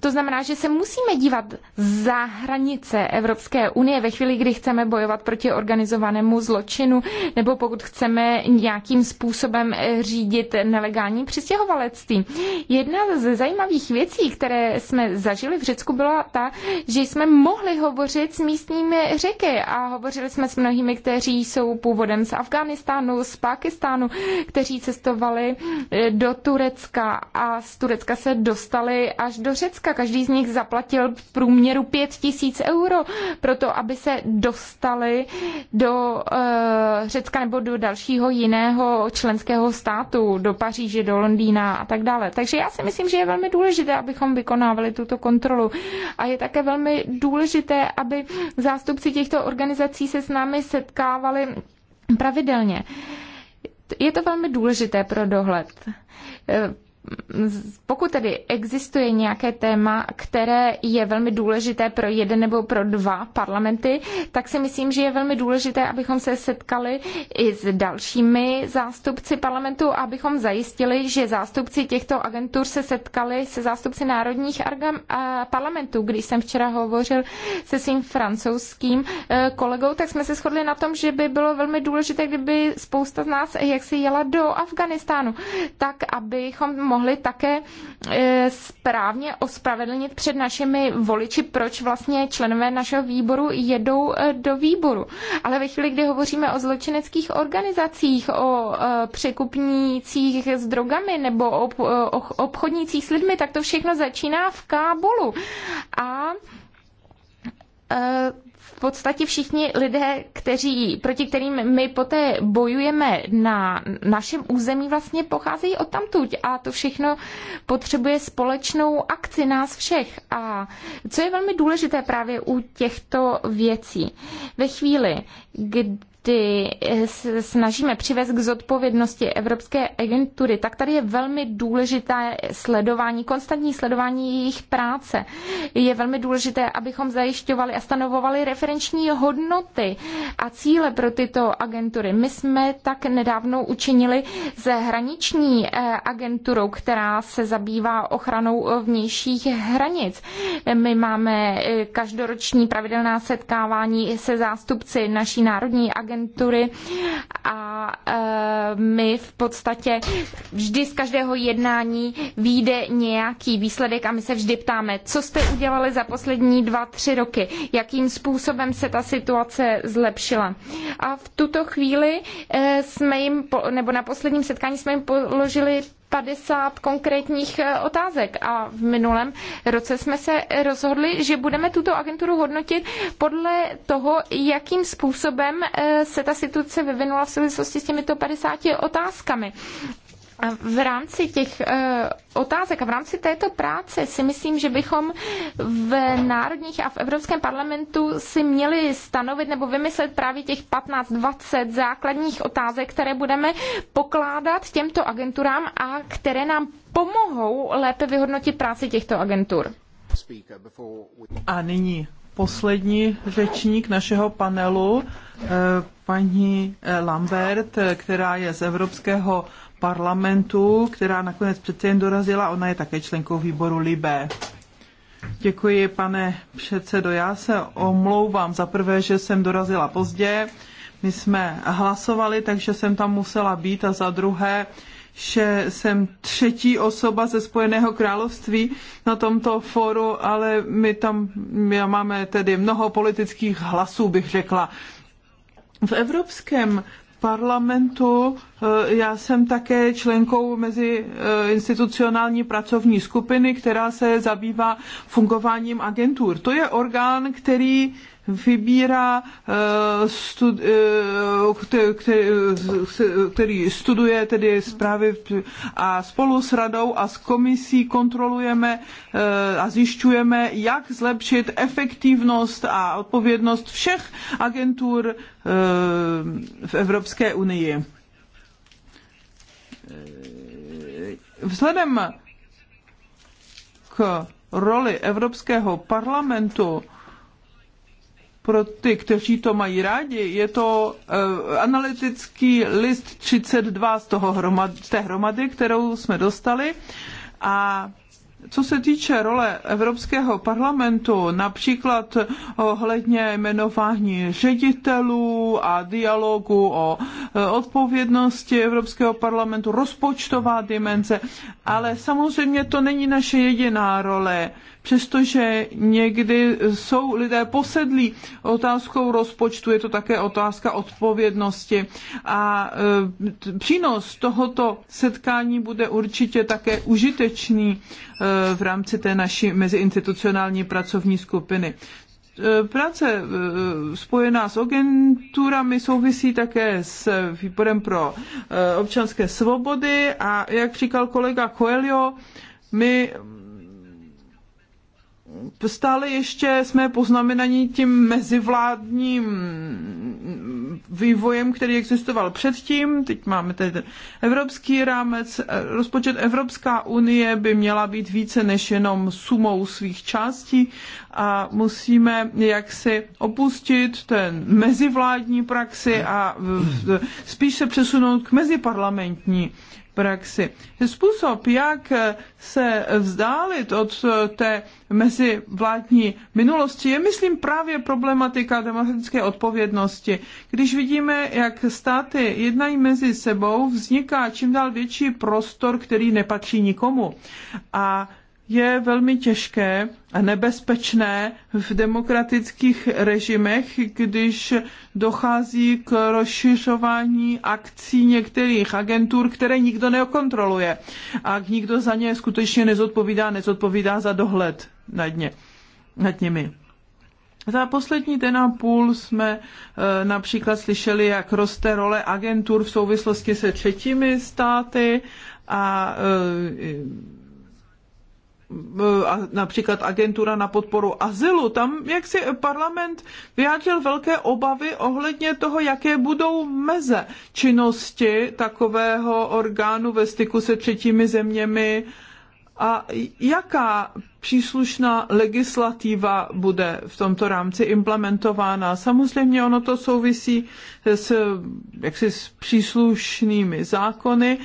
to znamená, že se musíme dívat za hranice Evropské unie ve chvíli, kdy chceme bojovat proti organizovanému zločinu, nebo pokud chceme nějakým způsobem eh, řídit nelegální přistěhovalectví. Jedna ze zajímavých věcí, které jsme zažili v Řecku, byla ta, že jsme mohli hovořit s místními řeky a hovořili jsme s mnohými, kteří jsou původem z Afganistánu, z Pakistánu, kteří cestovali eh, do Turecka a z Turecka se dostali až do Řecka. Řecka. Každý z nich zaplatil v průměru 5 tisíc euro pro to, aby se dostali do eh, Řecka nebo do dalšího jiného členského státu, do Paříže, do Londýna a tak dále. Takže já si myslím, že je velmi důležité, abychom vykonávali tuto kontrolu. A je také velmi důležité, aby zástupci těchto organizací se s námi setkávali pravidelně. Je to velmi důležité pro dohled. Eh, pokud tedy existuje nějaké téma, které je velmi důležité pro jeden nebo pro dva parlamenty, tak si myslím, že je velmi důležité, abychom se setkali i s dalšími zástupci parlamentu, abychom zajistili, že zástupci těchto agentur se setkali se zástupci národních parlamentů. Když jsem včera hovořil se svým francouzským eh, kolegou, tak jsme se shodli na tom, že by bylo velmi důležité, kdyby spousta z nás jaksi jela do Afganistánu, tak abychom mohli také e, správně ospravedlnit před našimi voliči, proč vlastně členové našeho výboru jedou e, do výboru. Ale ve chvíli, kdy hovoříme o zločineckých organizacích, o e, překupnících s drogami nebo o obchodnících s lidmi, tak to všechno začíná v Kábulu. A podstatě všichni lidé, kteří, proti kterým my poté bojujeme na našem území, vlastně pocházejí od tamtuť a to všechno potřebuje společnou akci nás všech. A co je velmi důležité právě u těchto věcí, ve chvíli, kdy kdy eh, se snažíme přivést k zodpovědnosti Evropské agentury, tak tady je velmi důležité sledování, konstantní sledování jejich práce. Je velmi důležité, abychom zajišťovali a stanovovali referenční hodnoty a cíle pro tyto agentury. My jsme tak nedávno učinili s hraniční eh, agenturou, která se zabývá ochranou vnějších hranic. My máme eh, každoroční pravidelná setkávání se zástupci naší národní agentury agentury a e, my v podstatě vždy z každého jednání výjde nějaký výsledek a my se vždy ptáme, co jste udělali za poslední dva, tři roky, jakým způsobem se ta situace zlepšila. A v tuto chvíli e, jsme jim, nebo na posledním setkání jsme jim položili 50 konkrétních eh, otázek a v minulém roce jsme se rozhodli, že budeme tuto agenturu hodnotit podle toho, jakým způsobem eh, se ta situace vyvinula v souvislosti s těmito 50 otázkami v rámci těch eh, otázek a v rámci této práce si myslím, že bychom v národních a v Evropském parlamentu si měli stanovit nebo vymyslet právě těch 15-20 základních otázek, které budeme pokládat těmto agenturám a které nám pomohou lépe vyhodnotit práci těchto agentur. A nyní poslední řečník našeho panelu, eh, paní eh, Lambert, která je z Evropského parlamentu, která nakonec přece jen dorazila. Ona je také členkou výboru Libé. Děkuji, pane předsedo. Já se omlouvám za prvé, že jsem dorazila pozdě. My jsme hlasovali, takže jsem tam musela být a za druhé, že jsem třetí osoba ze Spojeného království na tomto fóru, ale my tam my máme tedy mnoho politických hlasů, bych řekla. V Evropském parlamentu. Eh, já jsem také členkou mezi eh, institucionální pracovní skupiny, která se zabývá fungováním agentur. To je orgán, který vybírá eh, stud, eh, který, který studuje tedy zprávy a spolu s radou a s komisí kontrolujeme eh, a zjišťujeme, jak zlepšit efektivnost a odpovědnost všech agentur v Evropské unii. Vzhledem k roli Evropského parlamentu pro ty, kteří to mají rádi, je to uh, analytický list 32 z, toho hromad, té hromady, kterou jsme dostali. A co se týče role Evropského parlamentu, například ohledně jmenování ředitelů a dialogu o eh, odpovědnosti Evropského parlamentu, rozpočtová dimenze, ale samozřejmě to není naše jediná role přestože někdy jsou lidé posedlí otázkou rozpočtu, je to také otázka odpovědnosti. A e, přínos tohoto setkání bude určitě také užitečný e, v rámci té naší meziinstitucionální pracovní skupiny. E, práce spojená s agenturami souvisí také s výborem pro občanské svobody a jak říkal kolega Coelho, my stále ještě jsme poznamenaní tím mezivládním vývojem, který existoval předtím. Teď máme tedy ten evropský rámec. Rozpočet Evropská unie by měla být více než jenom sumou svých částí a musíme jaksi opustit ten mezivládní praxi a spíš se přesunout k meziparlamentní praxi. Způsob, jak se vzdálit od té mezivládní minulosti, je, myslím, právě problematika demokratické odpovědnosti. Když vidíme, jak státy jednají mezi sebou, vzniká čím dál větší prostor, který nepatří nikomu. A je velmi těžké a nebezpečné v demokratických režimech, když dochází k rozšiřování akcí některých agentur, které nikdo nekontroluje a nikdo za ně skutečně nezodpovídá, nezodpovídá za dohled nad, ně, nad nimi. Za poslední den a půl jsme e, například slyšeli, jak roste role agentur v souvislosti se třetími státy a e, například agentura na podporu azylu, tam jak si parlament vyjádřil velké obavy ohledně toho, jaké budou meze činnosti takového orgánu ve styku se třetími zeměmi a jaká příslušná legislativa bude v tomto rámci implementována. Samozřejmě ono to souvisí s, jaksi s příslušnými zákony,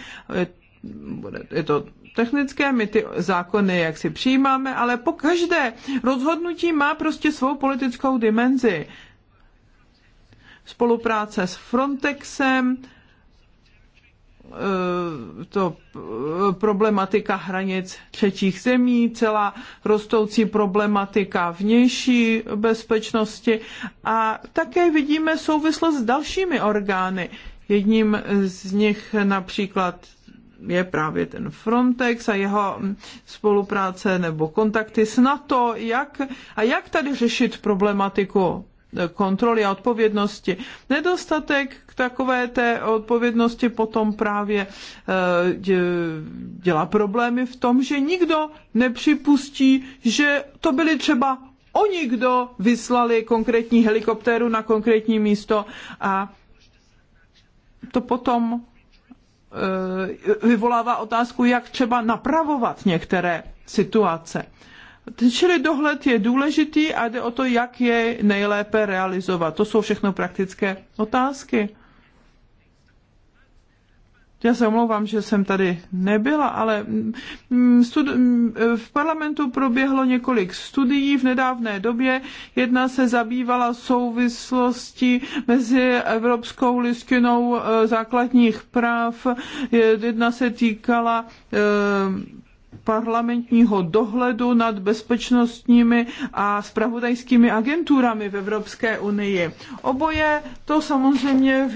je to technické, my ty zákony jak si přijímáme, ale po každé rozhodnutí má prostě svou politickou dimenzi. Spolupráce s Frontexem, eh, to eh, problematika hranic třetích zemí, celá rostoucí problematika vnější bezpečnosti a také vidíme souvislost s dalšími orgány. Jedním z nich například je právě ten Frontex a jeho spolupráce nebo kontakty s NATO. Jak, a jak tady řešit problematiku kontroly a odpovědnosti. Nedostatek k takové té odpovědnosti potom právě eh, dělá problémy v tom, že nikdo nepřipustí, že to byly třeba oni, kdo vyslali konkrétní helikoptéru na konkrétní místo a to potom Eh, vyvolává otázku, jak třeba napravovat některé situace. Čili dohled je důležitý a jde o to, jak je nejlépe realizovat. To jsou všechno praktické otázky já se omlouvám, že jsem tady nebyla, ale mm, mm, mm, v parlamentu proběhlo několik studií v nedávné době. Jedna se zabývala souvislosti mezi Evropskou listinou eh, základních práv, jedna se týkala eh, parlamentního dohledu nad bezpečnostními a spravodajskými agenturami v Evropské unii. Oboje to samozřejmě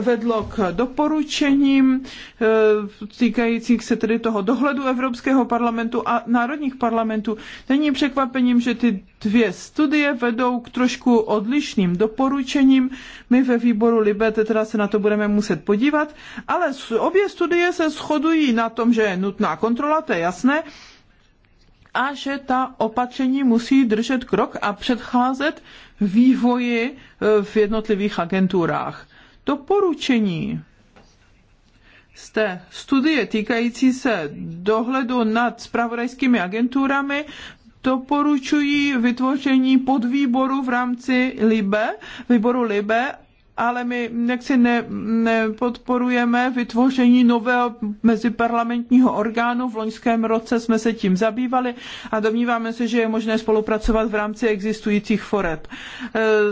vedlo k doporučením e, týkajících se tedy toho dohledu Evropského parlamentu a národních parlamentů. Není překvapením, že ty dvě studie vedou k trošku odlišným doporučením. My ve výboru Libe teda se na to budeme muset podívat, ale obě studie se shodují na tom, že je nutná kontrola, to je jasné, a že ta opatření musí držet krok a předcházet vývoji e, v jednotlivých agenturách. Doporučení z té studie týkající se dohledu nad spravodajskými agenturami doporučují vytvoření podvýboru v rámci LIBE, výboru LIBE ale my jaksi ne, nepodporujeme vytvoření nového meziparlamentního orgánu. V loňském roce jsme se tím zabývali a domníváme se, že je možné spolupracovat v rámci existujících foreb.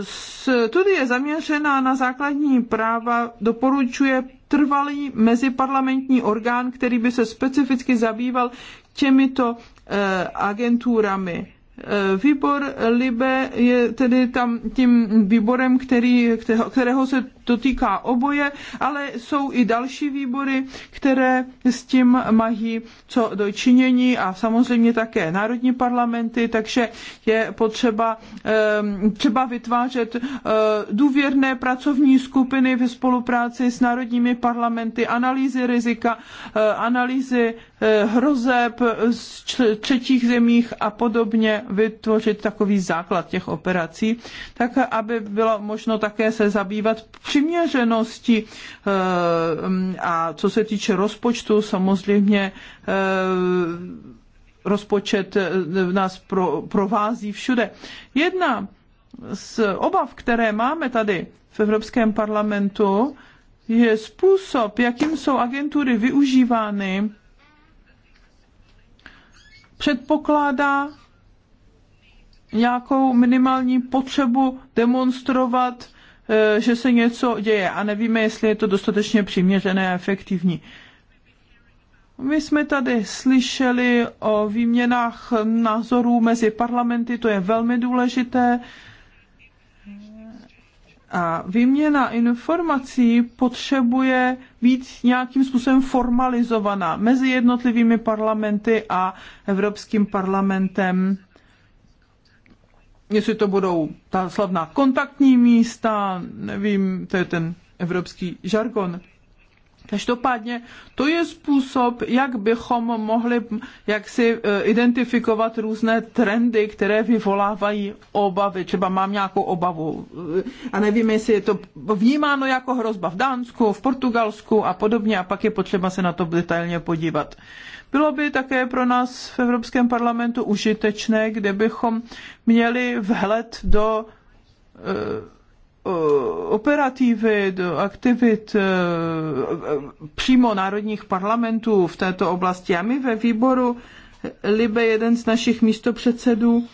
Studie zaměřená na základní práva doporučuje trvalý meziparlamentní orgán, který by se specificky zabýval těmito eh, agenturami Eh, výbor Libe je tedy tam tím výborem, který, kterého se dotýká oboje, ale jsou i další výbory, které s tím mají co dočinění a samozřejmě také národní parlamenty, takže je potřeba ehm, třeba vytvářet eh, důvěrné pracovní skupiny ve spolupráci s národními parlamenty, analýzy rizika, eh, analýzy eh, hrozeb z třetích zemích a podobně vytvořit takový základ těch operací, tak aby bylo možno také se zabývat při přiměřenosti eh, a co se týče rozpočtu, samozřejmě eh, rozpočet eh, nás provází všude. Jedna z obav, které máme tady v Evropském parlamentu, je způsob, jakým jsou agentury využívány, předpokládá nějakou minimální potřebu demonstrovat Eh, že se něco děje a nevíme, jestli je to dostatečně přiměřené a efektivní. My jsme tady slyšeli o výměnách názorů mezi parlamenty, to je velmi důležité. A výměna informací potřebuje být nějakým způsobem formalizovaná mezi jednotlivými parlamenty a Evropským parlamentem jestli to budou ta slavná kontaktní místa, nevím, to je ten evropský žargon. Každopádně to je způsob, jak bychom mohli jaksi e, identifikovat různé trendy, které vyvolávají obavy. Třeba mám nějakou obavu e, a nevím, jestli je to vnímáno jako hrozba v Dánsku, v Portugalsku a podobně a pak je potřeba se na to detailně podívat. Bylo by také pro nás v Evropském parlamentu užitečné, kdybychom měli vhled do eh, operativy, do aktivit eh, přímo národních parlamentů v této oblasti. A my ve výboru Libe, jeden z našich místopředsedů,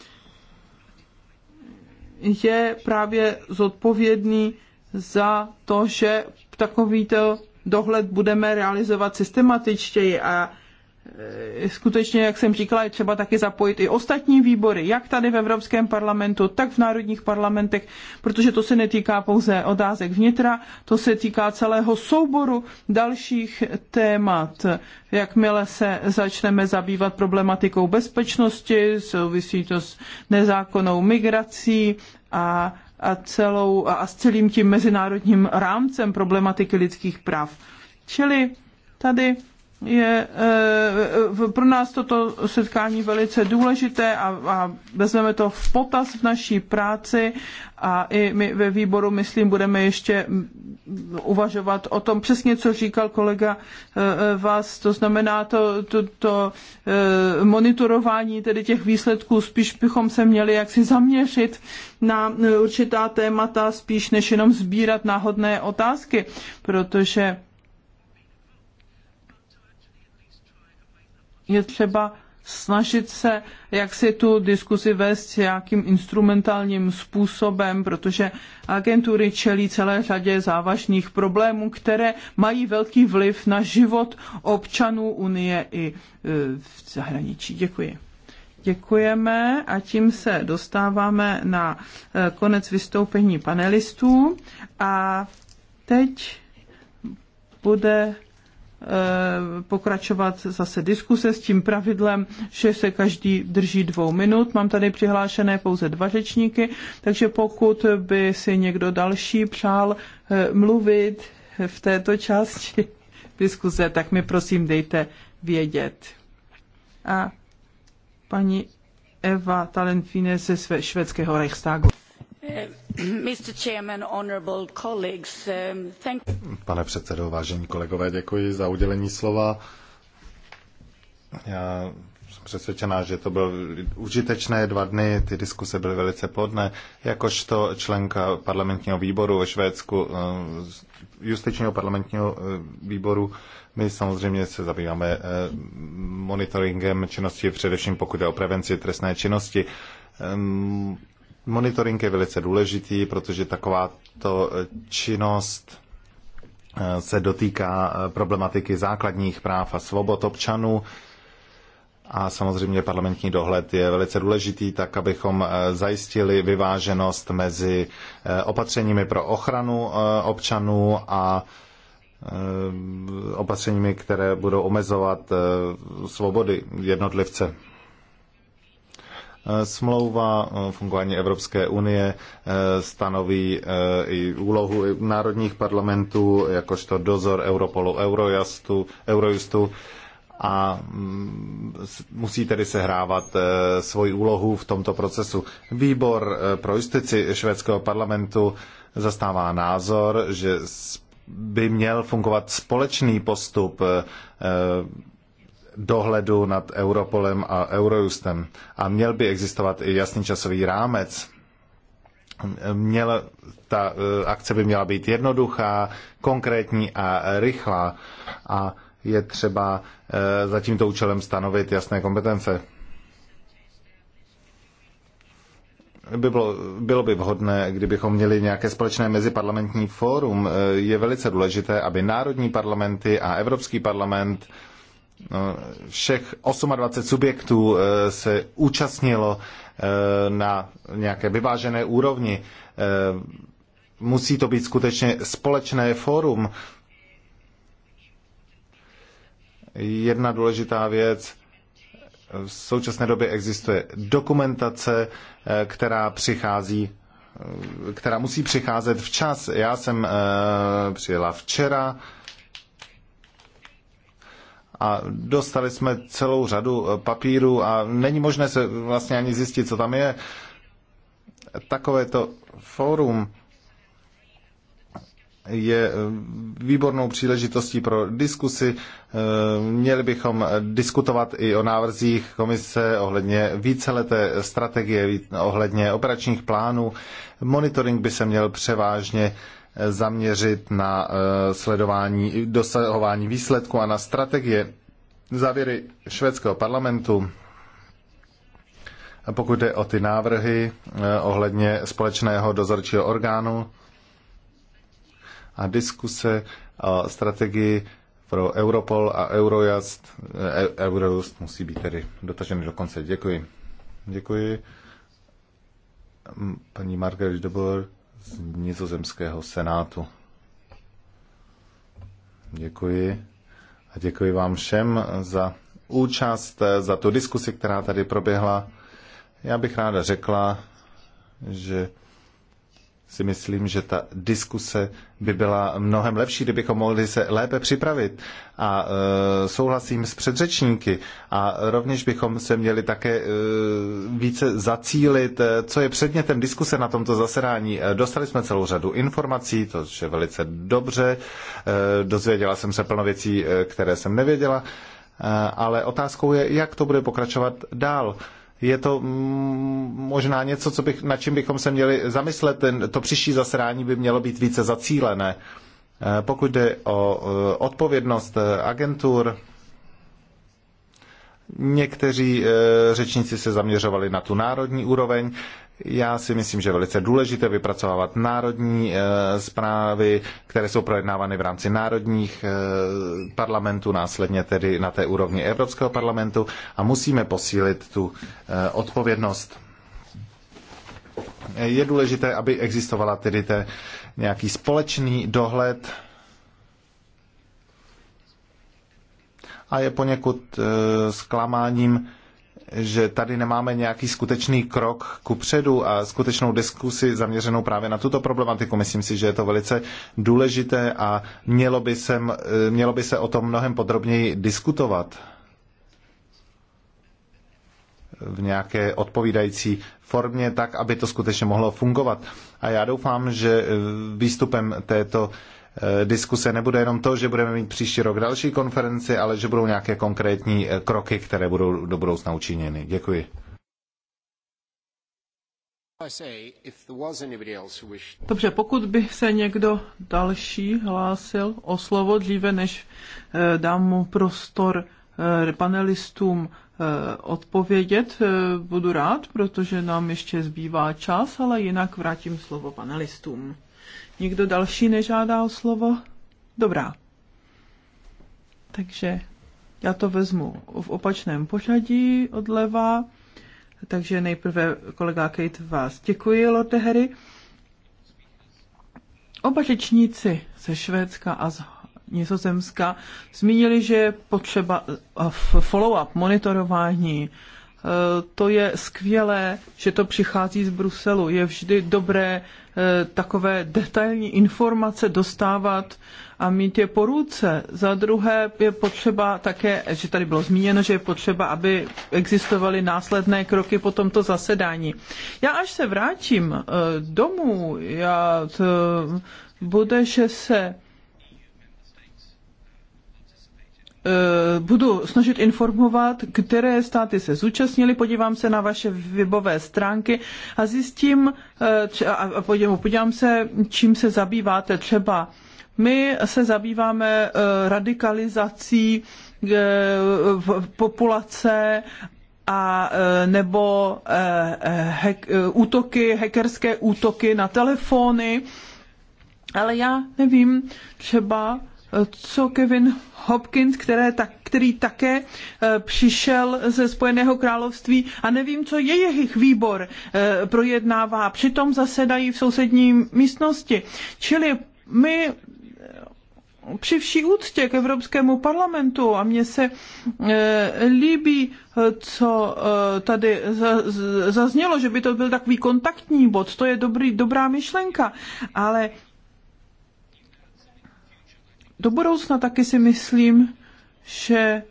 je právě zodpovědný za to, že takovýto dohled budeme realizovat systematičtěji a Eh, skutečně, jak jsem říkala, je třeba taky zapojit i ostatní výbory, jak tady v Evropském parlamentu, tak v národních parlamentech, protože to se netýká pouze otázek vnitra, to se týká celého souboru dalších témat. Jakmile se začneme zabývat problematikou bezpečnosti, souvisí to s nezákonnou migrací a, a, celou, a s celým tím mezinárodním rámcem problematiky lidských práv. Čili tady je eh, pro nás toto setkání velice důležité a, a vezmeme to v potaz v naší práci a i my ve výboru, myslím, budeme ještě mm, uvažovat o tom přesně, co říkal kolega eh, eh, vás, to znamená to, to, to monitorování tedy těch výsledků, spíš bychom se měli jaksi zaměřit na určitá témata, spíš než jenom sbírat náhodné otázky, protože je třeba snažit se, jak si tu diskuzi vést nějakým instrumentálním způsobem, protože agentury čelí celé řadě závažných problémů, které mají velký vliv na život občanů Unie i e, v zahraničí. Děkuji. Děkujeme a tím se dostáváme na e, konec vystoupení panelistů a teď bude Eh, pokračovat zase diskuse s tím pravidlem, že se každý drží dvou minut. Mám tady přihlášené pouze dva řečníky, takže pokud by si někdo další přál eh, mluvit v této části diskuse, tak mi prosím dejte vědět. A paní Eva Talenfine ze švédského Reichstagu. Eh, um, Pane předsedo, vážení kolegové, děkuji za udělení slova. Já jsem přesvědčená, že to byly užitečné dva dny, ty diskuse byly velice plodné. Jakožto členka parlamentního výboru ve Švédsku, eh, justičního parlamentního eh, výboru, my samozřejmě se zabýváme monitoringem činnosti, především pokud je o prevenci trestné činnosti ehm, Monitoring je velice důležitý, protože taková to eh, činnost eh, se dotýká eh, problematiky základních práv a svobod občanů. A samozřejmě parlamentní dohled je velice důležitý, tak abychom zajistili vyváženost mezi opatřeními pro ochranu občanů a opatřeními, které budou omezovat svobody jednotlivce. Eh, smlouva eh, fungování Evropské unie eh, stanoví i úlohu národních parlamentů, jakožto dozor Europolu, Eurojustu, Eurojustu a mm, musí tedy sehrávat svoji úlohu v tomto procesu. Výbor pro justici švédského parlamentu zastává názor, že by měl fungovat společný postup dohledu nad Europolem a Eurojustem. A měl by existovat i jasný časový rámec. Měl, ta eh, akce by měla být jednoduchá, konkrétní a rychlá. A je třeba eh, za tímto účelem stanovit jasné kompetence. by bylo, bylo by vhodné, kdybychom měli nějaké společné meziparlamentní fórum. Eh, je velice důležité, aby národní parlamenty a Evropský parlament No, všech 28 subjektů eh, se účastnilo eh, na nějaké vyvážené úrovni. Eh, musí to být skutečně společné fórum. Jedna důležitá věc, v současné době existuje dokumentace, která přichází která musí přicházet včas. Já jsem přijela včera, a dostali jsme celou řadu eh, papírů a není možné se vlastně ani zjistit, co tam je. Takovéto fórum je eh, výbornou příležitostí pro diskusy. Eh, měli bychom diskutovat i o návrzích komise ohledně víceleté strategie, ohledně operačních plánů. Monitoring by se měl převážně zaměřit na eh, sledování, dosahování výsledku a na strategie. Závěry švédského parlamentu pokud jde o ty návrhy eh, ohledně společného dozorčího orgánu a diskuse o strategii pro Europol a Eurojust, eh, Eurojust musí být tedy dotažený do konce. Děkuji. Děkuji. Paní Margaret Dobor z nizozemského senátu. Děkuji. A děkuji vám všem za účast, za tu diskusi, která tady proběhla. Já bych ráda řekla, že si myslím, že ta diskuse by byla mnohem lepší, kdybychom mohli se lépe připravit. A e, souhlasím s předřečníky. A rovněž bychom se měli také e, více zacílit, e, co je předmětem diskuse na tomto zasedání. E, dostali jsme celou řadu informací, to je velice dobře. E, dozvěděla jsem se plno věcí, e, které jsem nevěděla. E, ale otázkou je, jak to bude pokračovat dál. E, je to mm, možná něco, co bych, nad čím bychom se měli zamyslet. Ten, to příští zasedání by mělo být více zacílené. Eh, pokud jde o eh, odpovědnost eh, agentur, Někteří eh, řečníci se zaměřovali na tu národní úroveň. Já si myslím, že je velice důležité vypracovávat národní eh, zprávy, které jsou projednávány v rámci národních eh, parlamentů, následně tedy na té úrovni Evropského parlamentu a musíme posílit tu odpovědnost. Je důležité, aby existovala tedy te, nějaký společný dohled a je poněkud e, zklamáním, že tady nemáme nějaký skutečný krok ku předu a skutečnou diskusi zaměřenou právě na tuto problematiku. Myslím si, že je to velice důležité a mělo by, sem, e, mělo by se o tom mnohem podrobněji diskutovat v nějaké odpovídající formě, tak, aby to skutečně mohlo fungovat. A já doufám, že e, výstupem této Eh, diskuse nebude jenom to, že budeme mít příští rok další konferenci, ale že budou nějaké konkrétní eh, kroky, které budou do budoucna učiněny. Děkuji. Dobře, pokud by se někdo další hlásil o slovo dříve, než eh, dám mu prostor panelistům odpovědět, budu rád, protože nám ještě zbývá čas, ale jinak vrátím slovo panelistům. Nikdo další nežádá o slovo? Dobrá. Takže já to vezmu v opačném pořadí odleva. Takže nejprve kolega Kate vás děkuji, Lotte Harry. Oba řečníci ze Švédska a z Nizozemska zmínili, že je potřeba eh, follow-up, monitorování. Eh, to je skvělé, že to přichází z Bruselu. Je vždy dobré Eh, takové detailní informace dostávat a mít je po ruce. Za druhé je potřeba také, že tady bylo zmíněno, že je potřeba, aby existovaly následné kroky po tomto zasedání. Já až se vrátím eh, domů, já to eh, bude, že se Eh, budu snažit informovat, které státy se zúčastnily, podívám se na vaše webové stránky a zjistím, eh, a podívám se, čím se zabýváte třeba. My se zabýváme eh, radikalizací v populace a nebo hek, útoky, hackerské útoky na telefony, ale já nevím, třeba co Kevin Hopkins, které který také eh, přišel ze Spojeného království a nevím, co je jejich výbor eh, projednává. Přitom zasedají v sousední místnosti. Čili my eh, při vší úctě k Evropskému parlamentu a mně se e, líbí, co e, tady zaznělo, že by to byl takový kontaktní bod, to je dobrý, dobrá myšlenka, ale do budoucna taky si myslím, že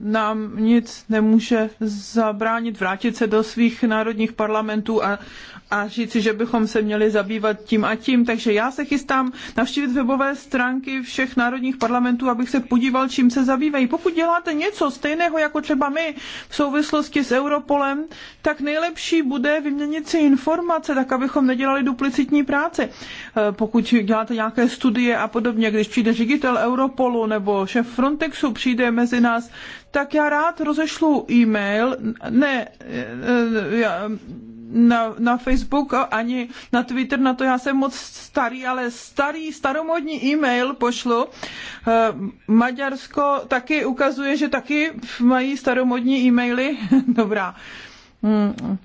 nám nic nemůže zabránit vrátit se do svých národních parlamentů a, a říci, že bychom se měli zabývat tím a tím. Takže já se chystám navštívit webové stránky všech národních parlamentů, abych se podíval, čím se zabývají. Pokud děláte něco stejného jako třeba my v souvislosti s Europolem, tak nejlepší bude vyměnit si informace, tak abychom nedělali duplicitní práci. Eh, pokud děláte nějaké studie a podobně, když přijde ředitel Europolu nebo šéf Frontexu přijde mezi nás, tak já rád rozešlu e-mail, ne, eh, na, na Facebook ani na Twitter, na to já jsem moc starý, ale starý, staromodní e-mail pošlu. Eh, Maďarsko taky ukazuje, že taky mají staromodní e-maily. Dobrá. Hmm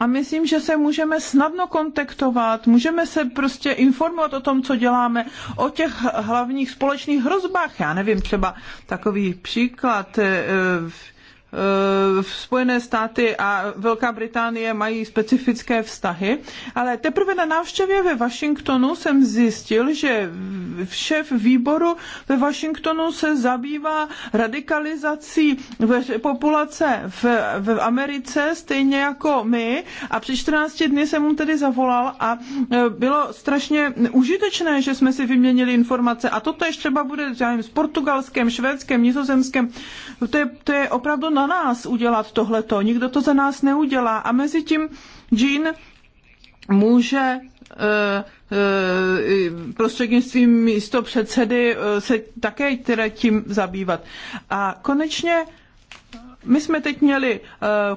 a myslím, že se můžeme snadno kontaktovat, můžeme se prostě informovat o tom, co děláme, o těch hlavních společných hrozbách. Já nevím, třeba takový příklad. E, Eh, Spojené státy a Velká Británie mají specifické vztahy, ale teprve na návštěvě ve Washingtonu jsem zjistil, že šéf výboru ve Washingtonu se zabývá radikalizací populace v, v Americe, stejně jako my. A před 14 dny jsem mu tedy zavolal a eh, bylo strašně užitečné, že jsme si vyměnili informace. A toto ještě třeba bude s Portugalskem, Švédskem, Nizozemskem. To je, to je opravdu na nás udělat tohleto, nikdo to za nás neudělá. A mezi tím Jean může eh, eh, prostřednictvím místo předsedy eh, se také teda tím zabývat. A konečně my jsme teď měli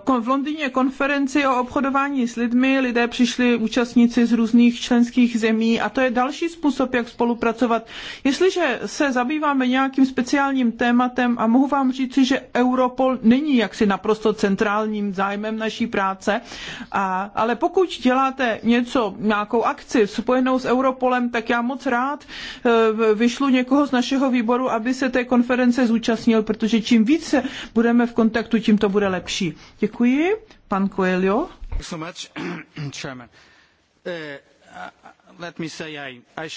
eh, v Londýně konferenci o obchodování s lidmi, lidé přišli účastníci z různých členských zemí a to je další způsob, jak spolupracovat. Jestliže se zabýváme nějakým speciálním tématem a mohu vám říci, že Europol není jaksi naprosto centrálním zájmem naší práce, a, ale pokud děláte něco, nějakou akci spojenou s Europolem, tak já moc rád eh, vyšlu někoho z našeho výboru, aby se té konference zúčastnil, protože čím více budeme v kontaktu kontaktu, tím to bude lepší. Děkuji. Pan Coelho. Uh, uh,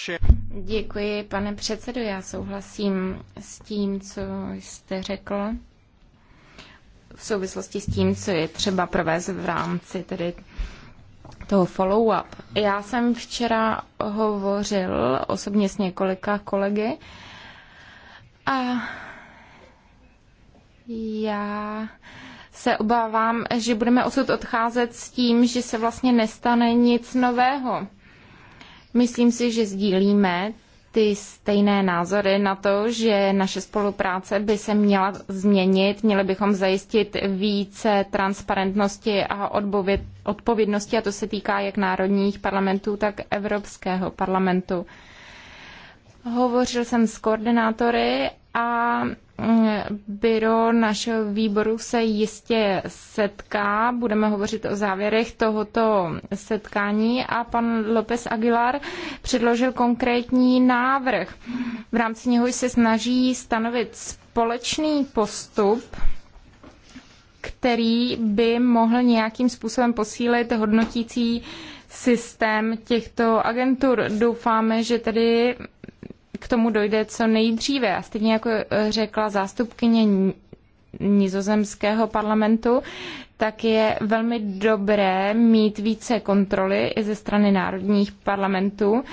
Děkuji, pane předsedo. Já souhlasím s tím, co jste řekl v souvislosti s tím, co je třeba provést v rámci tedy toho follow-up. Já jsem včera hovořil osobně s několika kolegy a já se obávám, že budeme osud odcházet s tím, že se vlastně nestane nic nového. Myslím si, že sdílíme ty stejné názory na to, že naše spolupráce by se měla změnit, měli bychom zajistit více transparentnosti a odpovědnosti, a to se týká jak národních parlamentů, tak Evropského parlamentu. Hovořil jsem s koordinátory a byro našeho výboru se jistě setká. Budeme hovořit o závěrech tohoto setkání a pan López Aguilar předložil konkrétní návrh. V rámci něhož se snaží stanovit společný postup který by mohl nějakým způsobem posílit hodnotící systém těchto agentur. Doufáme, že tedy k tomu dojde co nejdříve. A stejně jako eh, řekla zástupkyně nizozemského parlamentu, tak je velmi dobré mít více kontroly i ze strany národních parlamentů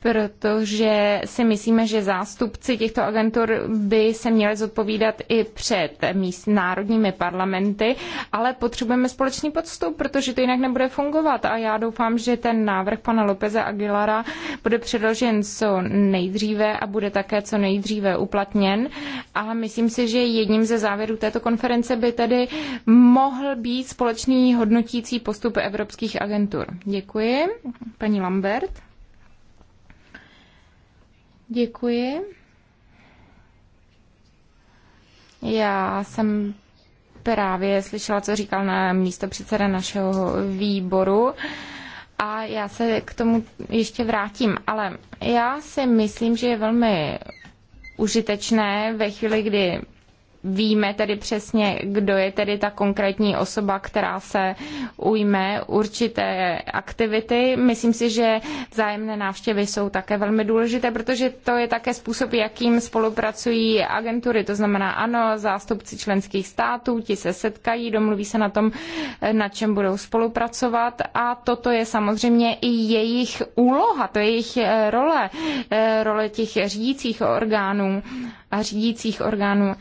protože si myslíme, že zástupci těchto agentur by se měli zodpovídat i před míst národními parlamenty, ale potřebujeme společný podstup, protože to jinak nebude fungovat a já doufám, že ten návrh pana Lopeze Aguilara bude předložen co nejdříve a bude také co nejdříve uplatněn a myslím si, že jedním ze závěrů této konference by tedy mohl být společný hodnotící postup evropských agentur. Děkuji. Paní Lambert. Děkuji. Já jsem právě slyšela, co říkal na místo předseda našeho výboru a já se k tomu ještě vrátím, ale já si myslím, že je velmi užitečné ve chvíli, kdy víme tedy přesně, kdo je tedy ta konkrétní osoba, která se ujme určité aktivity. Myslím si, že vzájemné návštěvy jsou také velmi důležité, protože to je také způsob, jakým spolupracují agentury. To znamená, ano, zástupci členských států, ti se setkají, domluví se na tom, na čem budou spolupracovat a toto je samozřejmě i jejich úloha, to je jejich eh, role, eh, role těch řídících orgánů a řídících orgánů.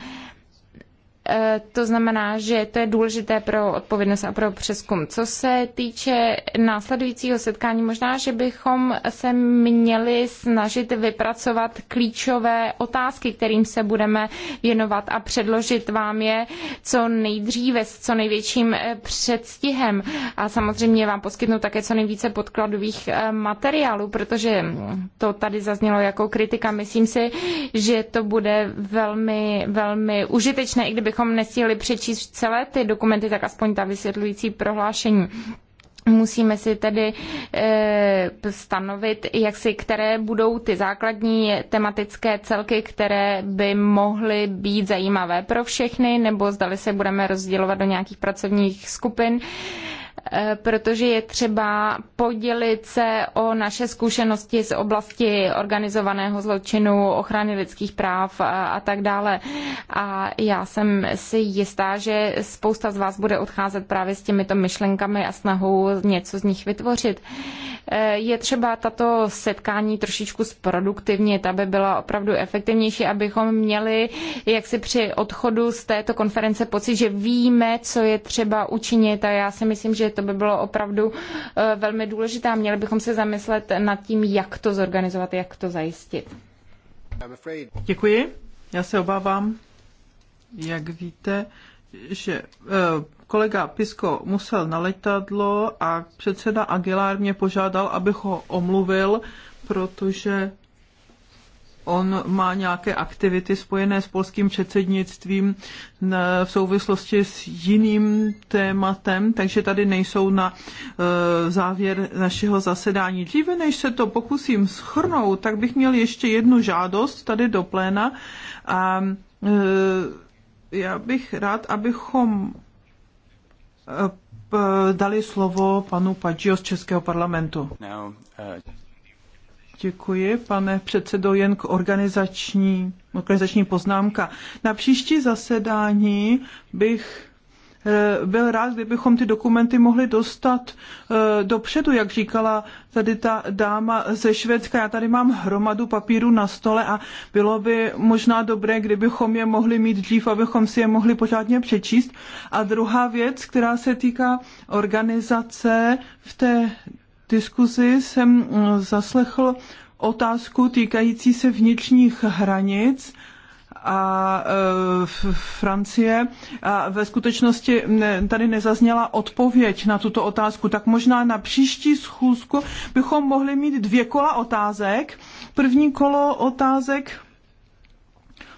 Eh, to znamená, že to je důležité pro odpovědnost a pro přeskum. Co se týče následujícího setkání, možná, že bychom se měli snažit vypracovat klíčové otázky, kterým se budeme věnovat a předložit vám je co nejdříve, s co největším eh, předstihem. A samozřejmě vám poskytnu také co nejvíce podkladových eh, materiálů, protože mm, to tady zaznělo jako kritika. Myslím si, že to bude velmi, velmi užitečné, i kdybych abychom nestihli přečíst celé ty dokumenty, tak aspoň ta vysvětlující prohlášení. Musíme si tedy e, stanovit, jak si, které budou ty základní tematické celky, které by mohly být zajímavé pro všechny, nebo zdali se budeme rozdělovat do nějakých pracovních skupin. E, Eh, protože je třeba podělit se o naše zkušenosti z oblasti organizovaného zločinu, ochrany lidských práv eh, a, tak dále. A já jsem si jistá, že spousta z vás bude odcházet právě s těmito myšlenkami a snahou něco z nich vytvořit. Eh, je třeba tato setkání trošičku zproduktivnit, aby byla opravdu efektivnější, abychom měli jaksi při odchodu z této konference pocit, že víme, co je třeba učinit a já si myslím, že že to by bylo opravdu eh, velmi důležité a měli bychom se zamyslet nad tím, jak to zorganizovat, jak to zajistit. Děkuji. Já se obávám, jak víte, že eh, kolega Pisko musel na letadlo a předseda Aguilar mě požádal, abych ho omluvil, protože on má nějaké aktivity spojené s polským předsednictvím eh, v souvislosti s jiným tématem, takže tady nejsou na eh, závěr našeho zasedání. Dříve, než se to pokusím schrnout, tak bych měl ještě jednu žádost tady do pléna. A eh, já bych rád, abychom dali slovo panu Paggio z Českého parlamentu. uh... Děkuji, pane předsedo, jen k organizační, organizační poznámka. Na příští zasedání bych eh, byl rád, kdybychom ty dokumenty mohli dostat eh, dopředu, jak říkala tady ta dáma ze Švédska. Já tady mám hromadu papíru na stole a bylo by možná dobré, kdybychom je mohli mít dřív, abychom si je mohli pořádně přečíst. A druhá věc, která se týká organizace v té diskuzi jsem mm, zaslechl otázku týkající se vnitřních hranic a e, v Francie. A ve skutečnosti tady nezazněla odpověď na tuto otázku, tak možná na příští schůzku bychom mohli mít dvě kola otázek. První kolo otázek,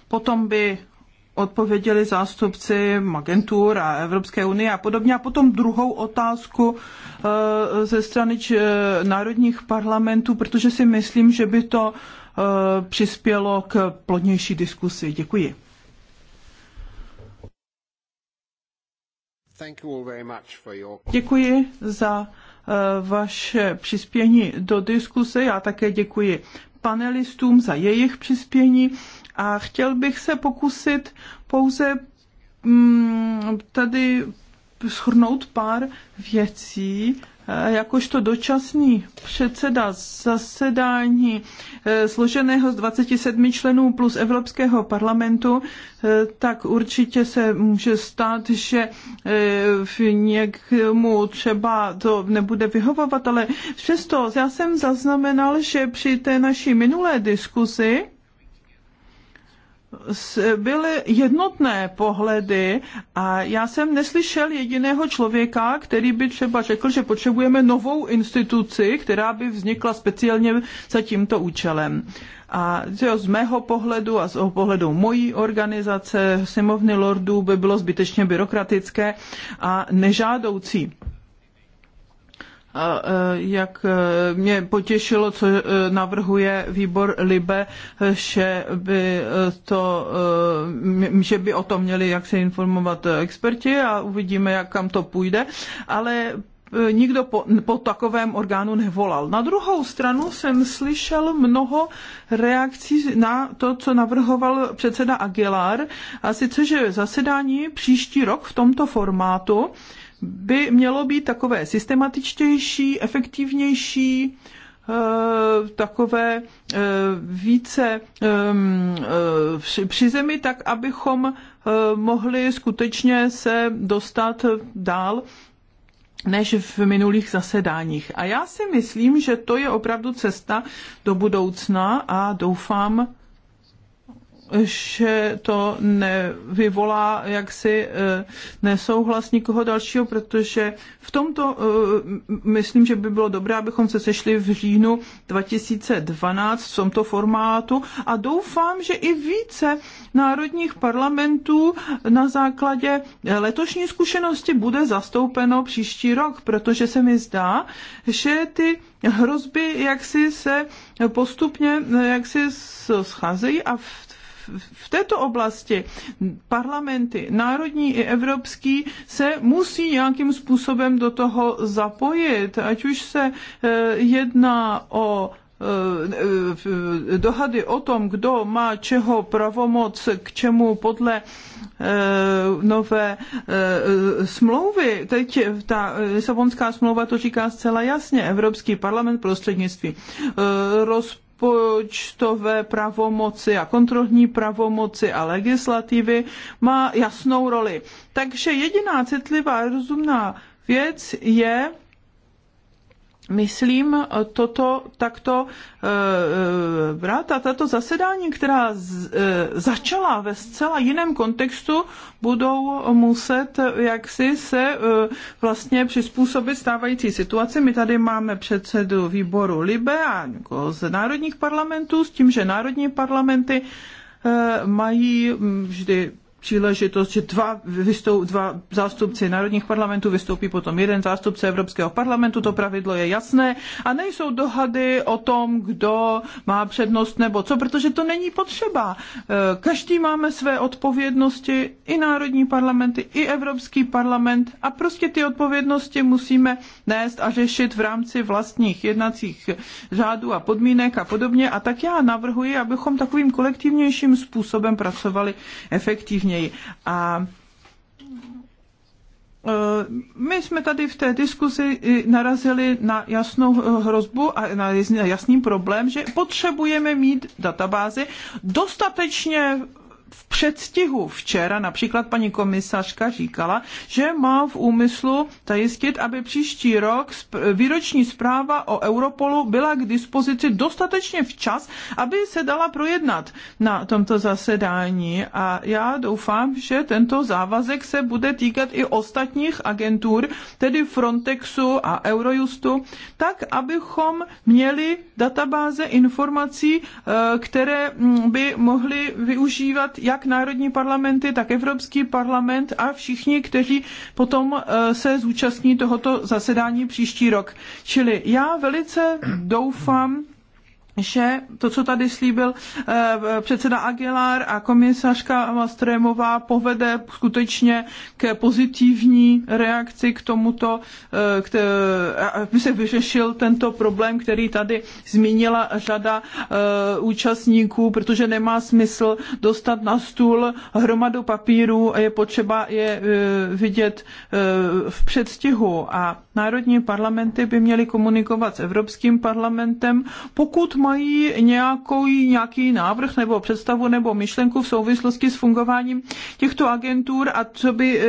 potom by odpověděli zástupci agentur a Evropské unie a podobně. A potom druhou otázku eh, ze strany eh, národních parlamentů, protože si myslím, že by to eh, přispělo k plodnější diskusi. Děkuji. Děkuji za vaše přispění do diskuse. Já také děkuji panelistům za jejich přispění a chtěl bych se pokusit pouze mm, tady shrnout pár věcí, jakožto dočasný předseda zasedání e, složeného z 27 členů plus Evropského parlamentu, e, tak určitě se může stát, že e, v někomu třeba to nebude vyhovovat, ale přesto já jsem zaznamenal, že při té naší minulé diskuzi byly jednotné pohledy a já jsem neslyšel jediného člověka, který by třeba řekl, že potřebujeme novou instituci, která by vznikla speciálně za tímto účelem. A z mého pohledu a z pohledu mojí organizace Simovny lordů by bylo zbytečně byrokratické a nežádoucí. E, jak e, mě potěšilo, co e, navrhuje výbor Libe, že by, to, že by o tom měli jak se informovat experti a uvidíme, jak kam to půjde, ale nikdo po, po takovém orgánu nevolal. Na druhou stranu jsem slyšel mnoho reakcí na to, co navrhoval předseda Aguilar, a sice, že zasedání příští rok v tomto formátu by mělo být takové systematičtější, efektivnější, eh, takové eh, více ehm, eh, při zemi, tak abychom mohli skutečně se dostat dál než v minulých zasedáních. A já si myslím, že to je opravdu cesta do budoucna a doufám, že to nevyvolá jaksi eh, nesouhlas nikoho dalšího, protože v tomto eh, myslím, že by bylo dobré, abychom se sešli v říjnu 2012 v tomto formátu a doufám, že i více národních parlamentů na základě letošní zkušenosti bude zastoupeno příští rok, protože se mi zdá, že ty hrozby jaksi se postupně eh, jaksi scházejí a v v této oblasti parlamenty, národní i evropský, se musí nějakým způsobem do toho zapojit, ať už se eh, jedná o eh, dohady o tom, kdo má čeho pravomoc, k čemu podle eh, nové smlouvy. Teď ta Lisabonská smlouva to říká zcela jasně. Evropský parlament prostřednictvím rozpočtu rozpočtové pravomoci a kontrolní pravomoci a legislativy má jasnou roli. Takže jediná citlivá rozumná věc je, myslím, toto takto eh, brát a tato zasedání, která eh, začala ve zcela jiném kontextu, budou muset jaksi se eh, vlastně přizpůsobit stávající situaci. My tady máme předsedu výboru Libe a někoho z národních parlamentů s tím, že národní parlamenty mají mm, vždy příležitost, že dva, vystoup, dva zástupci národních parlamentů vystoupí potom jeden zástupce Evropského parlamentu, to pravidlo je jasné a nejsou dohady o tom, kdo má přednost nebo co, protože to není potřeba. E, každý máme své odpovědnosti, i národní parlamenty, i Evropský parlament a prostě ty odpovědnosti musíme nést a řešit v rámci vlastních jednacích řádů a podmínek a podobně a tak já navrhuji, abychom takovým kolektivnějším způsobem pracovali efektivně obtížněji. A e, my jsme tady v té diskuzi narazili na jasnou hrozbu a na jasný problém, že potřebujeme mít databázy dostatečně v předstihu včera například paní komisařka říkala, že má v úmyslu zajistit, aby příští rok výroční zpráva o Europolu byla k dispozici dostatečně včas, aby se dala projednat na tomto zasedání. A já doufám, že tento závazek se bude týkat i ostatních agentur, tedy Frontexu a Eurojustu, tak, abychom měli databáze informací, eh, které mm, by mohly využívat jak národní parlamenty, tak Evropský parlament a všichni, kteří potom eh, se zúčastní tohoto zasedání příští rok. Čili já velice doufám, že to, co tady slíbil eh, předseda Aguilar a komisařka Mastremová, povede skutečně k pozitivní reakci k tomuto, eh, k te, eh, aby se vyřešil tento problém, který tady zmínila řada účastníků, protože nemá smysl dostat na stůl hromadu papírů a je potřeba je vidět v předstihu. A národní parlamenty by měly komunikovat s Evropským parlamentem, pokud má mají nějakou, nějaký návrh nebo představu nebo myšlenku v souvislosti s fungováním těchto agentur a co by eh,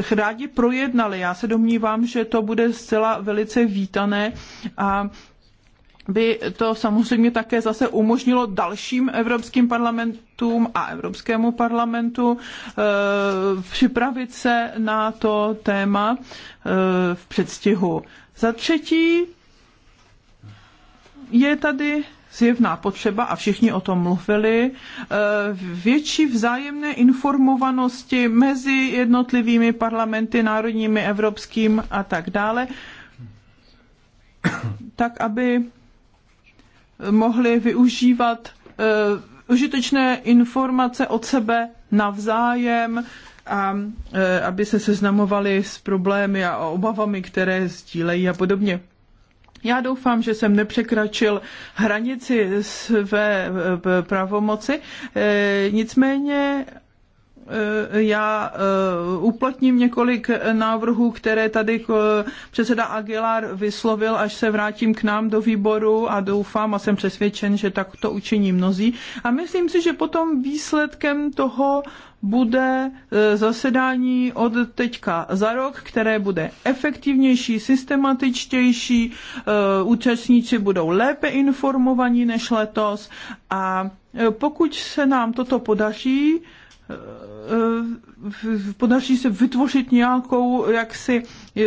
eh, eh, rádi projednali. Já se domnívám, že to bude zcela velice vítané a by to samozřejmě také zase umožnilo dalším evropským parlamentům a Evropskému parlamentu připravit se na to téma v předstihu. Za třetí, je tady zjevná potřeba, a všichni o tom mluvili, eh, větší vzájemné informovanosti mezi jednotlivými parlamenty, národními, evropským a tak dále, tak aby mohli využívat eh, užitečné informace od sebe navzájem, a eh, aby se seznamovali s problémy a obavami, které sdílejí a podobně. Já doufám, že jsem nepřekračil hranici své eh, pravomoci. Eh, nicméně eh, já uplatním několik návrhů, které tady předseda Aguilar vyslovil, až se vrátím k nám do výboru a doufám a jsem přesvědčen, že tak to učiní mnozí. A myslím si, že potom výsledkem toho bude e, zasedání od teďka za rok, které bude efektivnější, systematičtější, e, účastníci budou lépe informovaní než letos a e, pokud se nám toto podaří, podaří se vytvořit nějakou jaksi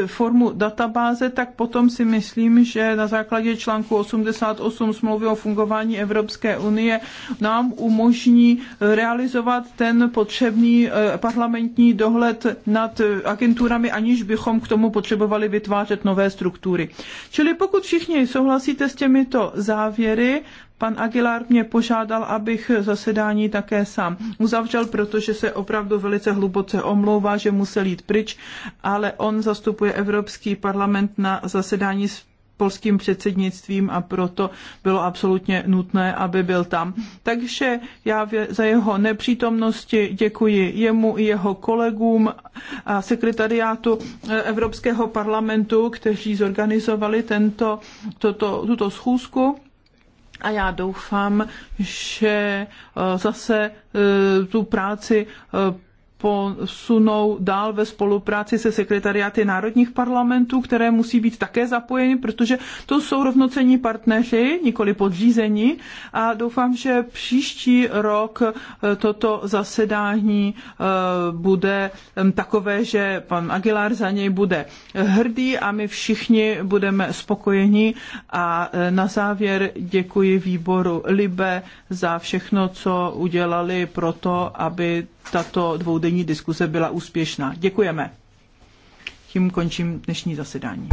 formu databáze, tak potom si myslím, že na základě článku 88 smlouvy o fungování Evropské unie nám umožní realizovat ten potřebný eh, parlamentní dohled nad agenturami, aniž bychom k tomu potřebovali vytvářet nové struktury. Čili pokud všichni souhlasíte s těmito závěry, Pan Aguilar mě požádal, abych zasedání také sám uzavřel, protože se opravdu velice hluboce omlouvá, že musel jít pryč, ale on zastupuje Evropský parlament na zasedání s polským předsednictvím a proto bylo absolutně nutné, aby byl tam. Takže já za jeho nepřítomnosti děkuji jemu i jeho kolegům a sekretariátu eh, Evropského parlamentu, kteří zorganizovali tento, toto, tuto schůzku a já doufám, že eh, zase eh, tu práci eh, posunou dál ve spolupráci se sekretariáty národních parlamentů, které musí být také zapojeny, protože to jsou rovnocení partneři, nikoli podřízení a doufám, že příští rok eh, toto zasedání eh, bude takové, že pan Aguilar za něj bude hrdý a my všichni budeme spokojeni a eh, na závěr děkuji výboru Libe za všechno, co udělali pro to, aby tato dvoudenní diskuse byla úspěšná. Děkujeme. Tím končím dnešní zasedání.